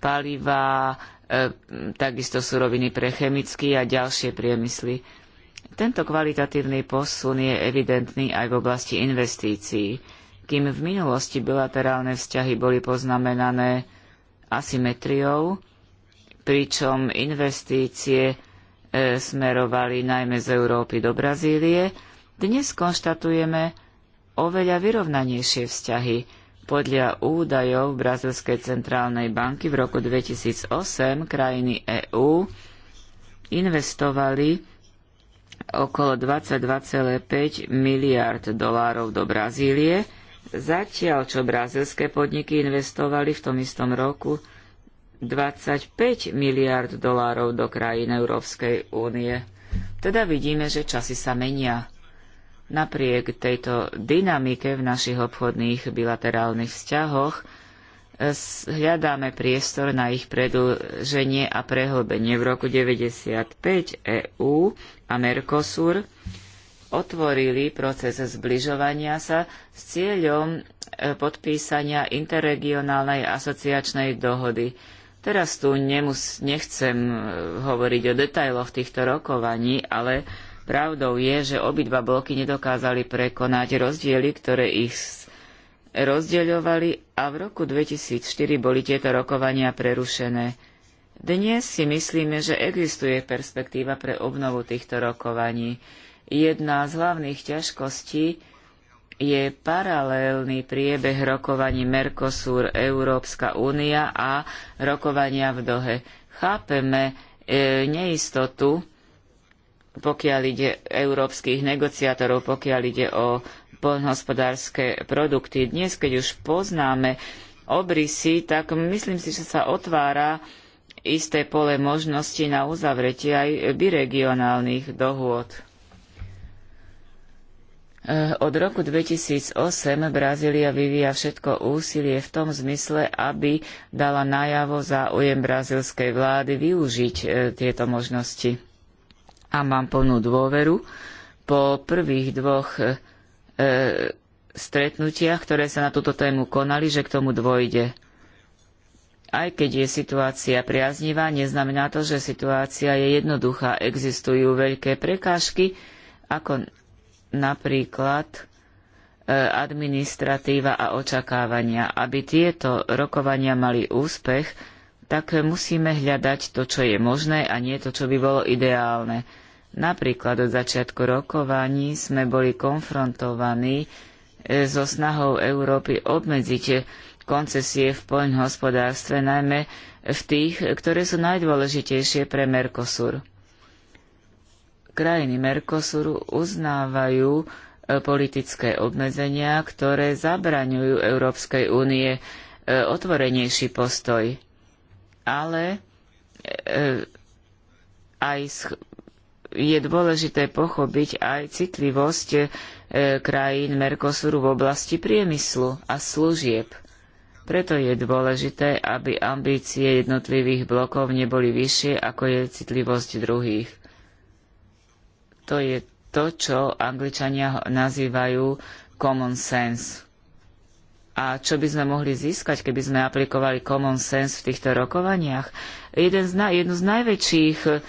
palivá, e, takisto suroviny pre chemický a ďalšie priemysly. Tento kvalitatívny posun je evidentný aj v oblasti investícií. Kým v minulosti bilaterálne vzťahy boli poznamenané asymetriou, pričom investície E, smerovali najmä z Európy do Brazílie, dnes konštatujeme oveľa vyrovnanejšie vzťahy. Podľa údajov Brazílskej centrálnej banky v roku 2008 krajiny EÚ investovali okolo 22,5 miliard dolárov do Brazílie, zatiaľ čo brazílske podniky investovali v tom istom roku 25 miliard dolárov do krajín Európskej únie. Teda vidíme, že časy sa menia. Napriek tejto dynamike v našich obchodných bilaterálnych vzťahoch hľadáme priestor na ich predĺženie a prehlbenie. V roku 95 EÚ a Mercosur otvorili proces zbližovania sa s cieľom e, podpísania interregionálnej asociačnej dohody. Teraz tu nemus, nechcem e, hovoriť o detailoch týchto rokovaní, ale pravdou je, že obidva bloky nedokázali prekonať rozdiely, ktoré ich rozdeľovali a v roku 2004 boli tieto rokovania prerušené. Dnes si myslíme, že existuje perspektíva pre obnovu týchto rokovaní. Jedna z hlavných ťažkostí je paralelný priebeh rokovaní Mercosur Európska únia a rokovania v Dohe. Chápeme e, neistotu, pokiaľ ide európskych negociátorov, pokiaľ ide o poľnohospodárske produkty. Dnes, keď už poznáme obrysy, tak myslím si, že sa otvára isté pole možnosti na uzavretie aj biregionálnych dohôd. Eh, od roku 2008 Brazília vyvíja všetko úsilie v tom zmysle, aby dala najavo záujem brazílskej vlády využiť eh, tieto možnosti. A mám plnú dôveru. Po prvých dvoch eh, stretnutiach, ktoré sa na túto tému konali, že k tomu dôjde. Aj keď je situácia priaznivá, neznamená to, že situácia je jednoduchá. Existujú veľké prekážky, ako napríklad e, administratíva a očakávania. Aby tieto rokovania mali úspech, tak musíme hľadať to, čo je možné a nie to, čo by bolo ideálne. Napríklad od začiatku rokovaní sme boli konfrontovaní e, so snahou Európy obmedziť koncesie v poľnohospodárstve, najmä v tých, ktoré sú najdôležitejšie pre Mercosur krajiny Mercosuru uznávajú e, politické obmedzenia, ktoré zabraňujú Európskej únie e, otvorenejší postoj. Ale e, aj je dôležité pochopiť aj citlivosť krajín Mercosuru v oblasti priemyslu a služieb. Preto je dôležité, aby ambície jednotlivých blokov neboli vyššie, ako je citlivosť druhých. To je to, čo angličania nazývajú common sense. A čo by sme mohli získať, keby sme aplikovali common sense v týchto rokovaniach? Jeden z na, jednu z najväčších eh,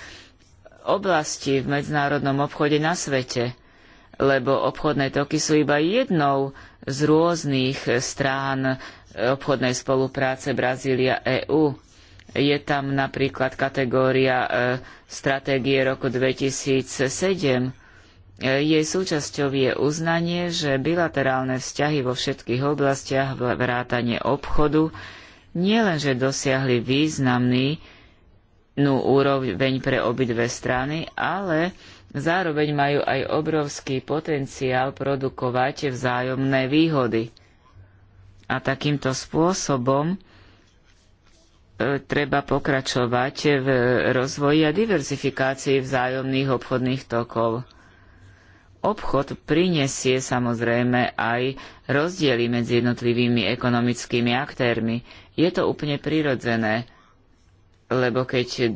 oblastí v medzinárodnom obchode na svete, lebo obchodné toky sú iba jednou z rôznych eh, strán eh, obchodnej spolupráce Brazília-EÚ. Je tam napríklad kategória e, stratégie roku 2007. E, jej súčasťou je uznanie, že bilaterálne vzťahy vo všetkých oblastiach vrátane obchodu nielenže dosiahli významný nú úroveň pre obidve strany, ale zároveň majú aj obrovský potenciál produkovať vzájomné výhody. A takýmto spôsobom treba pokračovať v rozvoji a diverzifikácii vzájomných obchodných tokov. Obchod prinesie samozrejme aj rozdiely medzi jednotlivými ekonomickými aktérmi. Je to úplne prirodzené, lebo keď,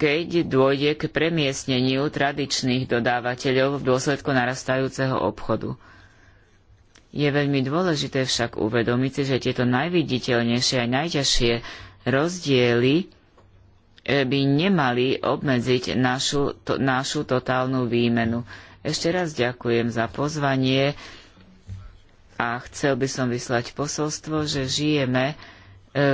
keď dôjde k premiestneniu tradičných dodávateľov v dôsledku narastajúceho obchodu. Je veľmi dôležité však uvedomiť si, že tieto najviditeľnejšie a najťažšie rozdiely e, by nemali obmedziť našu, to, našu totálnu výmenu. Ešte raz ďakujem za pozvanie a chcel by som vyslať posolstvo, že žijeme e,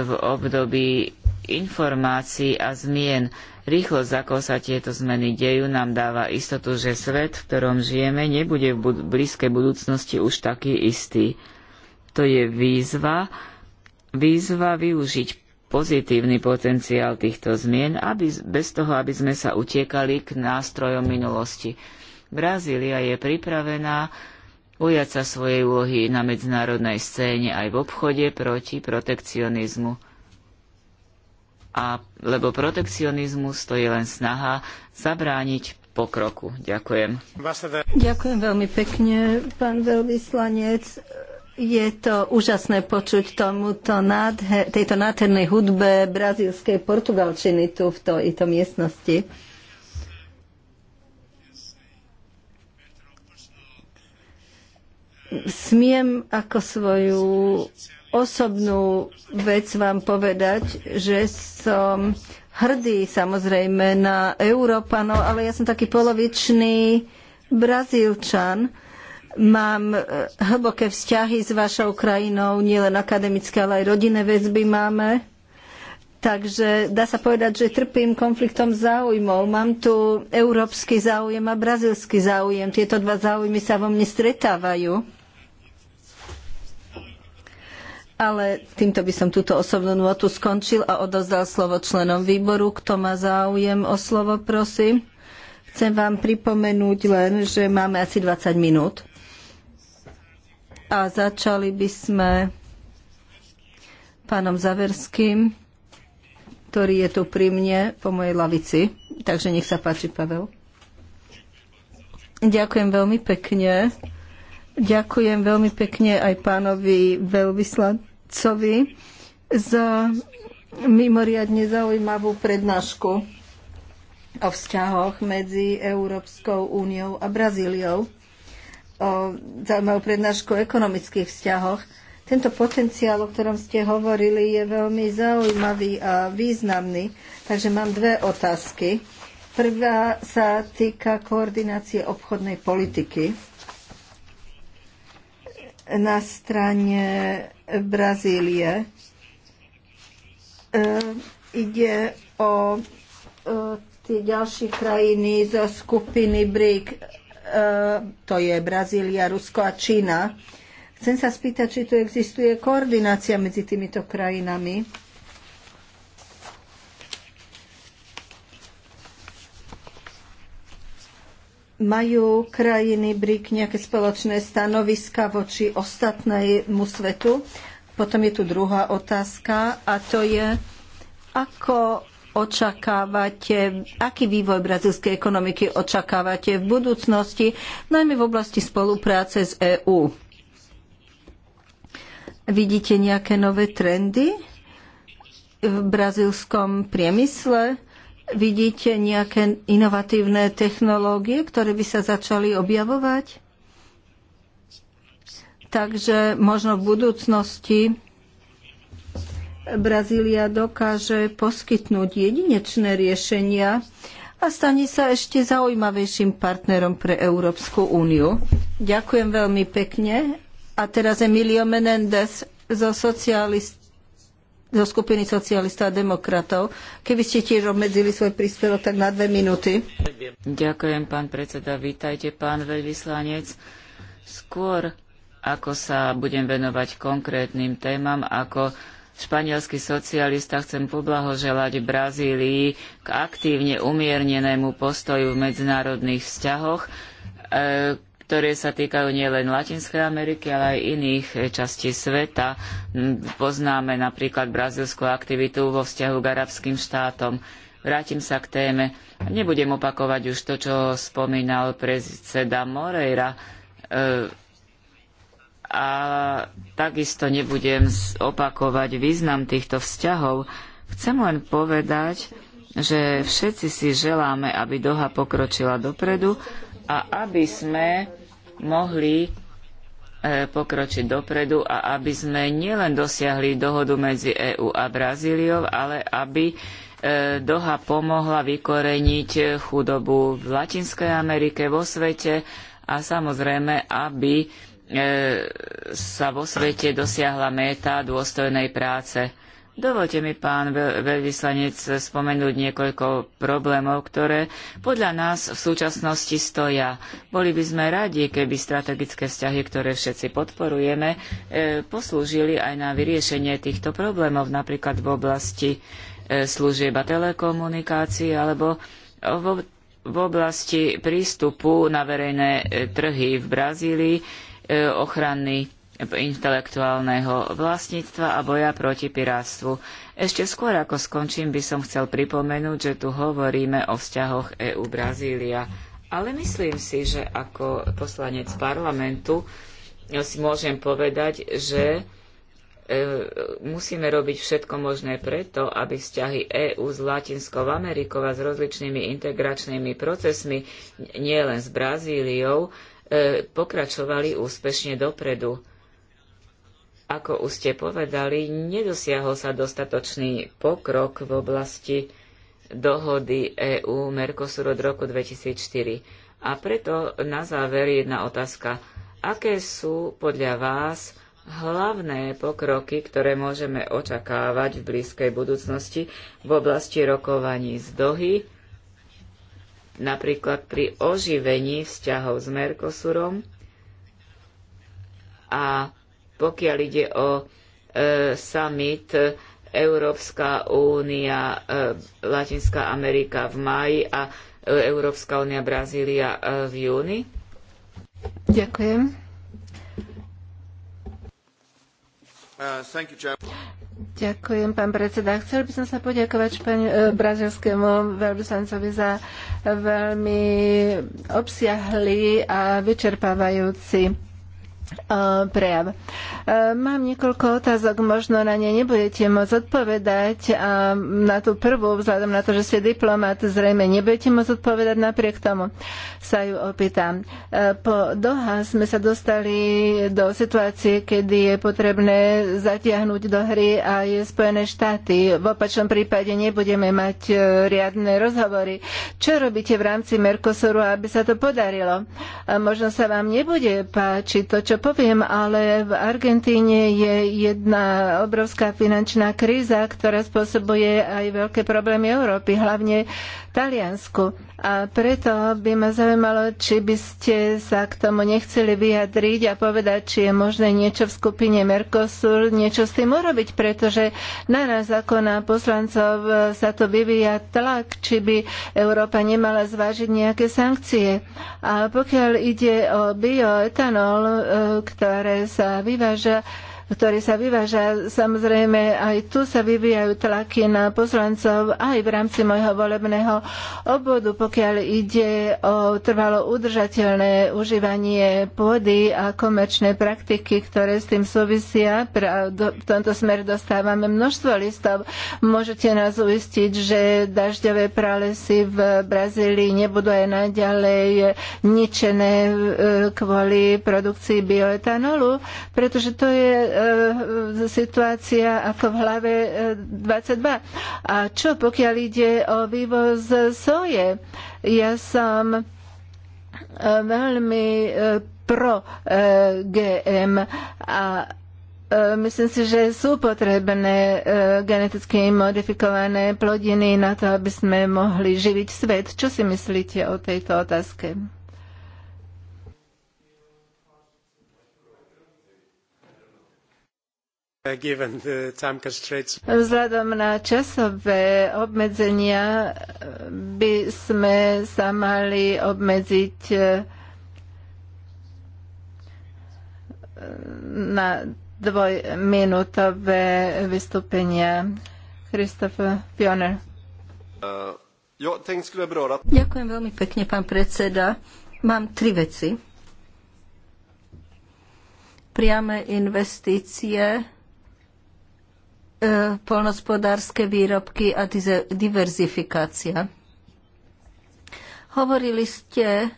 v období informácií a zmien. Rýchlosť, ako sa tieto zmeny dejú, nám dáva istotu, že svet, v ktorom žijeme, nebude v bud- blízkej budúcnosti už taký istý. To je výzva, výzva využiť pozitívny potenciál týchto zmien, aby, bez toho, aby sme sa utiekali k nástrojom minulosti. Brazília je pripravená ujať sa svojej úlohy na medzinárodnej scéne aj v obchode proti protekcionizmu a lebo protekcionizmus to je len snaha zabrániť pokroku. Ďakujem. Ďakujem veľmi pekne, pán veľvyslanec. Je to úžasné počuť tomuto nádher, tejto nádhernej hudbe brazílskej portugalčiny tu v tejto miestnosti. Smiem ako svoju osobnú vec vám povedať, že som hrdý samozrejme na Európanov, ale ja som taký polovičný Brazílčan. Mám e, hlboké vzťahy s vašou krajinou, nielen akademické, ale aj rodinné väzby máme. Takže dá sa povedať, že trpím konfliktom záujmov. Mám tu európsky záujem a brazilský záujem. Tieto dva záujmy sa vo mne stretávajú. Ale týmto by som túto osobnú notu skončil a odozdal slovo členom výboru. Kto má záujem o slovo, prosím. Chcem vám pripomenúť len, že máme asi 20 minút. A začali by sme pánom Zaverským, ktorý je tu pri mne, po mojej lavici. Takže nech sa páči, Pavel. Ďakujem veľmi pekne. Ďakujem veľmi pekne aj pánovi veľvyslan Covi za mimoriadne zaujímavú prednášku o vzťahoch medzi Európskou úniou a Brazíliou, o zaujímavú prednášku o ekonomických vzťahoch. Tento potenciál, o ktorom ste hovorili, je veľmi zaujímavý a významný, takže mám dve otázky. Prvá sa týka koordinácie obchodnej politiky na strane Brazílie. E, ide o e, tie ďalšie krajiny zo skupiny BRIC, e, to je Brazília, Rusko a Čína. Chcem sa spýtať, či tu existuje koordinácia medzi týmito krajinami Majú krajiny BRIC nejaké spoločné stanoviska voči ostatnému svetu? Potom je tu druhá otázka a to je, ako očakávate, aký vývoj brazílskej ekonomiky očakávate v budúcnosti, najmä v oblasti spolupráce s EÚ? Vidíte nejaké nové trendy v brazílskom priemysle? vidíte nejaké inovatívne technológie, ktoré by sa začali objavovať? Takže možno v budúcnosti Brazília dokáže poskytnúť jedinečné riešenia a stane sa ešte zaujímavejším partnerom pre Európsku úniu. Ďakujem veľmi pekne. A teraz Emilio Menendez zo socialistov zo skupiny socialistov a demokratov. Keby ste tiež obmedzili svoj príspevok, tak na dve minúty. Ďakujem, pán predseda. Vítajte, pán veľvyslanec. Skôr, ako sa budem venovať konkrétnym témam, ako španielský socialista chcem poblahoželať Brazílii k aktívne umiernenému postoju v medzinárodných vzťahoch, e, ktoré sa týkajú nielen Latinskej Ameriky, ale aj iných eh, častí sveta. Mm, poznáme napríklad brazílskú aktivitu vo vzťahu k arabským štátom. Vrátim sa k téme. Nebudem opakovať už to, čo spomínal predseda Moreira. Eh, a takisto nebudem opakovať význam týchto vzťahov. Chcem len povedať, že všetci si želáme, aby Doha pokročila dopredu a aby sme mohli e, pokročiť dopredu a aby sme nielen dosiahli dohodu medzi EÚ a Brazíliou, ale aby e, Doha pomohla vykoreniť chudobu v Latinskej Amerike, vo svete a samozrejme, aby e, sa vo svete dosiahla méta dôstojnej práce. Dovolte mi, pán veľvyslanec, spomenúť niekoľko problémov, ktoré podľa nás v súčasnosti stoja. Boli by sme radi, keby strategické vzťahy, ktoré všetci podporujeme, e, poslúžili aj na vyriešenie týchto problémov, napríklad v oblasti e, služieb a telekomunikácií alebo v oblasti prístupu na verejné e, trhy v Brazílii, ochrany intelektuálneho vlastníctva a boja proti pirátstvu. Ešte skôr ako skončím, by som chcel pripomenúť, že tu hovoríme o vzťahoch EU-Brazília. Ale myslím si, že ako poslanec parlamentu si môžem povedať, že e, musíme robiť všetko možné preto, aby vzťahy EÚ s Latinskou Amerikou a s rozličnými integračnými procesmi, nielen s Brazíliou, e, pokračovali úspešne dopredu. Ako už ste povedali, nedosiahol sa dostatočný pokrok v oblasti dohody EU-Mercosur od roku 2004. A preto na záver jedna otázka. Aké sú podľa vás hlavné pokroky, ktoré môžeme očakávať v blízkej budúcnosti v oblasti rokovaní z Dohy, napríklad pri oživení vzťahov s Mercosurom a pokiaľ ide o e, summit e, Európska únia, e, Latinská Amerika v máji a e, Európska únia Brazília e, v júni? Ďakujem. Uh, you, Ďakujem, pán predseda. Chcel by som sa poďakovať špaň- brazilskému veľvyslancovi za veľmi obsiahly a vyčerpávajúci prejav. Mám niekoľko otázok, možno na ne nebudete môcť odpovedať a na tú prvú, vzhľadom na to, že ste diplomat, zrejme nebudete môcť odpovedať, napriek tomu sa ju opýtam. Po Doha sme sa dostali do situácie, kedy je potrebné zatiahnuť do hry aj Spojené štáty. V opačnom prípade nebudeme mať riadne rozhovory. Čo robíte v rámci Mercosuru, aby sa to podarilo? Možno sa vám nebude páčiť to, čo čo poviem, ale v Argentíne je jedna obrovská finančná kríza, ktorá spôsobuje aj veľké problémy Európy, hlavne Taliansku. A preto by ma zaujímalo, či by ste sa k tomu nechceli vyjadriť a povedať, či je možné niečo v skupine Mercosur, niečo s tým urobiť, pretože na nás ako na poslancov sa to vyvíja tlak, či by Európa nemala zvážiť nejaké sankcie. A pokiaľ ide o bioetanol, ktoré sa vyváža ktoré sa vyváža. Samozrejme, aj tu sa vyvíjajú tlaky na poslancov aj v rámci môjho volebného obvodu, pokiaľ ide o trvalo udržateľné užívanie pôdy a komerčné praktiky, ktoré s tým súvisia. V tomto smere dostávame množstvo listov. Môžete nás uistiť, že dažďové pralesy v Brazílii nebudú aj naďalej ničené e, kvôli produkcii bioetanolu, pretože to je E, e, situácia ako v hlave 22. E, a čo pokiaľ ide o vývoz soje? Ja som veľmi pro GM a Myslím si, že sú potrebné geneticky modifikované plodiny na to, aby sme mohli živiť svet. Čo si myslíte o tejto otázke? Uh, Vzhľadom na časové obmedzenia uh, by sme sa mali obmedziť uh, na dvojminútové vystúpenia. Christopher Pioner. Ďakujem veľmi pekne, pán predseda. Mám tri veci. Priame investície E, polnospodárske výrobky a diverzifikácia. Hovorili ste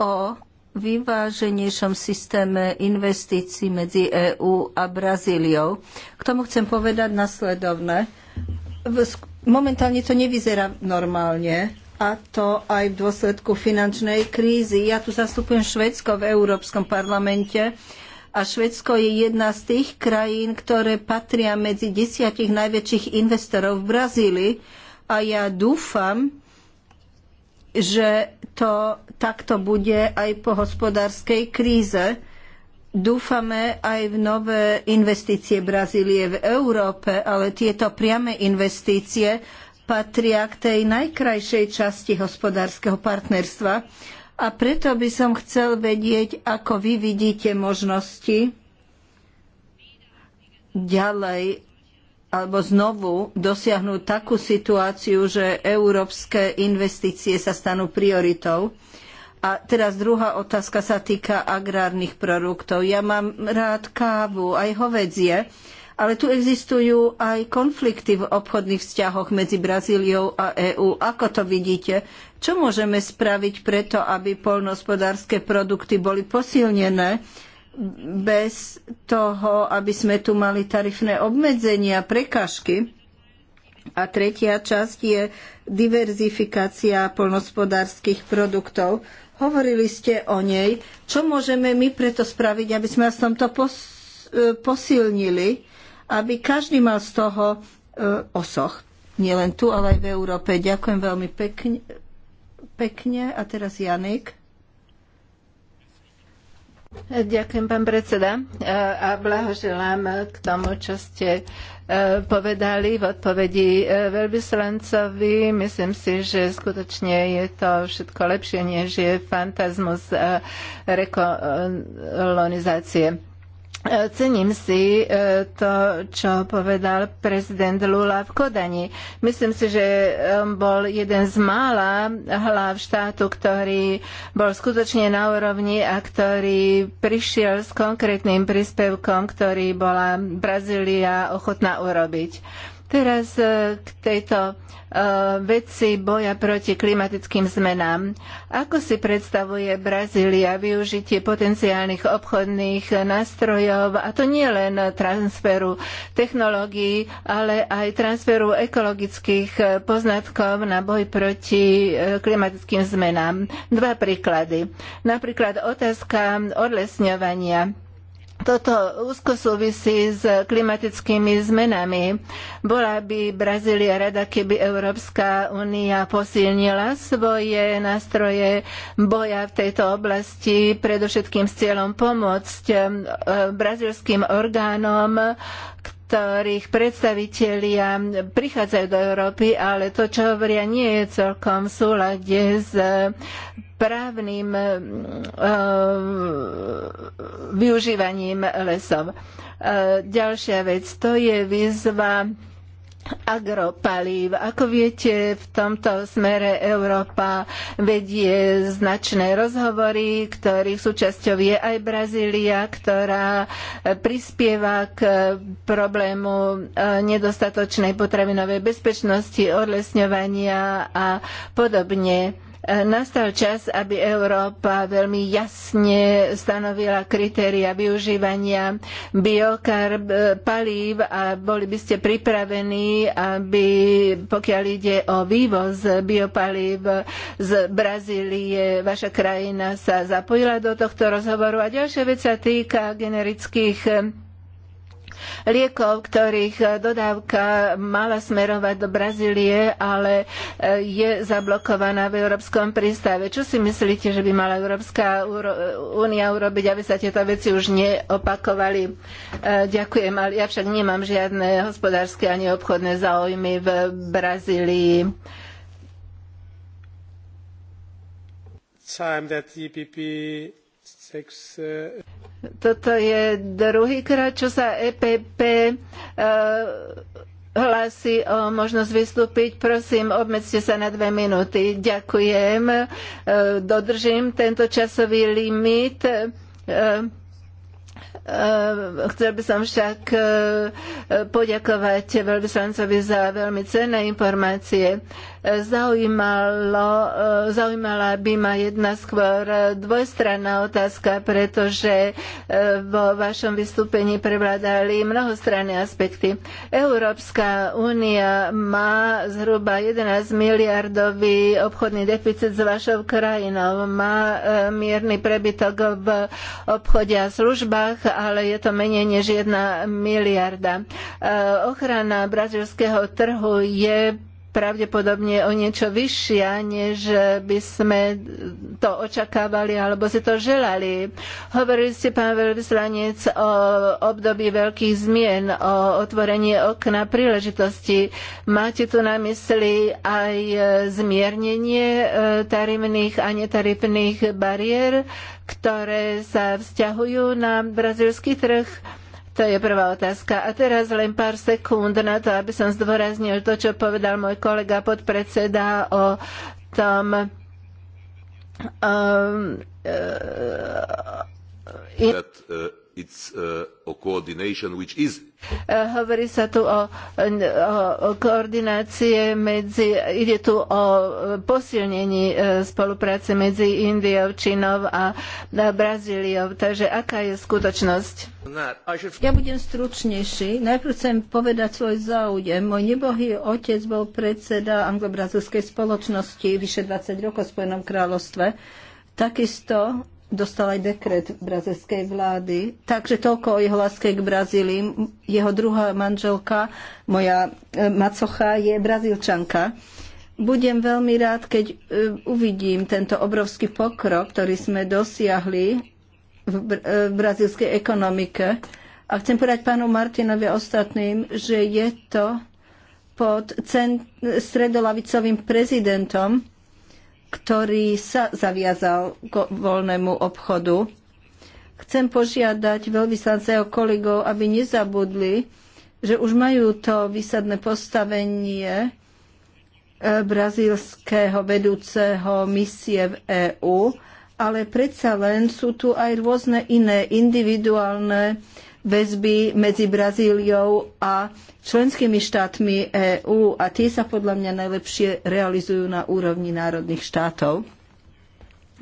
o vyváženejšom systéme investícií medzi EÚ a Brazíliou. K tomu chcem povedať nasledovné. Momentálne to nevyzerá normálne a to aj v dôsledku finančnej krízy. Ja tu zastupujem Švedsko v Európskom parlamente a Švedsko je jedna z tých krajín, ktoré patria medzi desiatich najväčších investorov v Brazílii a ja dúfam, že to takto bude aj po hospodárskej kríze. Dúfame aj v nové investície Brazílie v Európe, ale tieto priame investície patria k tej najkrajšej časti hospodárskeho partnerstva a preto by som chcel vedieť, ako vy vidíte možnosti ďalej alebo znovu dosiahnuť takú situáciu, že európske investície sa stanú prioritou. A teraz druhá otázka sa týka agrárnych produktov. Ja mám rád kávu, aj hovedzie, ale tu existujú aj konflikty v obchodných vzťahoch medzi Brazíliou a EÚ. Ako to vidíte? Čo môžeme spraviť preto, aby poľnohospodárske produkty boli posilnené bez toho, aby sme tu mali tarifné obmedzenia, prekažky? A tretia časť je diverzifikácia poľnohospodárskych produktov. Hovorili ste o nej. Čo môžeme my preto spraviť, aby sme vás tomto pos- e, posilnili, aby každý mal z toho e, osoch? nielen tu, ale aj v Európe. Ďakujem veľmi pekne, pekne. A teraz Janik. Ďakujem, pán predseda, e, a blahoželám k tomu, čo ste e, povedali v odpovedi e, veľvyslancovi. Myslím si, že skutočne je to všetko lepšie, než je fantazmus rekolonizácie. E, cením si e, to, čo povedal prezident Lula v Kodani. Myslím si, že bol jeden z mála hlav štátu, ktorý bol skutočne na úrovni a ktorý prišiel s konkrétnym príspevkom, ktorý bola Brazília ochotná urobiť. Teraz e, k tejto e, veci boja proti klimatickým zmenám. Ako si predstavuje Brazília využitie potenciálnych obchodných nástrojov, a to nie len transferu technológií, ale aj transferu ekologických e, poznatkov na boj proti klimatickým zmenám? Dva príklady. Napríklad otázka odlesňovania toto úzko súvisí s klimatickými zmenami. Bola by Brazília rada, keby Európska únia posilnila svoje nástroje boja v tejto oblasti, predovšetkým s cieľom pomôcť eh, brazílským orgánom, ktorých predstavitelia prichádzajú do Európy, ale to, čo hovoria, nie je celkom v súlade s eh, právnym eh, využívaním lesov. E, ďalšia vec, to je výzva agropalív. Ako viete, v tomto smere Európa vedie značné rozhovory, ktorých súčasťou je aj Brazília, ktorá prispieva k problému e, nedostatočnej potravinovej bezpečnosti, odlesňovania a podobne E, nastal čas, aby Európa veľmi jasne stanovila kritéria využívania biokarb e, palív a boli by ste pripravení, aby pokiaľ ide o vývoz biopalív z Brazílie, vaša krajina sa zapojila do tohto rozhovoru. A ďalšia vec sa týka generických e, liekov, ktorých dodávka mala smerovať do Brazílie, ale e, je zablokovaná v Európskom prístave. Čo si myslíte, že by mala Európska únia urobiť, aby sa tieto veci už neopakovali? E, ďakujem, ale ja však nemám žiadne hospodárske ani obchodné záujmy v Brazílii. E uh, toto je druhýkrát, čo sa EPP uh, e, hlási o možnosť vystúpiť. Prosím, obmedzte sa na dve minúty. Ďakujem. Uh, dodržím tento časový limit. Uh, chcel by som však poďakovať veľvyslancovi za veľmi cenné informácie. Zaujímalo, e, zaujímala by ma jedna skôr dvojstranná otázka, pretože e, vo vašom vystúpení prevládali mnohostranné aspekty. Európska únia má zhruba 11 miliardový obchodný deficit s vašou krajinou. Má e, mierny prebytok v obchode a službách, ale je to menej než 1 miliarda. Ochrana brazilského trhu je pravdepodobne o niečo vyššia, než by sme to očakávali alebo si to želali. Hovorili ste, pán veľvyslanec, o období veľkých zmien, o otvorení okna príležitosti. Máte tu na mysli aj zmiernenie e, tarifných a netarifných bariér, ktoré sa vzťahujú na brazilský trh? To je prvá otázka. A teraz len pár sekúnd na to, aby som zdôraznil to, čo povedal môj kolega podpredseda o tom um, uh, e, in- e, that, uh it's uh, a coordination which is e, Hovorí sa tu o, o koordinácie medzi, ide tu o e, posilnení e, spolupráce medzi Indiou, Čínou a Brazíliou. Takže aká je skutočnosť? Ja budem stručnejší. Najprv chcem povedať svoj záujem. Môj nebohý otec bol predseda anglobrazilskej spoločnosti vyše 20 rokov v Spojenom kráľovstve. Takisto dostal aj dekret brazilskej vlády. Takže toľko o jeho láske k Brazílii. Jeho druhá manželka, moja e, macocha, je brazílčanka. Budem veľmi rád, keď e, uvidím tento obrovský pokrok, ktorý sme dosiahli v, e, brazilskej brazílskej ekonomike. A chcem povedať pánu Martinovi a ostatným, že je to pod cent- stredolavicovým prezidentom, ktorý sa zaviazal k voľnému obchodu. Chcem požiadať veľvyslanceho kolegov, aby nezabudli, že už majú to výsadné postavenie e, brazílskeho vedúceho misie v EÚ, ale predsa len sú tu aj rôzne iné individuálne väzby medzi Brazíliou a členskými štátmi EÚ a tie sa podľa mňa najlepšie realizujú na úrovni národných štátov.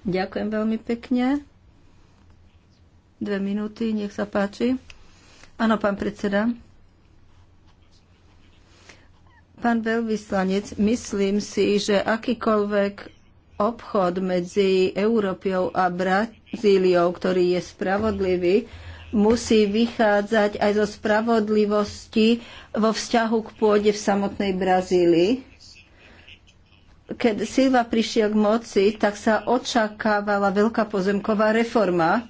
Ďakujem veľmi pekne. Dve minúty, nech sa páči. Áno, pán predseda. Pán veľvyslanec, myslím si, že akýkoľvek obchod medzi Európiou a Brazíliou, ktorý je spravodlivý, musí vychádzať aj zo spravodlivosti vo vzťahu k pôde v samotnej Brazílii. Keď Silva prišiel k moci, tak sa očakávala veľká pozemková reforma,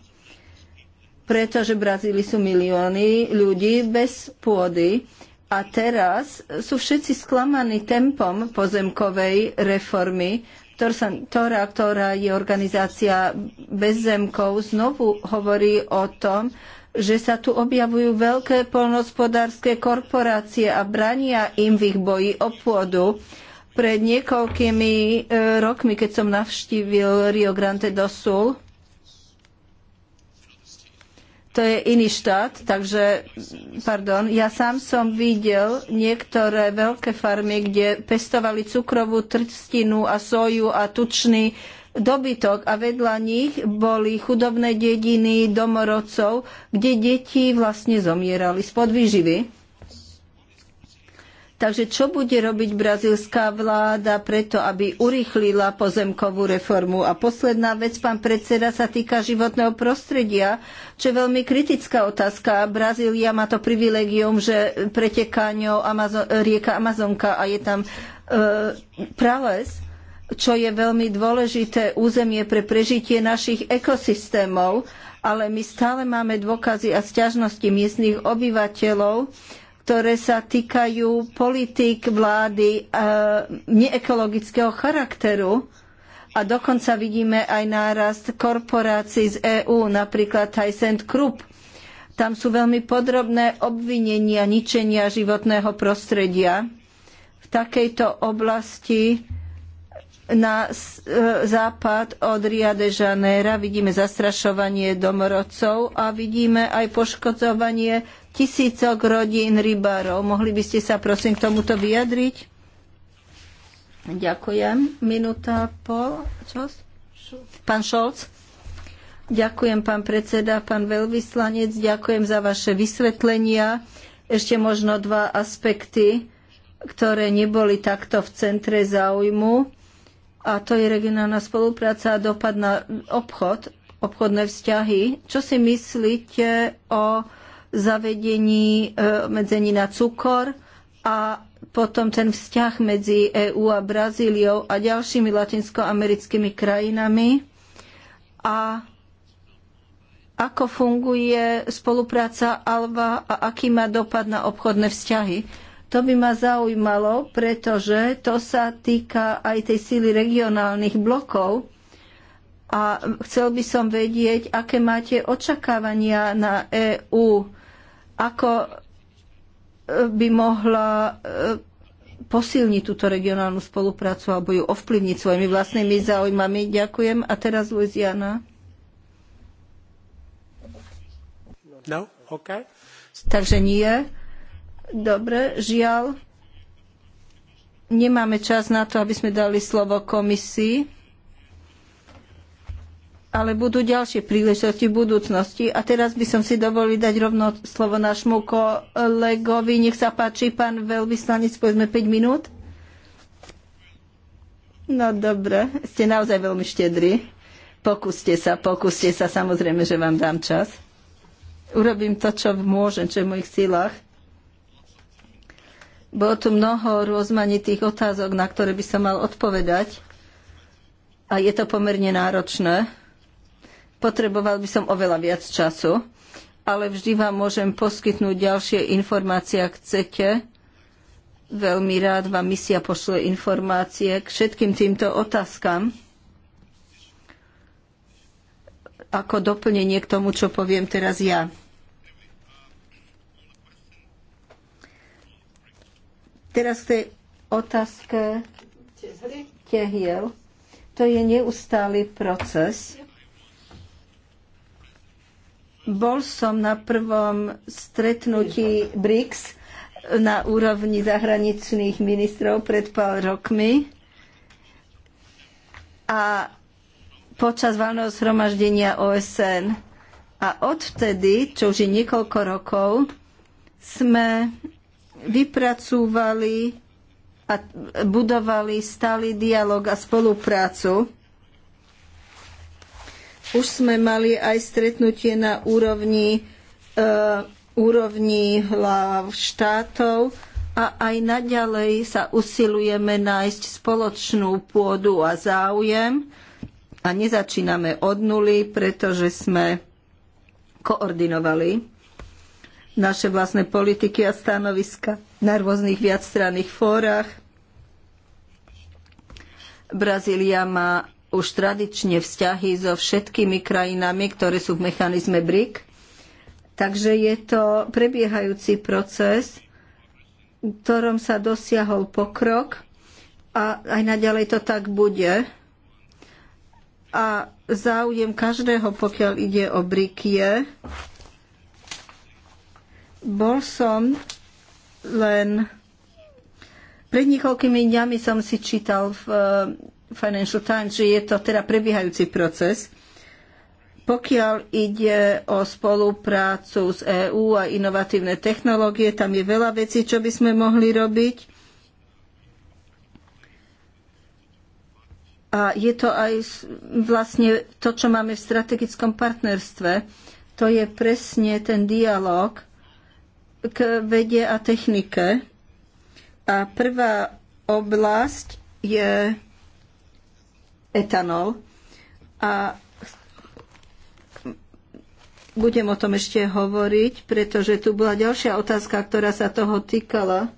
pretože v Brazílii sú milióny ľudí bez pôdy. A teraz sú všetci sklamaní tempom pozemkovej reformy, ktorá, ktorá je organizácia bezzemkov, znovu hovorí o tom, že sa tu objavujú veľké polnospodárske korporácie a brania im v ich boji o pôdu. Pred niekoľkými e, rokmi, keď som navštívil Rio Grande do Sul, to je iný štát, takže, pardon, ja sám som videl niektoré veľké farmy, kde pestovali cukrovú trstinu a soju a tučný dobytok a vedľa nich boli chudobné dediny domorodcov, kde deti vlastne zomierali spod výživy. Takže čo bude robiť brazilská vláda preto, aby urýchlila pozemkovú reformu? A posledná vec, pán predseda, sa týka životného prostredia, čo je veľmi kritická otázka. Brazília má to privilegium, že preteká ňou Amazon, rieka Amazonka a je tam e, prales, čo je veľmi dôležité územie pre prežitie našich ekosystémov, ale my stále máme dôkazy a sťažnosti miestnych obyvateľov, ktoré sa týkajú politík vlády e, neekologického charakteru. A dokonca vidíme aj nárast korporácií z EÚ, napríklad Tyson Krupp. Tam sú veľmi podrobné obvinenia ničenia životného prostredia. V takejto oblasti na e, západ od Ria de Janeiro vidíme zastrašovanie domorodcov a vidíme aj poškodzovanie tisícok rodín rybárov. Mohli by ste sa prosím k tomuto vyjadriť? Ďakujem. Minúta pol. Čas? Pán Šolc. Ďakujem, pán predseda, pán veľvyslanec. Ďakujem za vaše vysvetlenia. Ešte možno dva aspekty, ktoré neboli takto v centre záujmu. A to je regionálna spolupráca a dopad na obchod, obchodné vzťahy. Čo si myslíte o zavedení obmedzení e, na cukor a potom ten vzťah medzi EÚ a Brazíliou a ďalšími latinskoamerickými krajinami a ako funguje spolupráca ALVA a aký má dopad na obchodné vzťahy. To by ma zaujímalo, pretože to sa týka aj tej síly regionálnych blokov a chcel by som vedieť, aké máte očakávania na EÚ ako e, by mohla e, posilniť túto regionálnu spoluprácu alebo ju ovplyvniť svojimi vlastnými záujmami. Ďakujem. A teraz Luziana. No? Okay. Takže nie. Dobre, žiaľ. Nemáme čas na to, aby sme dali slovo komisii ale budú ďalšie príležitosti v budúcnosti. A teraz by som si dovolil dať rovno slovo nášmu kolegovi. Nech sa páči, pán veľvyslanec, povedzme 5 minút. No dobre, ste naozaj veľmi štedri. Pokúste sa, pokúste sa, samozrejme, že vám dám čas. Urobím to, čo môžem, čo je v mojich silách. Bolo tu mnoho rozmanitých otázok, na ktoré by som mal odpovedať. A je to pomerne náročné Potreboval by som oveľa viac času, ale vždy vám môžem poskytnúť ďalšie informácie, ak chcete. Veľmi rád vám misia pošle informácie k všetkým týmto otázkam ako doplnenie k tomu, čo poviem teraz ja. Teraz k tej otázke tehiel. To je neustály proces. Bol som na prvom stretnutí BRICS na úrovni zahraničných ministrov pred pár rokmi a počas valného zhromaždenia OSN. A odvtedy, čo už je niekoľko rokov, sme vypracúvali a budovali stály dialog a spoluprácu už sme mali aj stretnutie na úrovni, e, úrovni hlav štátov a aj naďalej sa usilujeme nájsť spoločnú pôdu a záujem a nezačíname od nuly, pretože sme koordinovali naše vlastné politiky a stanoviska na rôznych viacstranných fórach. Brazília má už tradične vzťahy so všetkými krajinami, ktoré sú v mechanizme BRIC. Takže je to prebiehajúci proces, v ktorom sa dosiahol pokrok a aj naďalej to tak bude. A záujem každého, pokiaľ ide o BRIC, je. Bol som len... Pred niekoľkými dňami som si čítal v Financial Times, že je to teda prebiehajúci proces. Pokiaľ ide o spoluprácu s EÚ a inovatívne technológie, tam je veľa vecí, čo by sme mohli robiť. A je to aj vlastne to, čo máme v strategickom partnerstve. To je presne ten dialog k vede a technike. A prvá oblasť je etanol. A budem o tom ešte hovoriť, pretože tu bola ďalšia otázka, ktorá sa toho týkala.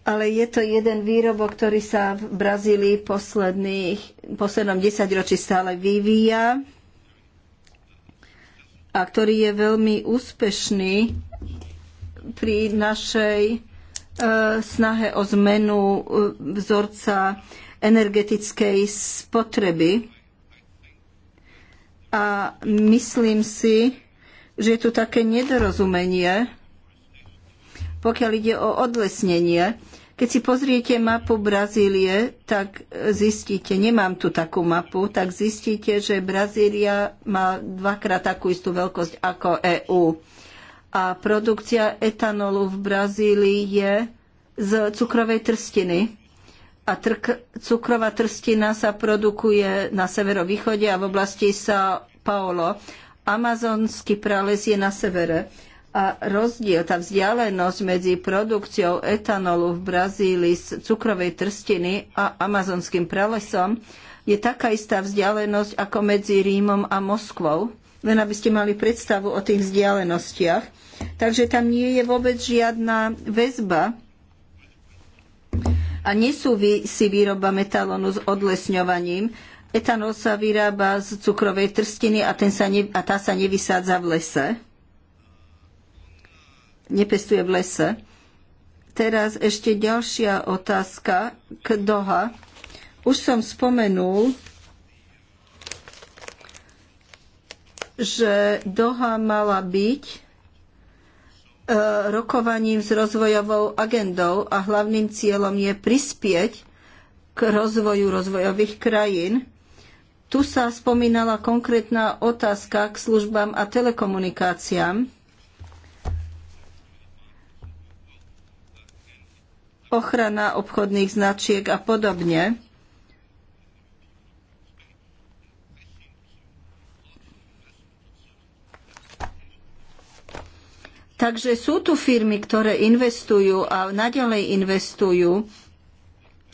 Ale je to jeden výrobok, ktorý sa v Brazílii posledných, poslednom desaťročí stále vyvíja a ktorý je veľmi úspešný pri našej eh, snahe o zmenu eh, vzorca energetickej spotreby. A myslím si, že je tu také nedorozumenie, pokiaľ ide o odlesnenie. Keď si pozriete mapu Brazílie, tak zistíte, nemám tu takú mapu, tak zistíte, že Brazília má dvakrát takú istú veľkosť ako EÚ. A produkcia etanolu v Brazílii je z cukrovej trstiny a trk, cukrová trstina sa produkuje na severovýchode a v oblasti São Paulo. Amazonský prales je na severe. A rozdiel, tá vzdialenosť medzi produkciou etanolu v Brazílii z cukrovej trstiny a amazonským pralesom je taká istá vzdialenosť ako medzi Rímom a Moskvou. Len aby ste mali predstavu o tých vzdialenostiach. Takže tam nie je vôbec žiadna väzba a nesúvisí výroba metalonu s odlesňovaním. Etanol sa vyrába z cukrovej trstiny a, ten sa ne, a tá sa nevysádza v lese. Nepestuje v lese. Teraz ešte ďalšia otázka k Doha. Už som spomenul, že Doha mala byť E, rokovaním s rozvojovou agendou a hlavným cieľom je prispieť k rozvoju rozvojových krajín. Tu sa spomínala konkrétna otázka k službám a telekomunikáciám. ochrana obchodných značiek a podobne. Takže sú tu firmy, ktoré investujú a naďalej investujú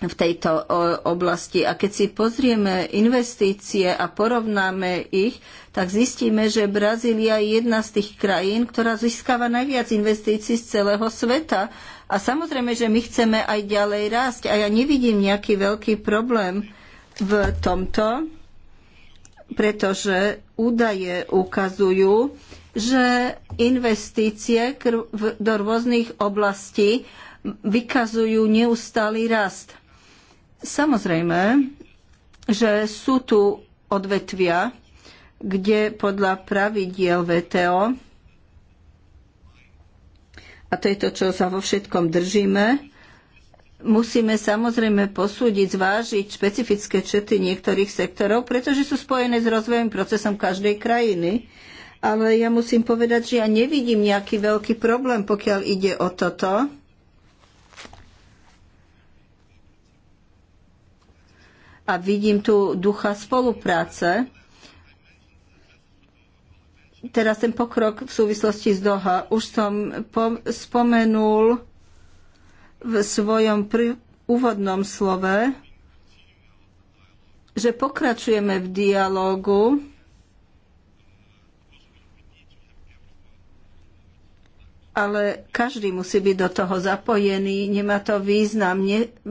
v tejto oblasti. A keď si pozrieme investície a porovnáme ich, tak zistíme, že Brazília je jedna z tých krajín, ktorá získava najviac investícií z celého sveta. A samozrejme, že my chceme aj ďalej rásť. A ja nevidím nejaký veľký problém v tomto, pretože údaje ukazujú, že investície do rôznych oblastí vykazujú neustály rast. Samozrejme, že sú tu odvetvia, kde podľa pravidiel VTO, a to je to, čo sa vo všetkom držíme, musíme samozrejme posúdiť, zvážiť špecifické čety niektorých sektorov, pretože sú spojené s rozvojovým procesom každej krajiny ale ja musím povedať, že ja nevidím nejaký veľký problém, pokiaľ ide o toto. A vidím tu ducha spolupráce. Teraz ten pokrok v súvislosti s Doha. Už som spomenul v svojom úvodnom slove, že pokračujeme v dialógu ale každý musí byť do toho zapojený, nemá to význam, ne, e,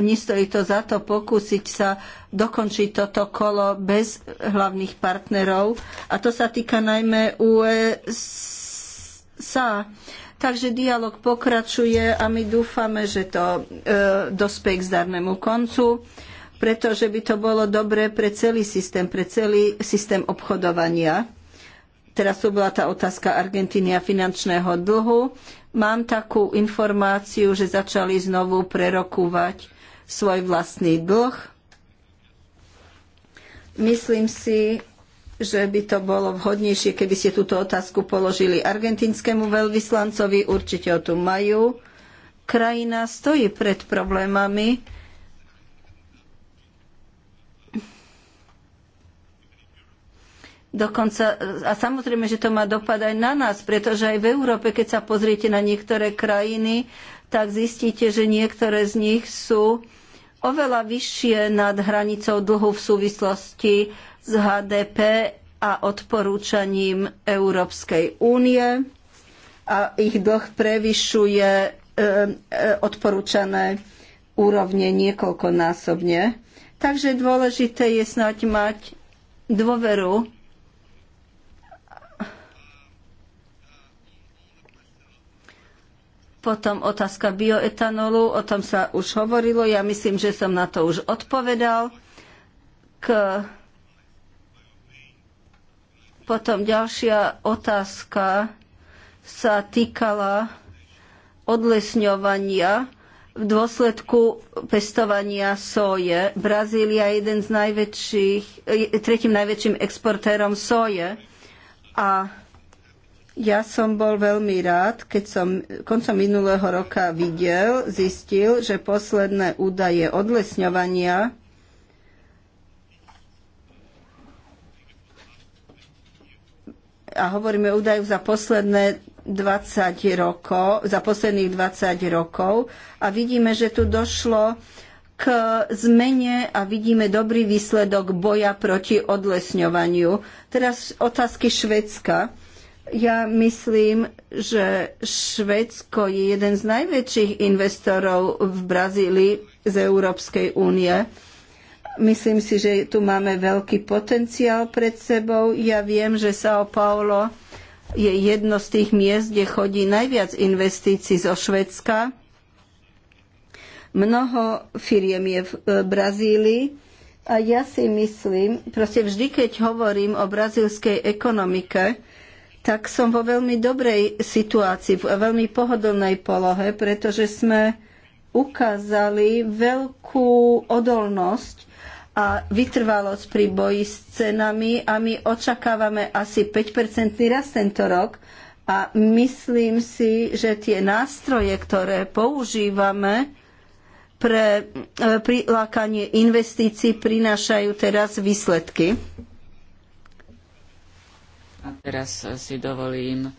nestojí to za to pokúsiť sa dokončiť toto kolo bez hlavných partnerov. A to sa týka najmä USA. Takže dialog pokračuje a my dúfame, že to e, dospeje k zdarnému koncu, pretože by to bolo dobré pre celý systém, pre celý systém obchodovania. Teraz tu bola tá otázka Argentíny a finančného dlhu. Mám takú informáciu, že začali znovu prerokovať svoj vlastný dlh. Myslím si, že by to bolo vhodnejšie, keby ste túto otázku položili argentinskému veľvyslancovi. Určite ho tu majú. Krajina stojí pred problémami Dokonca, a samozrejme, že to má dopad aj na nás, pretože aj v Európe, keď sa pozriete na niektoré krajiny, tak zistíte, že niektoré z nich sú oveľa vyššie nad hranicou dlhu v súvislosti s HDP a odporúčaním Európskej únie a ich dlh prevyšuje e, e, odporúčané úrovne niekoľkonásobne. Takže dôležité je snáď mať dôveru Potom otázka bioetanolu, o tom sa už hovorilo, ja myslím, že som na to už odpovedal. K... Potom ďalšia otázka sa týkala odlesňovania v dôsledku pestovania soje. Brazília je jeden z najväčších, tretím najväčším exportérom soje a ja som bol veľmi rád, keď som koncom minulého roka videl, zistil, že posledné údaje odlesňovania a hovoríme o údajú za posledné 20 rokov, za posledných 20 rokov a vidíme, že tu došlo k zmene a vidíme dobrý výsledok boja proti odlesňovaniu. Teraz otázky Švedska ja myslím, že Švedsko je jeden z najväčších investorov v Brazílii z Európskej únie. Myslím si, že tu máme veľký potenciál pred sebou. Ja viem, že São Paulo je jedno z tých miest, kde chodí najviac investícií zo Švedska. Mnoho firiem je v e, Brazílii a ja si myslím, proste vždy, keď hovorím o brazílskej ekonomike, tak som vo veľmi dobrej situácii, v veľmi pohodlnej polohe, pretože sme ukázali veľkú odolnosť a vytrvalosť pri boji s cenami a my očakávame asi 5-percentný rast tento rok a myslím si, že tie nástroje, ktoré používame pre e, prilákanie investícií, prinášajú teraz výsledky. A teraz si dovolím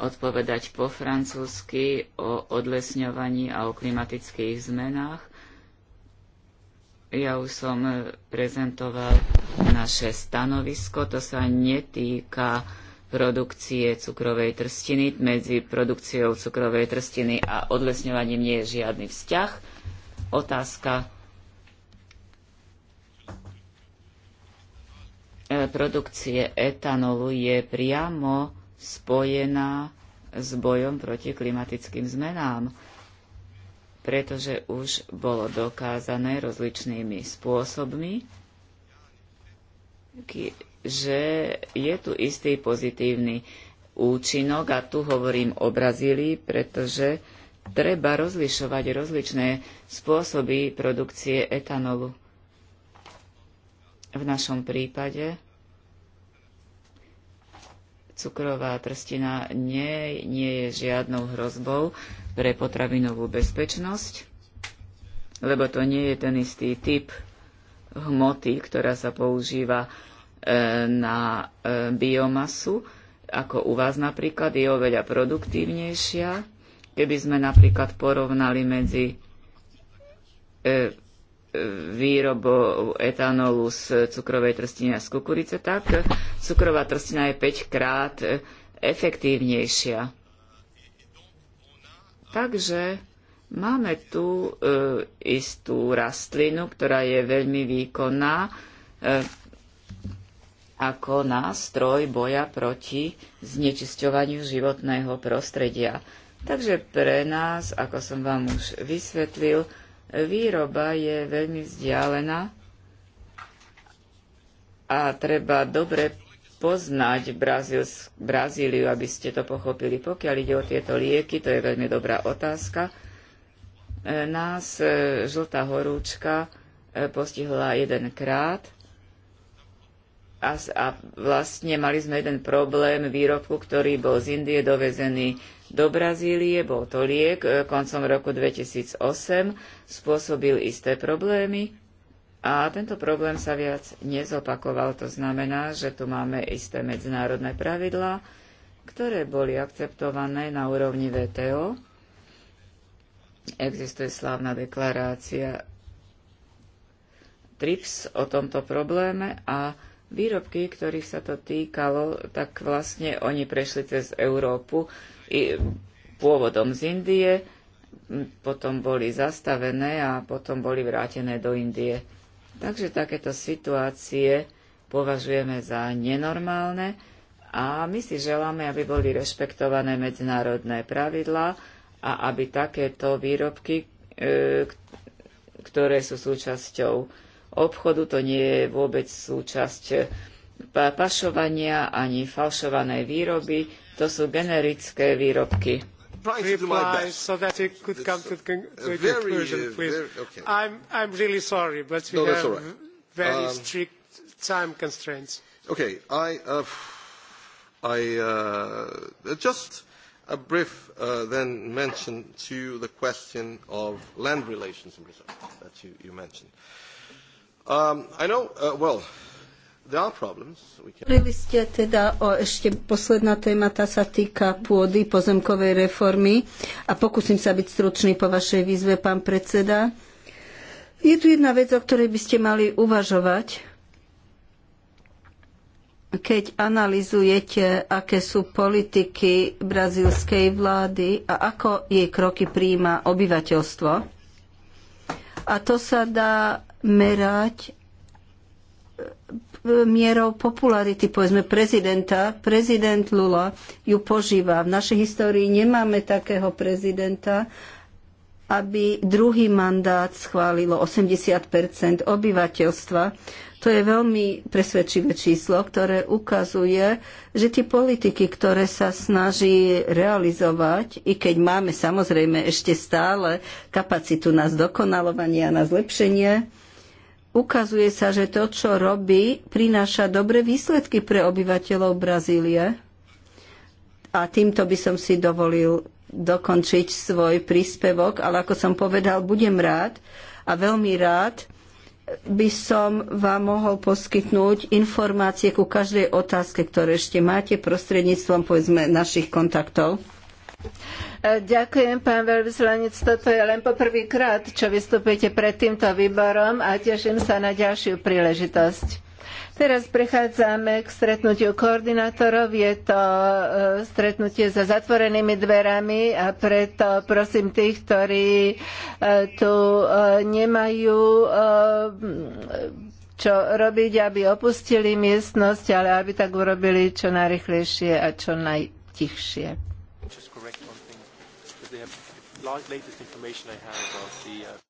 odpovedať po francúzsky o odlesňovaní a o klimatických zmenách. Ja už som prezentoval naše stanovisko, to sa netýka produkcie cukrovej trstiny. Medzi produkciou cukrovej trstiny a odlesňovaním nie je žiadny vzťah. Otázka E, produkcie etanolu je priamo spojená s bojom proti klimatickým zmenám, pretože už bolo dokázané rozličnými spôsobmi, že je tu istý pozitívny účinok a tu hovorím o Brazílii, pretože treba rozlišovať rozličné spôsoby produkcie etanolu v našom prípade cukrová trstina nie, nie je žiadnou hrozbou pre potravinovú bezpečnosť, lebo to nie je ten istý typ hmoty, ktorá sa používa e, na e, biomasu, ako u vás napríklad, je oveľa produktívnejšia. Keby sme napríklad porovnali medzi e, výrobu etanolu z cukrovej trstiny a z kukurice, tak cukrová trstina je 5 krát efektívnejšia. Takže máme tu e, istú rastlinu, ktorá je veľmi výkonná e, ako nástroj boja proti znečisťovaniu životného prostredia. Takže pre nás, ako som vám už vysvetlil, výroba je veľmi vzdialená a treba dobre poznať Brazíliu, aby ste to pochopili. Pokiaľ ide o tieto lieky, to je veľmi dobrá otázka. E, nás e, žltá horúčka e, postihla jedenkrát a, a vlastne mali sme jeden problém výrobku, ktorý bol z Indie dovezený do Brazílie, bol to liek, e, koncom roku 2008 spôsobil isté problémy a tento problém sa viac nezopakoval. To znamená, že tu máme isté medzinárodné pravidlá, ktoré boli akceptované na úrovni VTO. Existuje slávna deklarácia TRIPS o tomto probléme a Výrobky, ktorých sa to týkalo, tak vlastne oni prešli cez Európu i pôvodom z Indie, potom boli zastavené a potom boli vrátené do Indie. Takže takéto situácie považujeme za nenormálne a my si želáme, aby boli rešpektované medzinárodné pravidlá a aby takéto výrobky, e, ktoré sú súčasťou obchodu, to nie je vôbec súčasť eh, pašovania ani falšované výroby, to sú generické výrobky. Reply so that it could come to, uh, please. Okay. I'm, I'm really sorry, but we no, have right. very um, strict time constraints. Okay, I, uh, I uh, just a brief uh, then mention to the question of land relations in Brazil that you, you mentioned. Uh, Um, uh, Hovorili ste teda o ešte posledná téma, tá sa týka pôdy, pozemkovej reformy a pokúsim sa byť stručný po vašej výzve, pán predseda. Je tu jedna vec, o ktorej by ste mali uvažovať, keď analizujete, aké sú politiky brazílskej vlády a ako jej kroky príjma obyvateľstvo. A to sa dá merať e, mierou popularity, povedzme, prezidenta. Prezident Lula ju požíva. V našej histórii nemáme takého prezidenta, aby druhý mandát schválilo 80 obyvateľstva. To je veľmi presvedčivé číslo, ktoré ukazuje, že tie politiky, ktoré sa snaží realizovať, i keď máme samozrejme ešte stále kapacitu na zdokonalovanie a na zlepšenie, ukazuje sa, že to, čo robí, prináša dobré výsledky pre obyvateľov Brazílie. A týmto by som si dovolil dokončiť svoj príspevok, ale ako som povedal, budem rád a veľmi rád by som vám mohol poskytnúť informácie ku každej otázke, ktoré ešte máte prostredníctvom povedzme našich kontaktov. Ďakujem, pán veľvyslanec. Toto je len poprvýkrát, čo vystupujete pred týmto výborom a teším sa na ďalšiu príležitosť. Teraz prechádzame k stretnutiu koordinátorov. Je to e, stretnutie za zatvorenými dverami a preto prosím tých, ktorí e, tu e, nemajú čo robiť, aby opustili miestnosť, ale aby tak urobili čo najrychlejšie a čo najtichšie latest information I have of the uh,